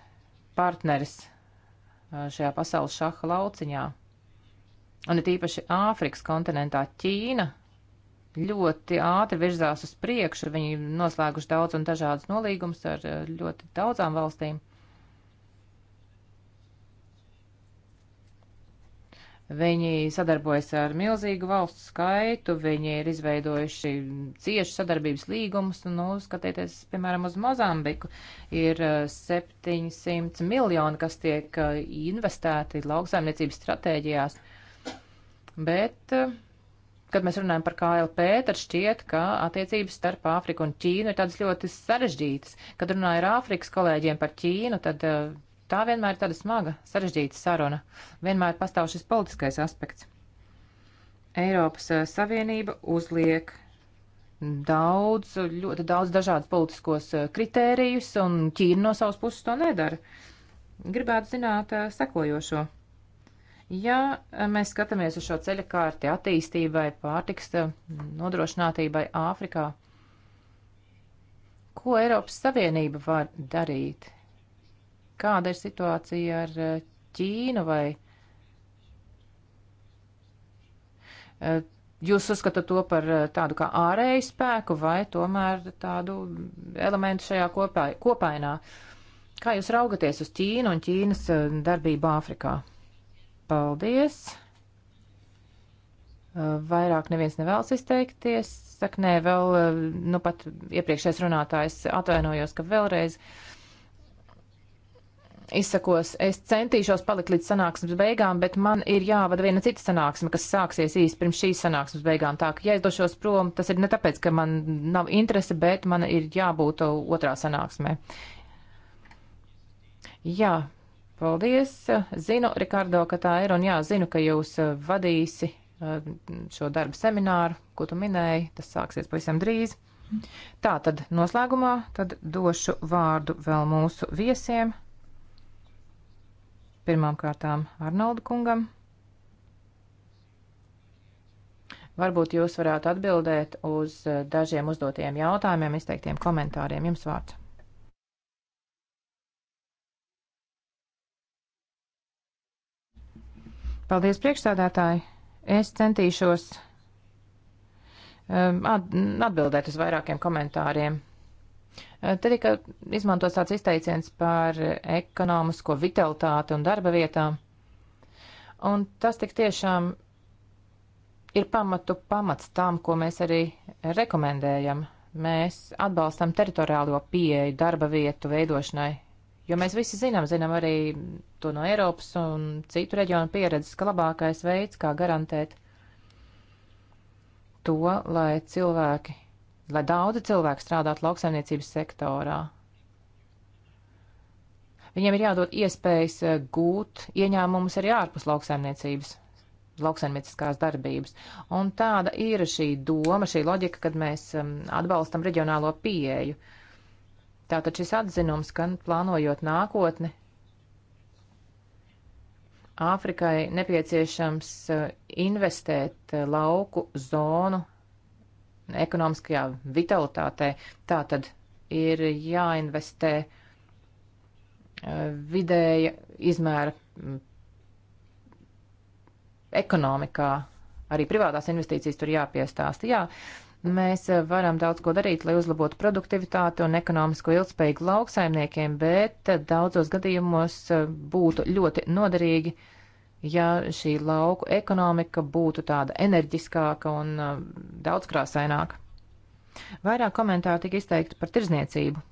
partneris uh, šajā pasaules šaha lauciņā. Un it īpaši Āfrikas kontinentā Ķīna ļoti ātri virzās uz priekšu. Viņi noslēguši daudz un dažādas nolīgumus ar uh, ļoti daudzām valstīm. Viņi sadarbojas ar milzīgu valstu skaitu, viņi ir izveidojuši cieši sadarbības līgumus, un, nu, skatieties, piemēram, uz Mozambiku ir 700 eh, miljoni, kas tiek eh, investēti lauksaimniecības stratēģijās. Bet, eh, kad mēs runājam par KLP, tad šķiet, ka attiecības starp Āfriku un Ķīnu ir tādas ļoti sarežģītas. Kad runāju ar Āfrikas kolēģiem par Ķīnu, tad Tā vienmēr ir tāda smaga, sarežģīta saruna. Vienmēr pastāv šis politiskais aspekts. Eiropas eh, Savienība uzliek daudz, ļoti daudz dažādus politiskos eh, kritērijus, un Ķīna no savas puses to nedara. Gribētu zināt eh, sekojošo. Ja mēs skatāmies uz šo ceļa kārti attīstībai, pārtiks nodrošinātībai Āfrikā, ko Eiropas Savienība var darīt? Kāda ir situācija ar eh, Ķīnu vai? Eh, jūs uzskatāt to par eh, tādu kā ārēju spēku vai tomēr tādu elementu šajā kopā, kopainā? Kā jūs raugaties uz Ķīnu un Ķīnas darbību Āfrikā? Paldies! Vairāk neviens nevēlas izteikties. Saka, nē, vēl, nu pat iepriekšējais runātājs atvainojos, ka vēlreiz uh, izsakos. Es centīšos palikt līdz sanāksmes beigām, bet man ir jāvada viena cita sanāksme, kas sāksies īsti pirms šīs sanāksmes beigām. Tā ka, ja es došos prom, tas ir ne tāpēc, ka man nav interese, bet man ir jābūt otrā sanāksmē. Jā, paldies. Zinu, Rikārdo, ka tā ir, un jā, zinu, ka jūs vadīsi uh, šo darbu semināru, ko tu minēji. Tas sāksies pavisam drīz. Tā tad noslēgumā tad došu vārdu vēl mūsu viesiem. Pirmām kārtām Arnoldu kungam. Varbūt jūs varētu atbildēt uz eh, dažiem uzdotiem jautājumiem, izteiktiem komentāriem. Jums vārds. Paldies, priekšstādātāji. Es centīšos eh, atbildēt uz vairākiem komentāriem. Te tika izmantots tāds izteiciens par ekonomisko vitalitāti un darba vietām. Un tas tik tiešām ir pamatu pamats tam, ko mēs arī rekomendējam. Mēs atbalstam teritoriālo pieeju darba vietu veidošanai, jo mēs visi zinām, zinām arī to no Eiropas un citu reģionu pieredzes, ka labākais veids, kā garantēt to, lai cilvēki lai daudzi cilvēki strādātu lauksaimniecības sektorā. Viņiem ir jādod iespējas eh, gūt ieņēmumus arī ārpus lauksaimniecības, lauksaimnieciskās darbības. Un tāda ir šī doma, šī loģika, kad mēs um, atbalstam reģionālo pieeju. Tātad šis atzinums, ka plānojot nākotni, Āfrikai nepieciešams eh, investēt eh, lauku zonu ekonomiskajā vitalitātē, tā tad ir jāinvestē eh, vidēja izmēra mm, ekonomikā. Arī privātās investīcijas tur jāpiestāsta. Jā, mēs eh, varam daudz ko darīt, lai uzlabotu produktivitāti un ekonomisko ilgspējīgu lauksaimniekiem, bet eh, daudzos gadījumos būtu ļoti noderīgi uh, ja šī lauku ekonomika būtu tāda enerģiskāka un uh, daudzkrāsaināka. Vairāk komentāru tika izteikti par tirzniecību.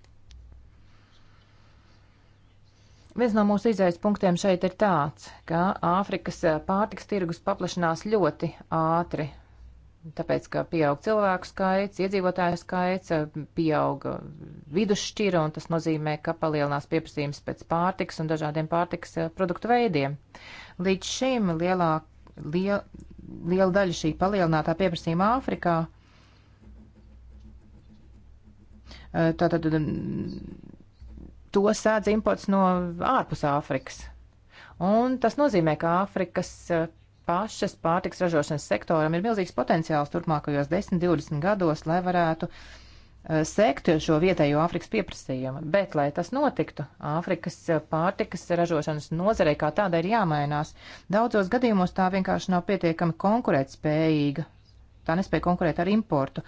Viens no mūsu izaisa punktiem šeit ir tāds, ka Āfrikas uh, pārtiks tirgus paplašinās ļoti ātri, Tāpēc, ka pieaug cilvēku skaits, iedzīvotāju skaits, pieaug vidusšķira, un tas nozīmē, ka palielinās pieprasījums pēc pārtiks un dažādiem pārtiks eh, produktu veidiem. Līdz šim lielā, liel, liela daļa šī palielinātā pieprasījuma Āfrikā eh, tātad mm, to sēdz imports no ārpus Āfrikas. Un tas nozīmē, ka Āfrikas eh, pašas pārtiks ražošanas sektoram ir milzīgs potenciāls turpmākajos 10-20 gados, lai varētu eh, sekt šo vietējo Āfrikas pieprasījumu. Bet, lai tas notiktu, Āfrikas eh, pārtikas ražošanas nozarei kā tādai ir jāmainās. Daudzos gadījumos tā vienkārši nav pietiekami konkurētspējīga. Tā nespēja konkurēt ar importu.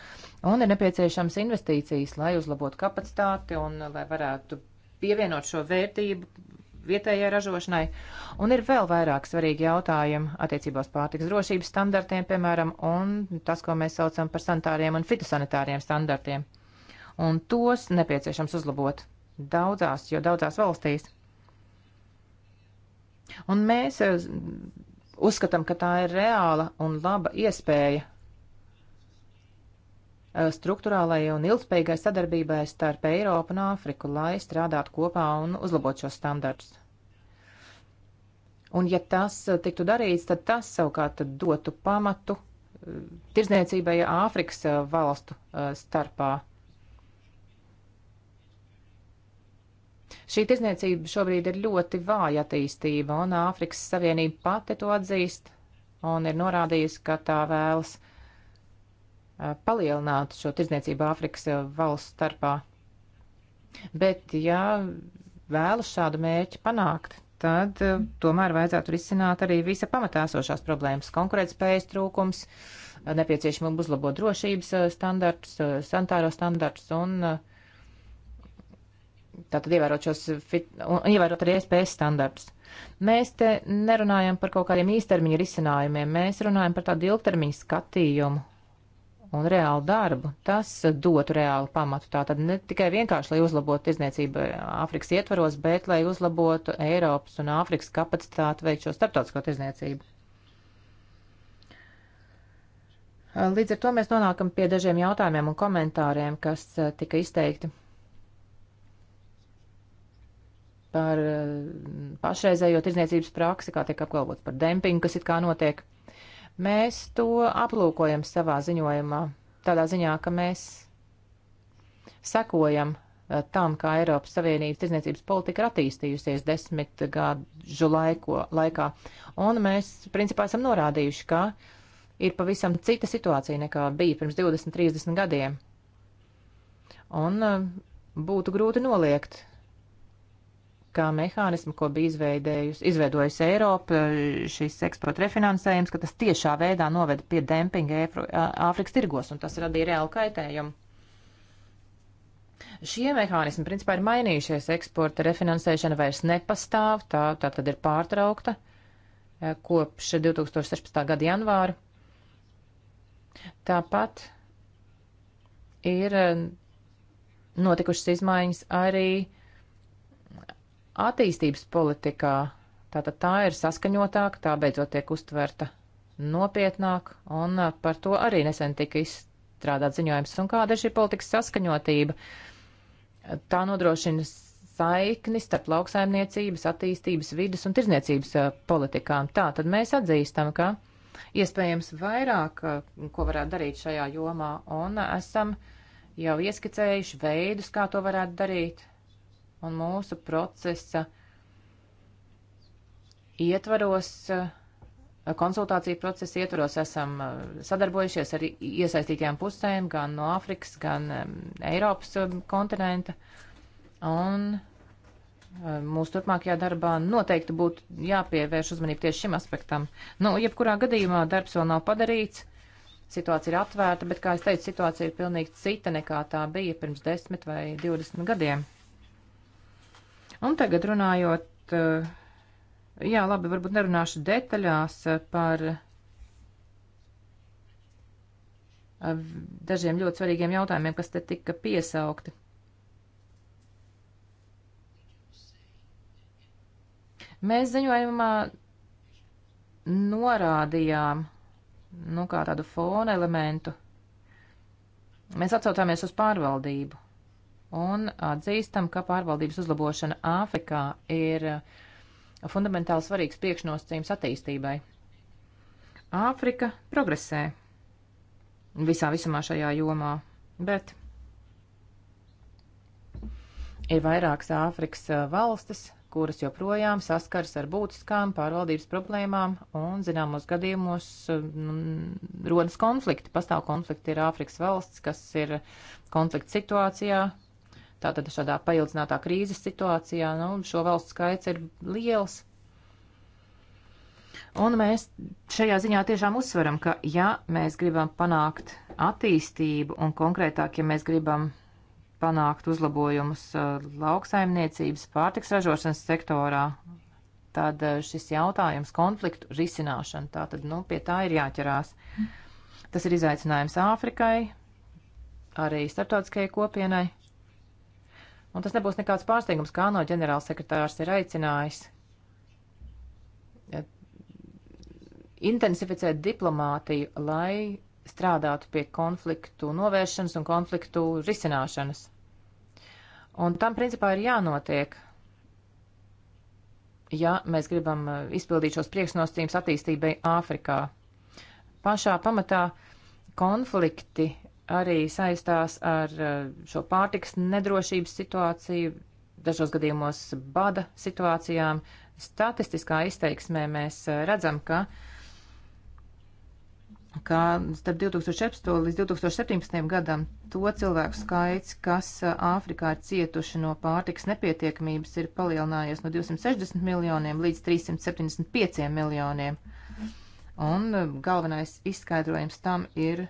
Un ir nepieciešams investīcijas, lai uzlabotu kapacitāti un eh, lai varētu pievienot šo vērtību vietējai ražošanai. Un ir vēl vairāk svarīgi jautājumi attiecībās pārtiks drošības standartiem, piemēram, un tas, ko mēs saucam par sanitāriem un fitosanitāriem standartiem. Un tos nepieciešams uzlabot daudzās, jo daudzās valstīs. Un mēs eh, uzskatām, ka tā ir reāla un laba iespēja Eh, struktūrālajai un ilgspējīgai sadarbībai starp Eiropu un Āfriku, lai strādātu kopā un uzlabot šos standartus. Un ja tas eh, tiktu darīts, tad tas savukārt dotu pamatu eh, tirdzniecībai Āfrikas valstu starpā. Šī tirdzniecība šobrīd ir ļoti vāja attīstība, un Āfrikas Savienība pati to atzīst un ir norādījusi, ka tā vēlas Eh, palielinātu šo tirdzniecību Āfrikas eh, valsts starpā. Bet, ja vēlas šādu mērķi panākt, tad eh, tomēr vajadzētu risināt arī visa pamatāsošās problēmas - konkurētspējas trūkums, nepieciešamība uzlabot drošības standartus, sanitāro standartus un tātad ievērot šos fit, un ievērot arī SPS e standartus. Mēs te nerunājam par kaut kādiem īstermiņa risinājumiem, mēs runājam par tādu ilgtermiņa skatījumu un reālu darbu. Tas dotu reālu pamatu. Tātad ne tikai vienkārši, lai uzlabotu izniecību Āfrikas ietvaros, bet lai uzlabotu Eiropas un Āfrikas kapacitāti veikt šo starptautisko izniecību. Līdz ar to mēs nonākam pie dažiem jautājumiem un komentāriem, kas eh, tika izteikti par eh, pašreizējo tirdzniecības praksi, kā tiek apgalvots par dempingu, kas it kā notiek. Mēs to aplūkojam savā ziņojumā, tādā ziņā, ka mēs sekojam eh, tam, kā Eiropas Savienības tirdzniecības politika ir attīstījusies desmit gadu laiko, laikā. Un mēs, principā, esam norādījuši, ka ir pavisam cita situācija nekā bija pirms 20, 30 gadiem. Un eh, būtu grūti noliegt kā mehānismu, ko bija izveidējusi, izveidojusi Eiropa, šis eksporta refinansējums, ka tas tiešā veidā noveda pie dempinga Āfrikas tirgos, un tas radīja reālu kaitējumu. Šie mehānismi principā ir mainījušies. Eksporta refinansēšana vairs nepastāv, tā, tā tad ir pārtraukta e, kopš 2016. gada janvāra. Tāpat ir e, notikušas izmaiņas arī attīstības politikā. Tātad tā ir saskaņotāka, tā beidzot tiek uztverta nopietnāk, un uh, par to arī nesen tika izstrādāt ziņojums. Un kāda ir šī politikas saskaņotība? Tā nodrošina saikni starp lauksaimniecības, attīstības, vidas un tirzniecības uh, politikām. Tā tad mēs atzīstam, ka iespējams vairāk, uh, ko varētu darīt šajā jomā, un esam jau ieskicējuši veidus, kā to varētu darīt un mūsu procesa ietvaros, konsultāciju procesa ietvaros esam eh, sadarbojušies ar iesaistītajām pusēm gan no Āfrikas, gan Eiropas eh, kontinenta. Un eh, mūsu turpmākajā darbā noteikti būtu jāpievērš uzmanība tieši šim aspektam. Nu, jebkurā gadījumā darbs vēl nav padarīts, situācija ir atvērta, bet, kā es teicu, situācija ir pilnīgi cita nekā tā bija pirms 10 vai 20 gadiem. Un tagad runājot, eh, jā, labi, varbūt nerunāšu detaļās eh, par eh, dažiem ļoti svarīgiem jautājumiem, kas te tika piesaukti. Mēs ziņojumā norādījām, nu, kā tādu fona elementu. Mēs atcaucāmies uz pārvaldību un atzīstam, ka pārvaldības uzlabošana Āfrikā ir fundamentāli svarīgs priekšnosacījums attīstībai. Āfrika progresē visā visumā šajā jomā, bet ir vairākas Āfrikas valstis, kuras joprojām saskars ar būtiskām pārvaldības problēmām un, zināmos gadījumos, mm, rodas konflikti. Pastāv konflikti ir Āfrikas valsts, kas ir konflikts situācijā, Tātad šādā paildzinātā krīzes situācijā, nu, šo valstu skaits ir liels. Un mēs šajā ziņā tiešām uzsveram, ka ja mēs gribam panākt attīstību un konkrētāk, ja mēs gribam panākt uzlabojumus uh, lauksaimniecības pārtiks ražošanas sektorā, tad uh, šis jautājums konfliktu risināšana, tā tad, nu, pie tā ir jāķerās. Tas ir izaicinājums Āfrikai, arī starptautiskajai kopienai. Un tas nebūs nekāds pārsteigums, kā no ģenerālsekretārs ir aicinājis eh, intensificēt diplomātiju, lai strādātu pie konfliktu novēršanas un konfliktu risināšanas. Un tam principā ir jānotiek, ja mēs gribam eh, izpildīt šos priekšnosacījumus attīstībai Āfrikā. Pašā pamatā konflikti arī saistās ar eh, šo pārtiks nedrošības situāciju, dažos gadījumos bada situācijām. Statistiskā izteiksmē mēs eh, redzam, ka, ka starp 2014. līdz 2017. gadam to cilvēku skaits, kas eh, Āfrikā ir cietuši no pārtiks nepietiekamības, ir palielinājies no 260 miljoniem līdz 375 miljoniem. Un galvenais izskaidrojums tam ir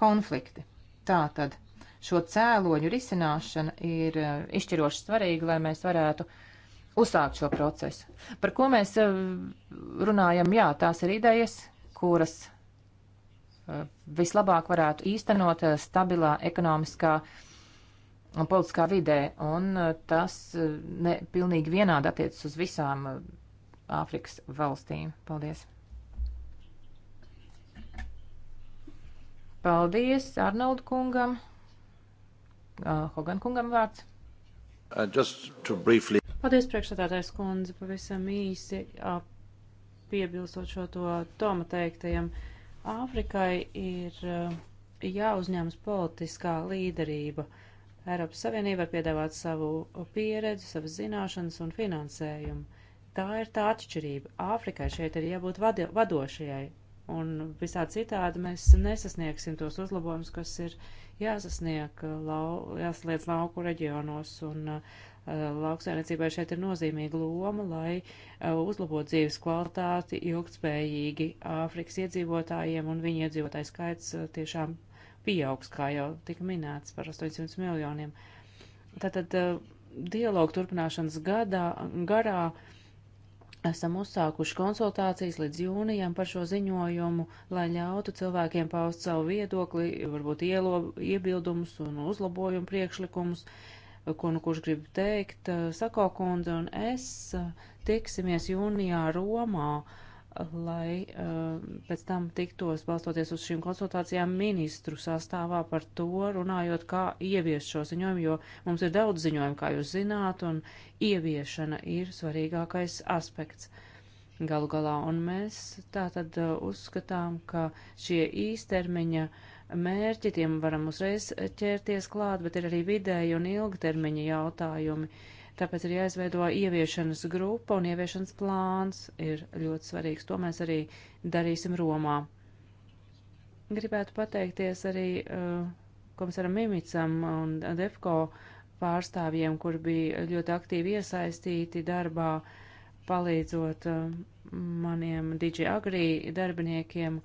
konflikti. Tātad šo cēloņu risināšana ir e, izšķiroši svarīga, lai mēs varētu uzsākt šo procesu. Par ko mēs e, runājam? Jā, tās ir idejas, kuras e, vislabāk varētu īstenot stabilā ekonomiskā un politiskā vidē, un tas ne pilnīgi vienādi attiecas uz visām Āfrikas valstīm. Paldies! Paldies Arnold kungam. Uh, Hogan kungam vārds. Uh, briefly... Paldies priekšsēdētājs kundze, pavisam īsi uh, piebilstot šo to Toma teiktajam. Āfrikai ir uh, jāuzņemas politiskā līderība. Eiropas Savienība var piedāvāt savu pieredzi, savas zināšanas un finansējumu. Tā ir tā atšķirība. Āfrikai šeit ir jābūt vado vadošajai un visā citādi mēs nesasniegsim tos uzlabojumus, kas ir jāsasnieg, lau, jāsliedz lauku reģionos, un uh, lauksainiecībai šeit ir nozīmīga loma, lai uh, uzlabotu dzīves kvalitāti ilgtspējīgi Āfrikas iedzīvotājiem, un viņu iedzīvotāju skaits uh, tiešām pieaugs, kā jau tika minēts, par 800 miljoniem. Tātad uh, dialogu turpināšanas gadā, garā Esam uzsākuši konsultācijas līdz jūnijam par šo ziņojumu, lai ļautu cilvēkiem paust savu viedokli, varbūt ielo, iebildumus un uzlabojumu priekšlikumus, ko nu kurš grib teikt. Eh, Sako kundze un es eh, tiksimies jūnijā Romā lai eh, pēc tam tiktos, balstoties uz šīm konsultācijām, ministru sastāvā par to runājot, kā ievies šo ziņojumu, jo mums ir daudz ziņojumu, kā jūs zināt, un ieviešana ir svarīgākais aspekts. Galu galā, un mēs tā tad eh, uzskatām, ka šie īstermiņa mērķi, tiem varam uzreiz ķerties klāt, bet ir arī vidēji un ilgtermiņa jautājumi, uh, Tāpēc ir jāizveido ieviešanas grupa un ieviešanas plāns ir ļoti svarīgs. To mēs arī darīsim Romā. Gribētu pateikties arī uh, komisaram Mimicam un Defko pārstāvjiem, kur bija ļoti aktīvi iesaistīti darbā, palīdzot uh, maniem DJ Agri darbiniekiem.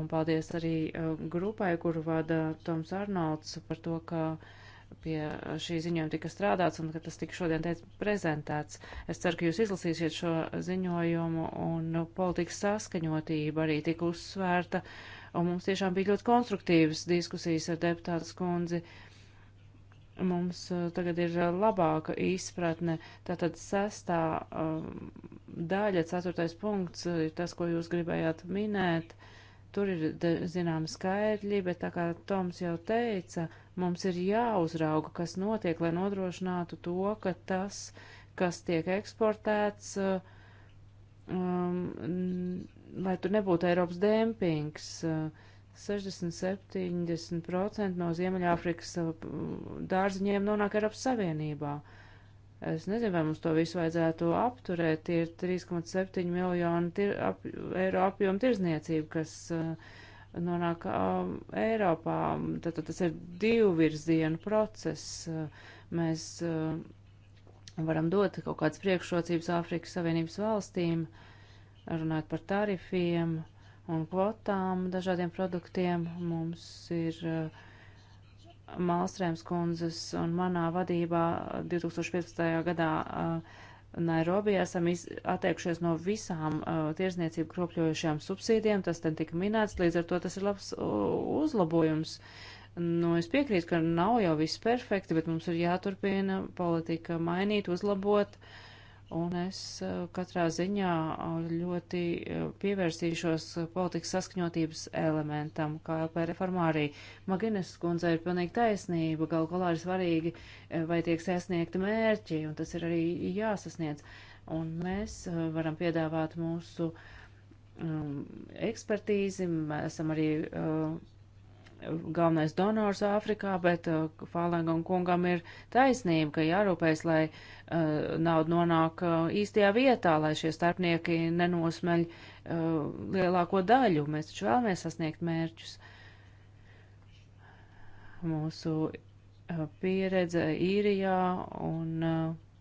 Un paldies arī uh, grupai, kuru vada Toms Arnolds par to, ka uh, pie šī ziņojuma tika strādāts un ka tas tika šodien teic, prezentēts. Es ceru, ka jūs izlasīsiet šo ziņojumu un nu, politikas saskaņotība arī tika uzsvērta. Un mums tiešām bija ļoti konstruktīvas diskusijas ar deputātu skundzi. Mums uh, tagad ir uh, labāka izpratne. Tātad sestā um, daļa, ceturtais punkts uh, ir tas, ko jūs gribējāt minēt. Uh, Tur ir zinām skaidrļi, bet tā kā Toms jau teica, mums ir jāuzrauga, kas notiek, lai nodrošinātu to, ka tas, kas tiek eksportēts, uh, um, lai tur nebūtu Eiropas dempings. 60-70% uh, no Ziemeļāfrikas uh, dārziņiem nonāk Eiropas Savienībā. Uh, Es nezinu, vai mums to visu vajadzētu apturēt. Tie ir 3,7 miljoni tir, ap, eiro apjoma tirzniecība, kas uh, nonāk uh, Eiropā. Tad, tad tas ir divu virzienu process. Uh, mēs uh, varam dot kaut kādas priekšrocības Āfrikas Savienības valstīm, runāt par tarifiem un kvotām dažādiem produktiem. Mums ir. Uh, Malstrēms kundzes un manā vadībā 2015. gadā Nairobi esam iz, atteikšies no visām uh, tirzniecību kropļojušajām subsīdiem, tas ten tika minēts, līdz ar to tas ir labs uzlabojums. Nu, es piekrītu, ka nav jau viss perfekti, bet mums ir jāturpina politika mainīt, uzlabot. Uh, Un es e, katrā ziņā e, ļoti e, pievērsīšos politikas saskaņotības elementam, kā LP reformā arī. Magines skundze ir pilnīgi taisnība, gal galā ir svarīgi, vai tiek sasniegti mērķi, un tas ir arī jāsasniedz. Un mēs varam piedāvāt mūsu um, ekspertīzi, mēs esam arī uh, galvenais donors Āfrikā, bet uh, Falengam kungam ir taisnība, ka jārūpēs, lai uh, nauda nonāk uh, īstajā vietā, lai šie starpnieki nenosmeļ uh, lielāko daļu. Mēs taču vēlamies sasniegt mērķus. Mūsu uh, pieredze īrijā un uh,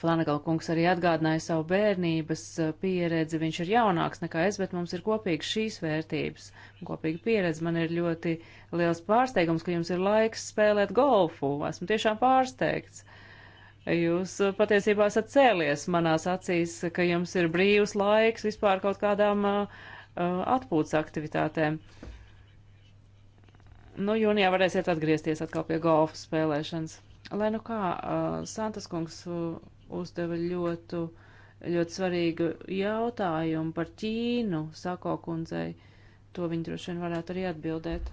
Flanagal kungs arī atgādināja savu bērnības eh, pieredzi. Viņš ir jaunāks nekā es, bet mums ir kopīgi šīs vērtības, kopīga pieredze. Man ir ļoti liels pārsteigums, ka jums ir laiks spēlēt golfu. Esmu tiešām pārsteigts. Jūs eh, patiesībā esat cēlies manās acīs, ka jums ir brīvs laiks vispār kaut kādām uh, atpūtas aktivitātēm. Nu, jūnijā varēsiet atgriezties atkal pie golfa spēlēšanas. Lai nu kā, uh, Santas kungs uh, uzdeva ļoti, ļoti svarīgu jautājumu par Ķīnu, sako kundzei. To viņi droši vien varētu arī atbildēt.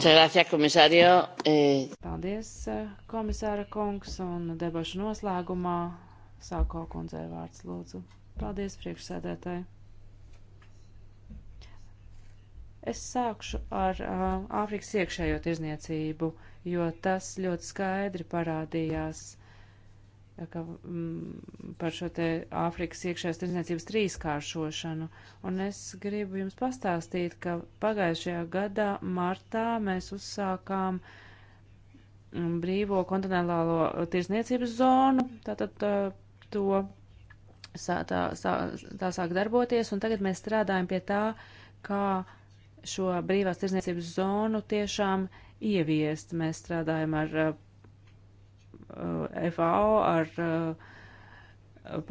Eh, Paldies, eh, komisāra kungs, un debašu noslēgumā sāko kundzei vārds lūdzu. Paldies, priekšsēdētāji. Es sākšu ar uh, Āfrikas iekšējo tirzniecību, jo tas ļoti skaidri parādījās Mm, par šo te Āfrikas iekšējās tirdzniecības trīskāršošanu. Un es gribu jums pastāstīt, ka pagājušajā gadā martā mēs uzsākām mm, brīvo kontinentālo tirdzniecības zonu, tātad tā, to sā, tā, sā, tā sāk darboties, un tagad mēs strādājam pie tā, kā šo brīvās tirdzniecības zonu tiešām ieviest. Mēs strādājam ar Eh, FAO, ar eh,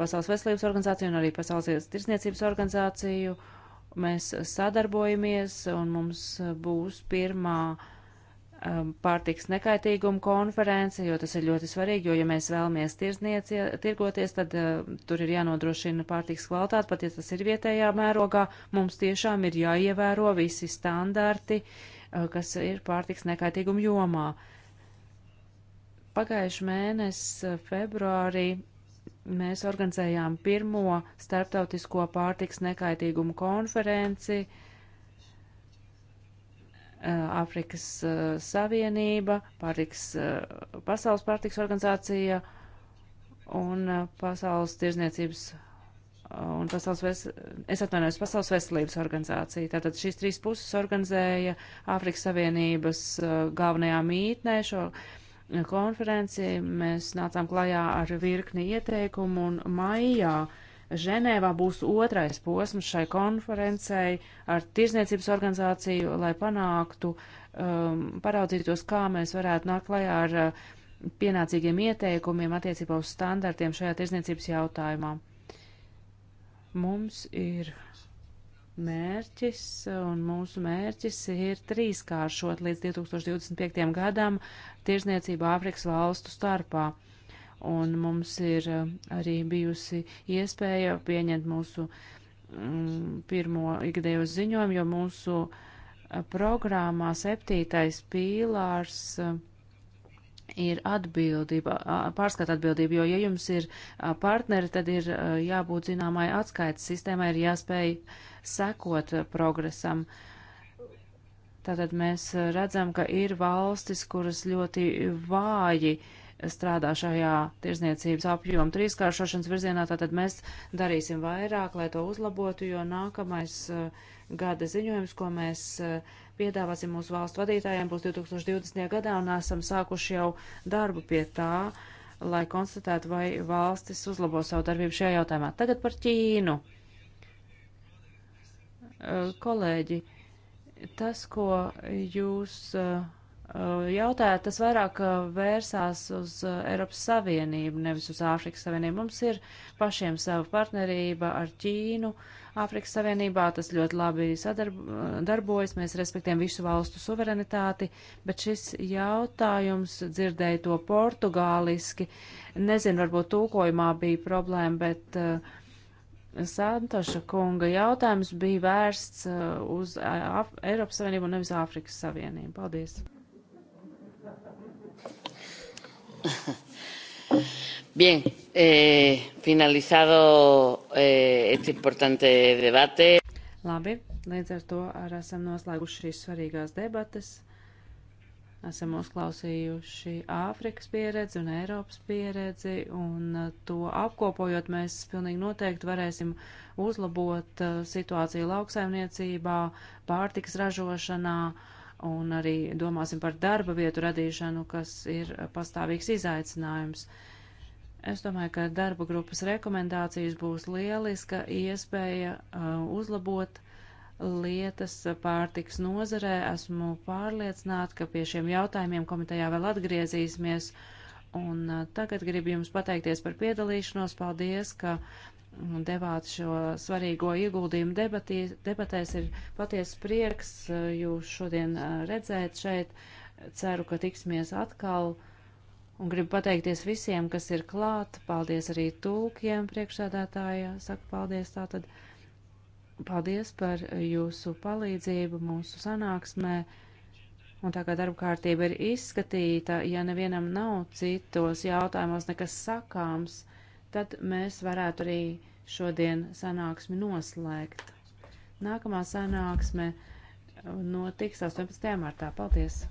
Pasaules veselības organizāciju un arī Pasaules tirsniecības organizāciju. Mēs sadarbojamies un mums būs pirmā eh, pārtiks nekaitīguma konference, jo tas ir ļoti svarīgi, jo, ja mēs vēlamies tirgoties, tad uh, tur ir jānodrošina pārtiks kvalitāte, pat ja tas ir vietējā mērogā, mums tiešām ir jāievēro visi standarti, uh, kas ir pārtiks nekaitīguma jomā. Uh, Pagājuši mēnesi februārī mēs organizējām pirmo starptautisko pārtiks nekaitīgumu konferenci. Āfrikas eh, eh, Savienība, pārtiks, eh, Pasaules pārtiks organizācija un Pasaules tirzniecības un pasaules, ves... es atvainojos, pasaules veselības organizācija. Tātad šīs trīs puses organizēja Āfrikas Savienības galvenajā mītnē šo uh, konferenci. Mēs nācām klajā ar virkni ieteikumu un maijā Ženēvā būs otrais posms šai konferencei ar tirzniecības organizāciju, lai panāktu, um, paraudzītos, kā mēs varētu nākt klajā ar uh, pienācīgiem ieteikumiem attiecībā uz standartiem šajā tirzniecības jautājumā. Mums ir mērķis, un mūsu mērķis ir trīskāršot līdz 2025. gadam tirzniecību Āfrikas valstu starpā. Un mums ir uh, arī bijusi iespēja pieņemt mūsu mm, pirmo ikdējo ziņojumu, jo mūsu uh, programmā septītais pīlārs uh, ir atbildība, pārskata atbildība, jo, ja jums ir partneri, tad ir jābūt zināmai atskaites sistēmai, ir jāspēj uh, sekot progresam. Tātad mēs redzam, ka ir valstis, kuras ļoti vāji strādā šajā tirzniecības apjoma trīskāršošanas virzienā, tātad mēs darīsim vairāk, lai to uzlabotu, jo nākamais uh, gada ziņojums, ko mēs uh, piedāvāsim mūsu valstu vadītājiem, būs 2020. gadā, un esam sākuši jau darbu pie tā, lai konstatētu, vai valstis uzlabo savu darbību šajā jautājumā. Tagad par Ķīnu. Eh, kolēģi, tas, ko jūs eh, jautājāt, tas vairāk eh, vērsās uz Eiropas Savienību, nevis uz Āfrikas Savienību. Mums ir pašiem sava partnerība ar Ķīnu. Āfrikas Savienībā tas ļoti labi sadarbojas, mēs respektējam visu valstu suverenitāti, bet šis jautājums dzirdēja to portugāliski. Nezinu, varbūt tūkojumā bija problēma, bet uh, Santoša kunga jautājums bija vērsts uh, uz uh, Af Eiropas Savienību un nevis Āfrikas Savienību. Paldies! Bien, eh, finalizado eh, este importante debate. Labi, līdz ar to arī esam noslēguši šīs svarīgās debates. Esam uzklausījuši Āfrikas pieredzi un Eiropas pieredzi, un eh, to apkopojot mēs pilnīgi noteikti varēsim uzlabot eh, situāciju lauksaimniecībā, pārtikas ražošanā, un arī domāsim par darba vietu radīšanu, kas ir pastāvīgs izaicinājums. Es domāju, ka darba grupas rekomendācijas būs lieliska iespēja eh, uzlabot lietas pārtiks nozarē. Esmu pārliecināta, ka pie šiem jautājumiem komitejā vēl atgriezīsimies. Un uh, tagad gribu jums pateikties par piedalīšanos. Paldies, ka devāt šo svarīgo ieguldījumu debatīs, debatēs. Ir patiesi prieks uh, jūs šodien uh, redzēt šeit. Ceru, ka tiksimies atkal. Un gribu pateikties visiem, kas ir klāt. Paldies arī tulkiem priekšsēdētāja. Saku paldies tātad. Paldies par jūsu palīdzību mūsu sanāksmē. Un tā kā darba kārtība ir izskatīta, ja nevienam nav citos jautājumos nekas sakāms, tad mēs varētu arī šodien sanāksmi noslēgt. Nākamā sanāksme notiks 18. martā. Paldies!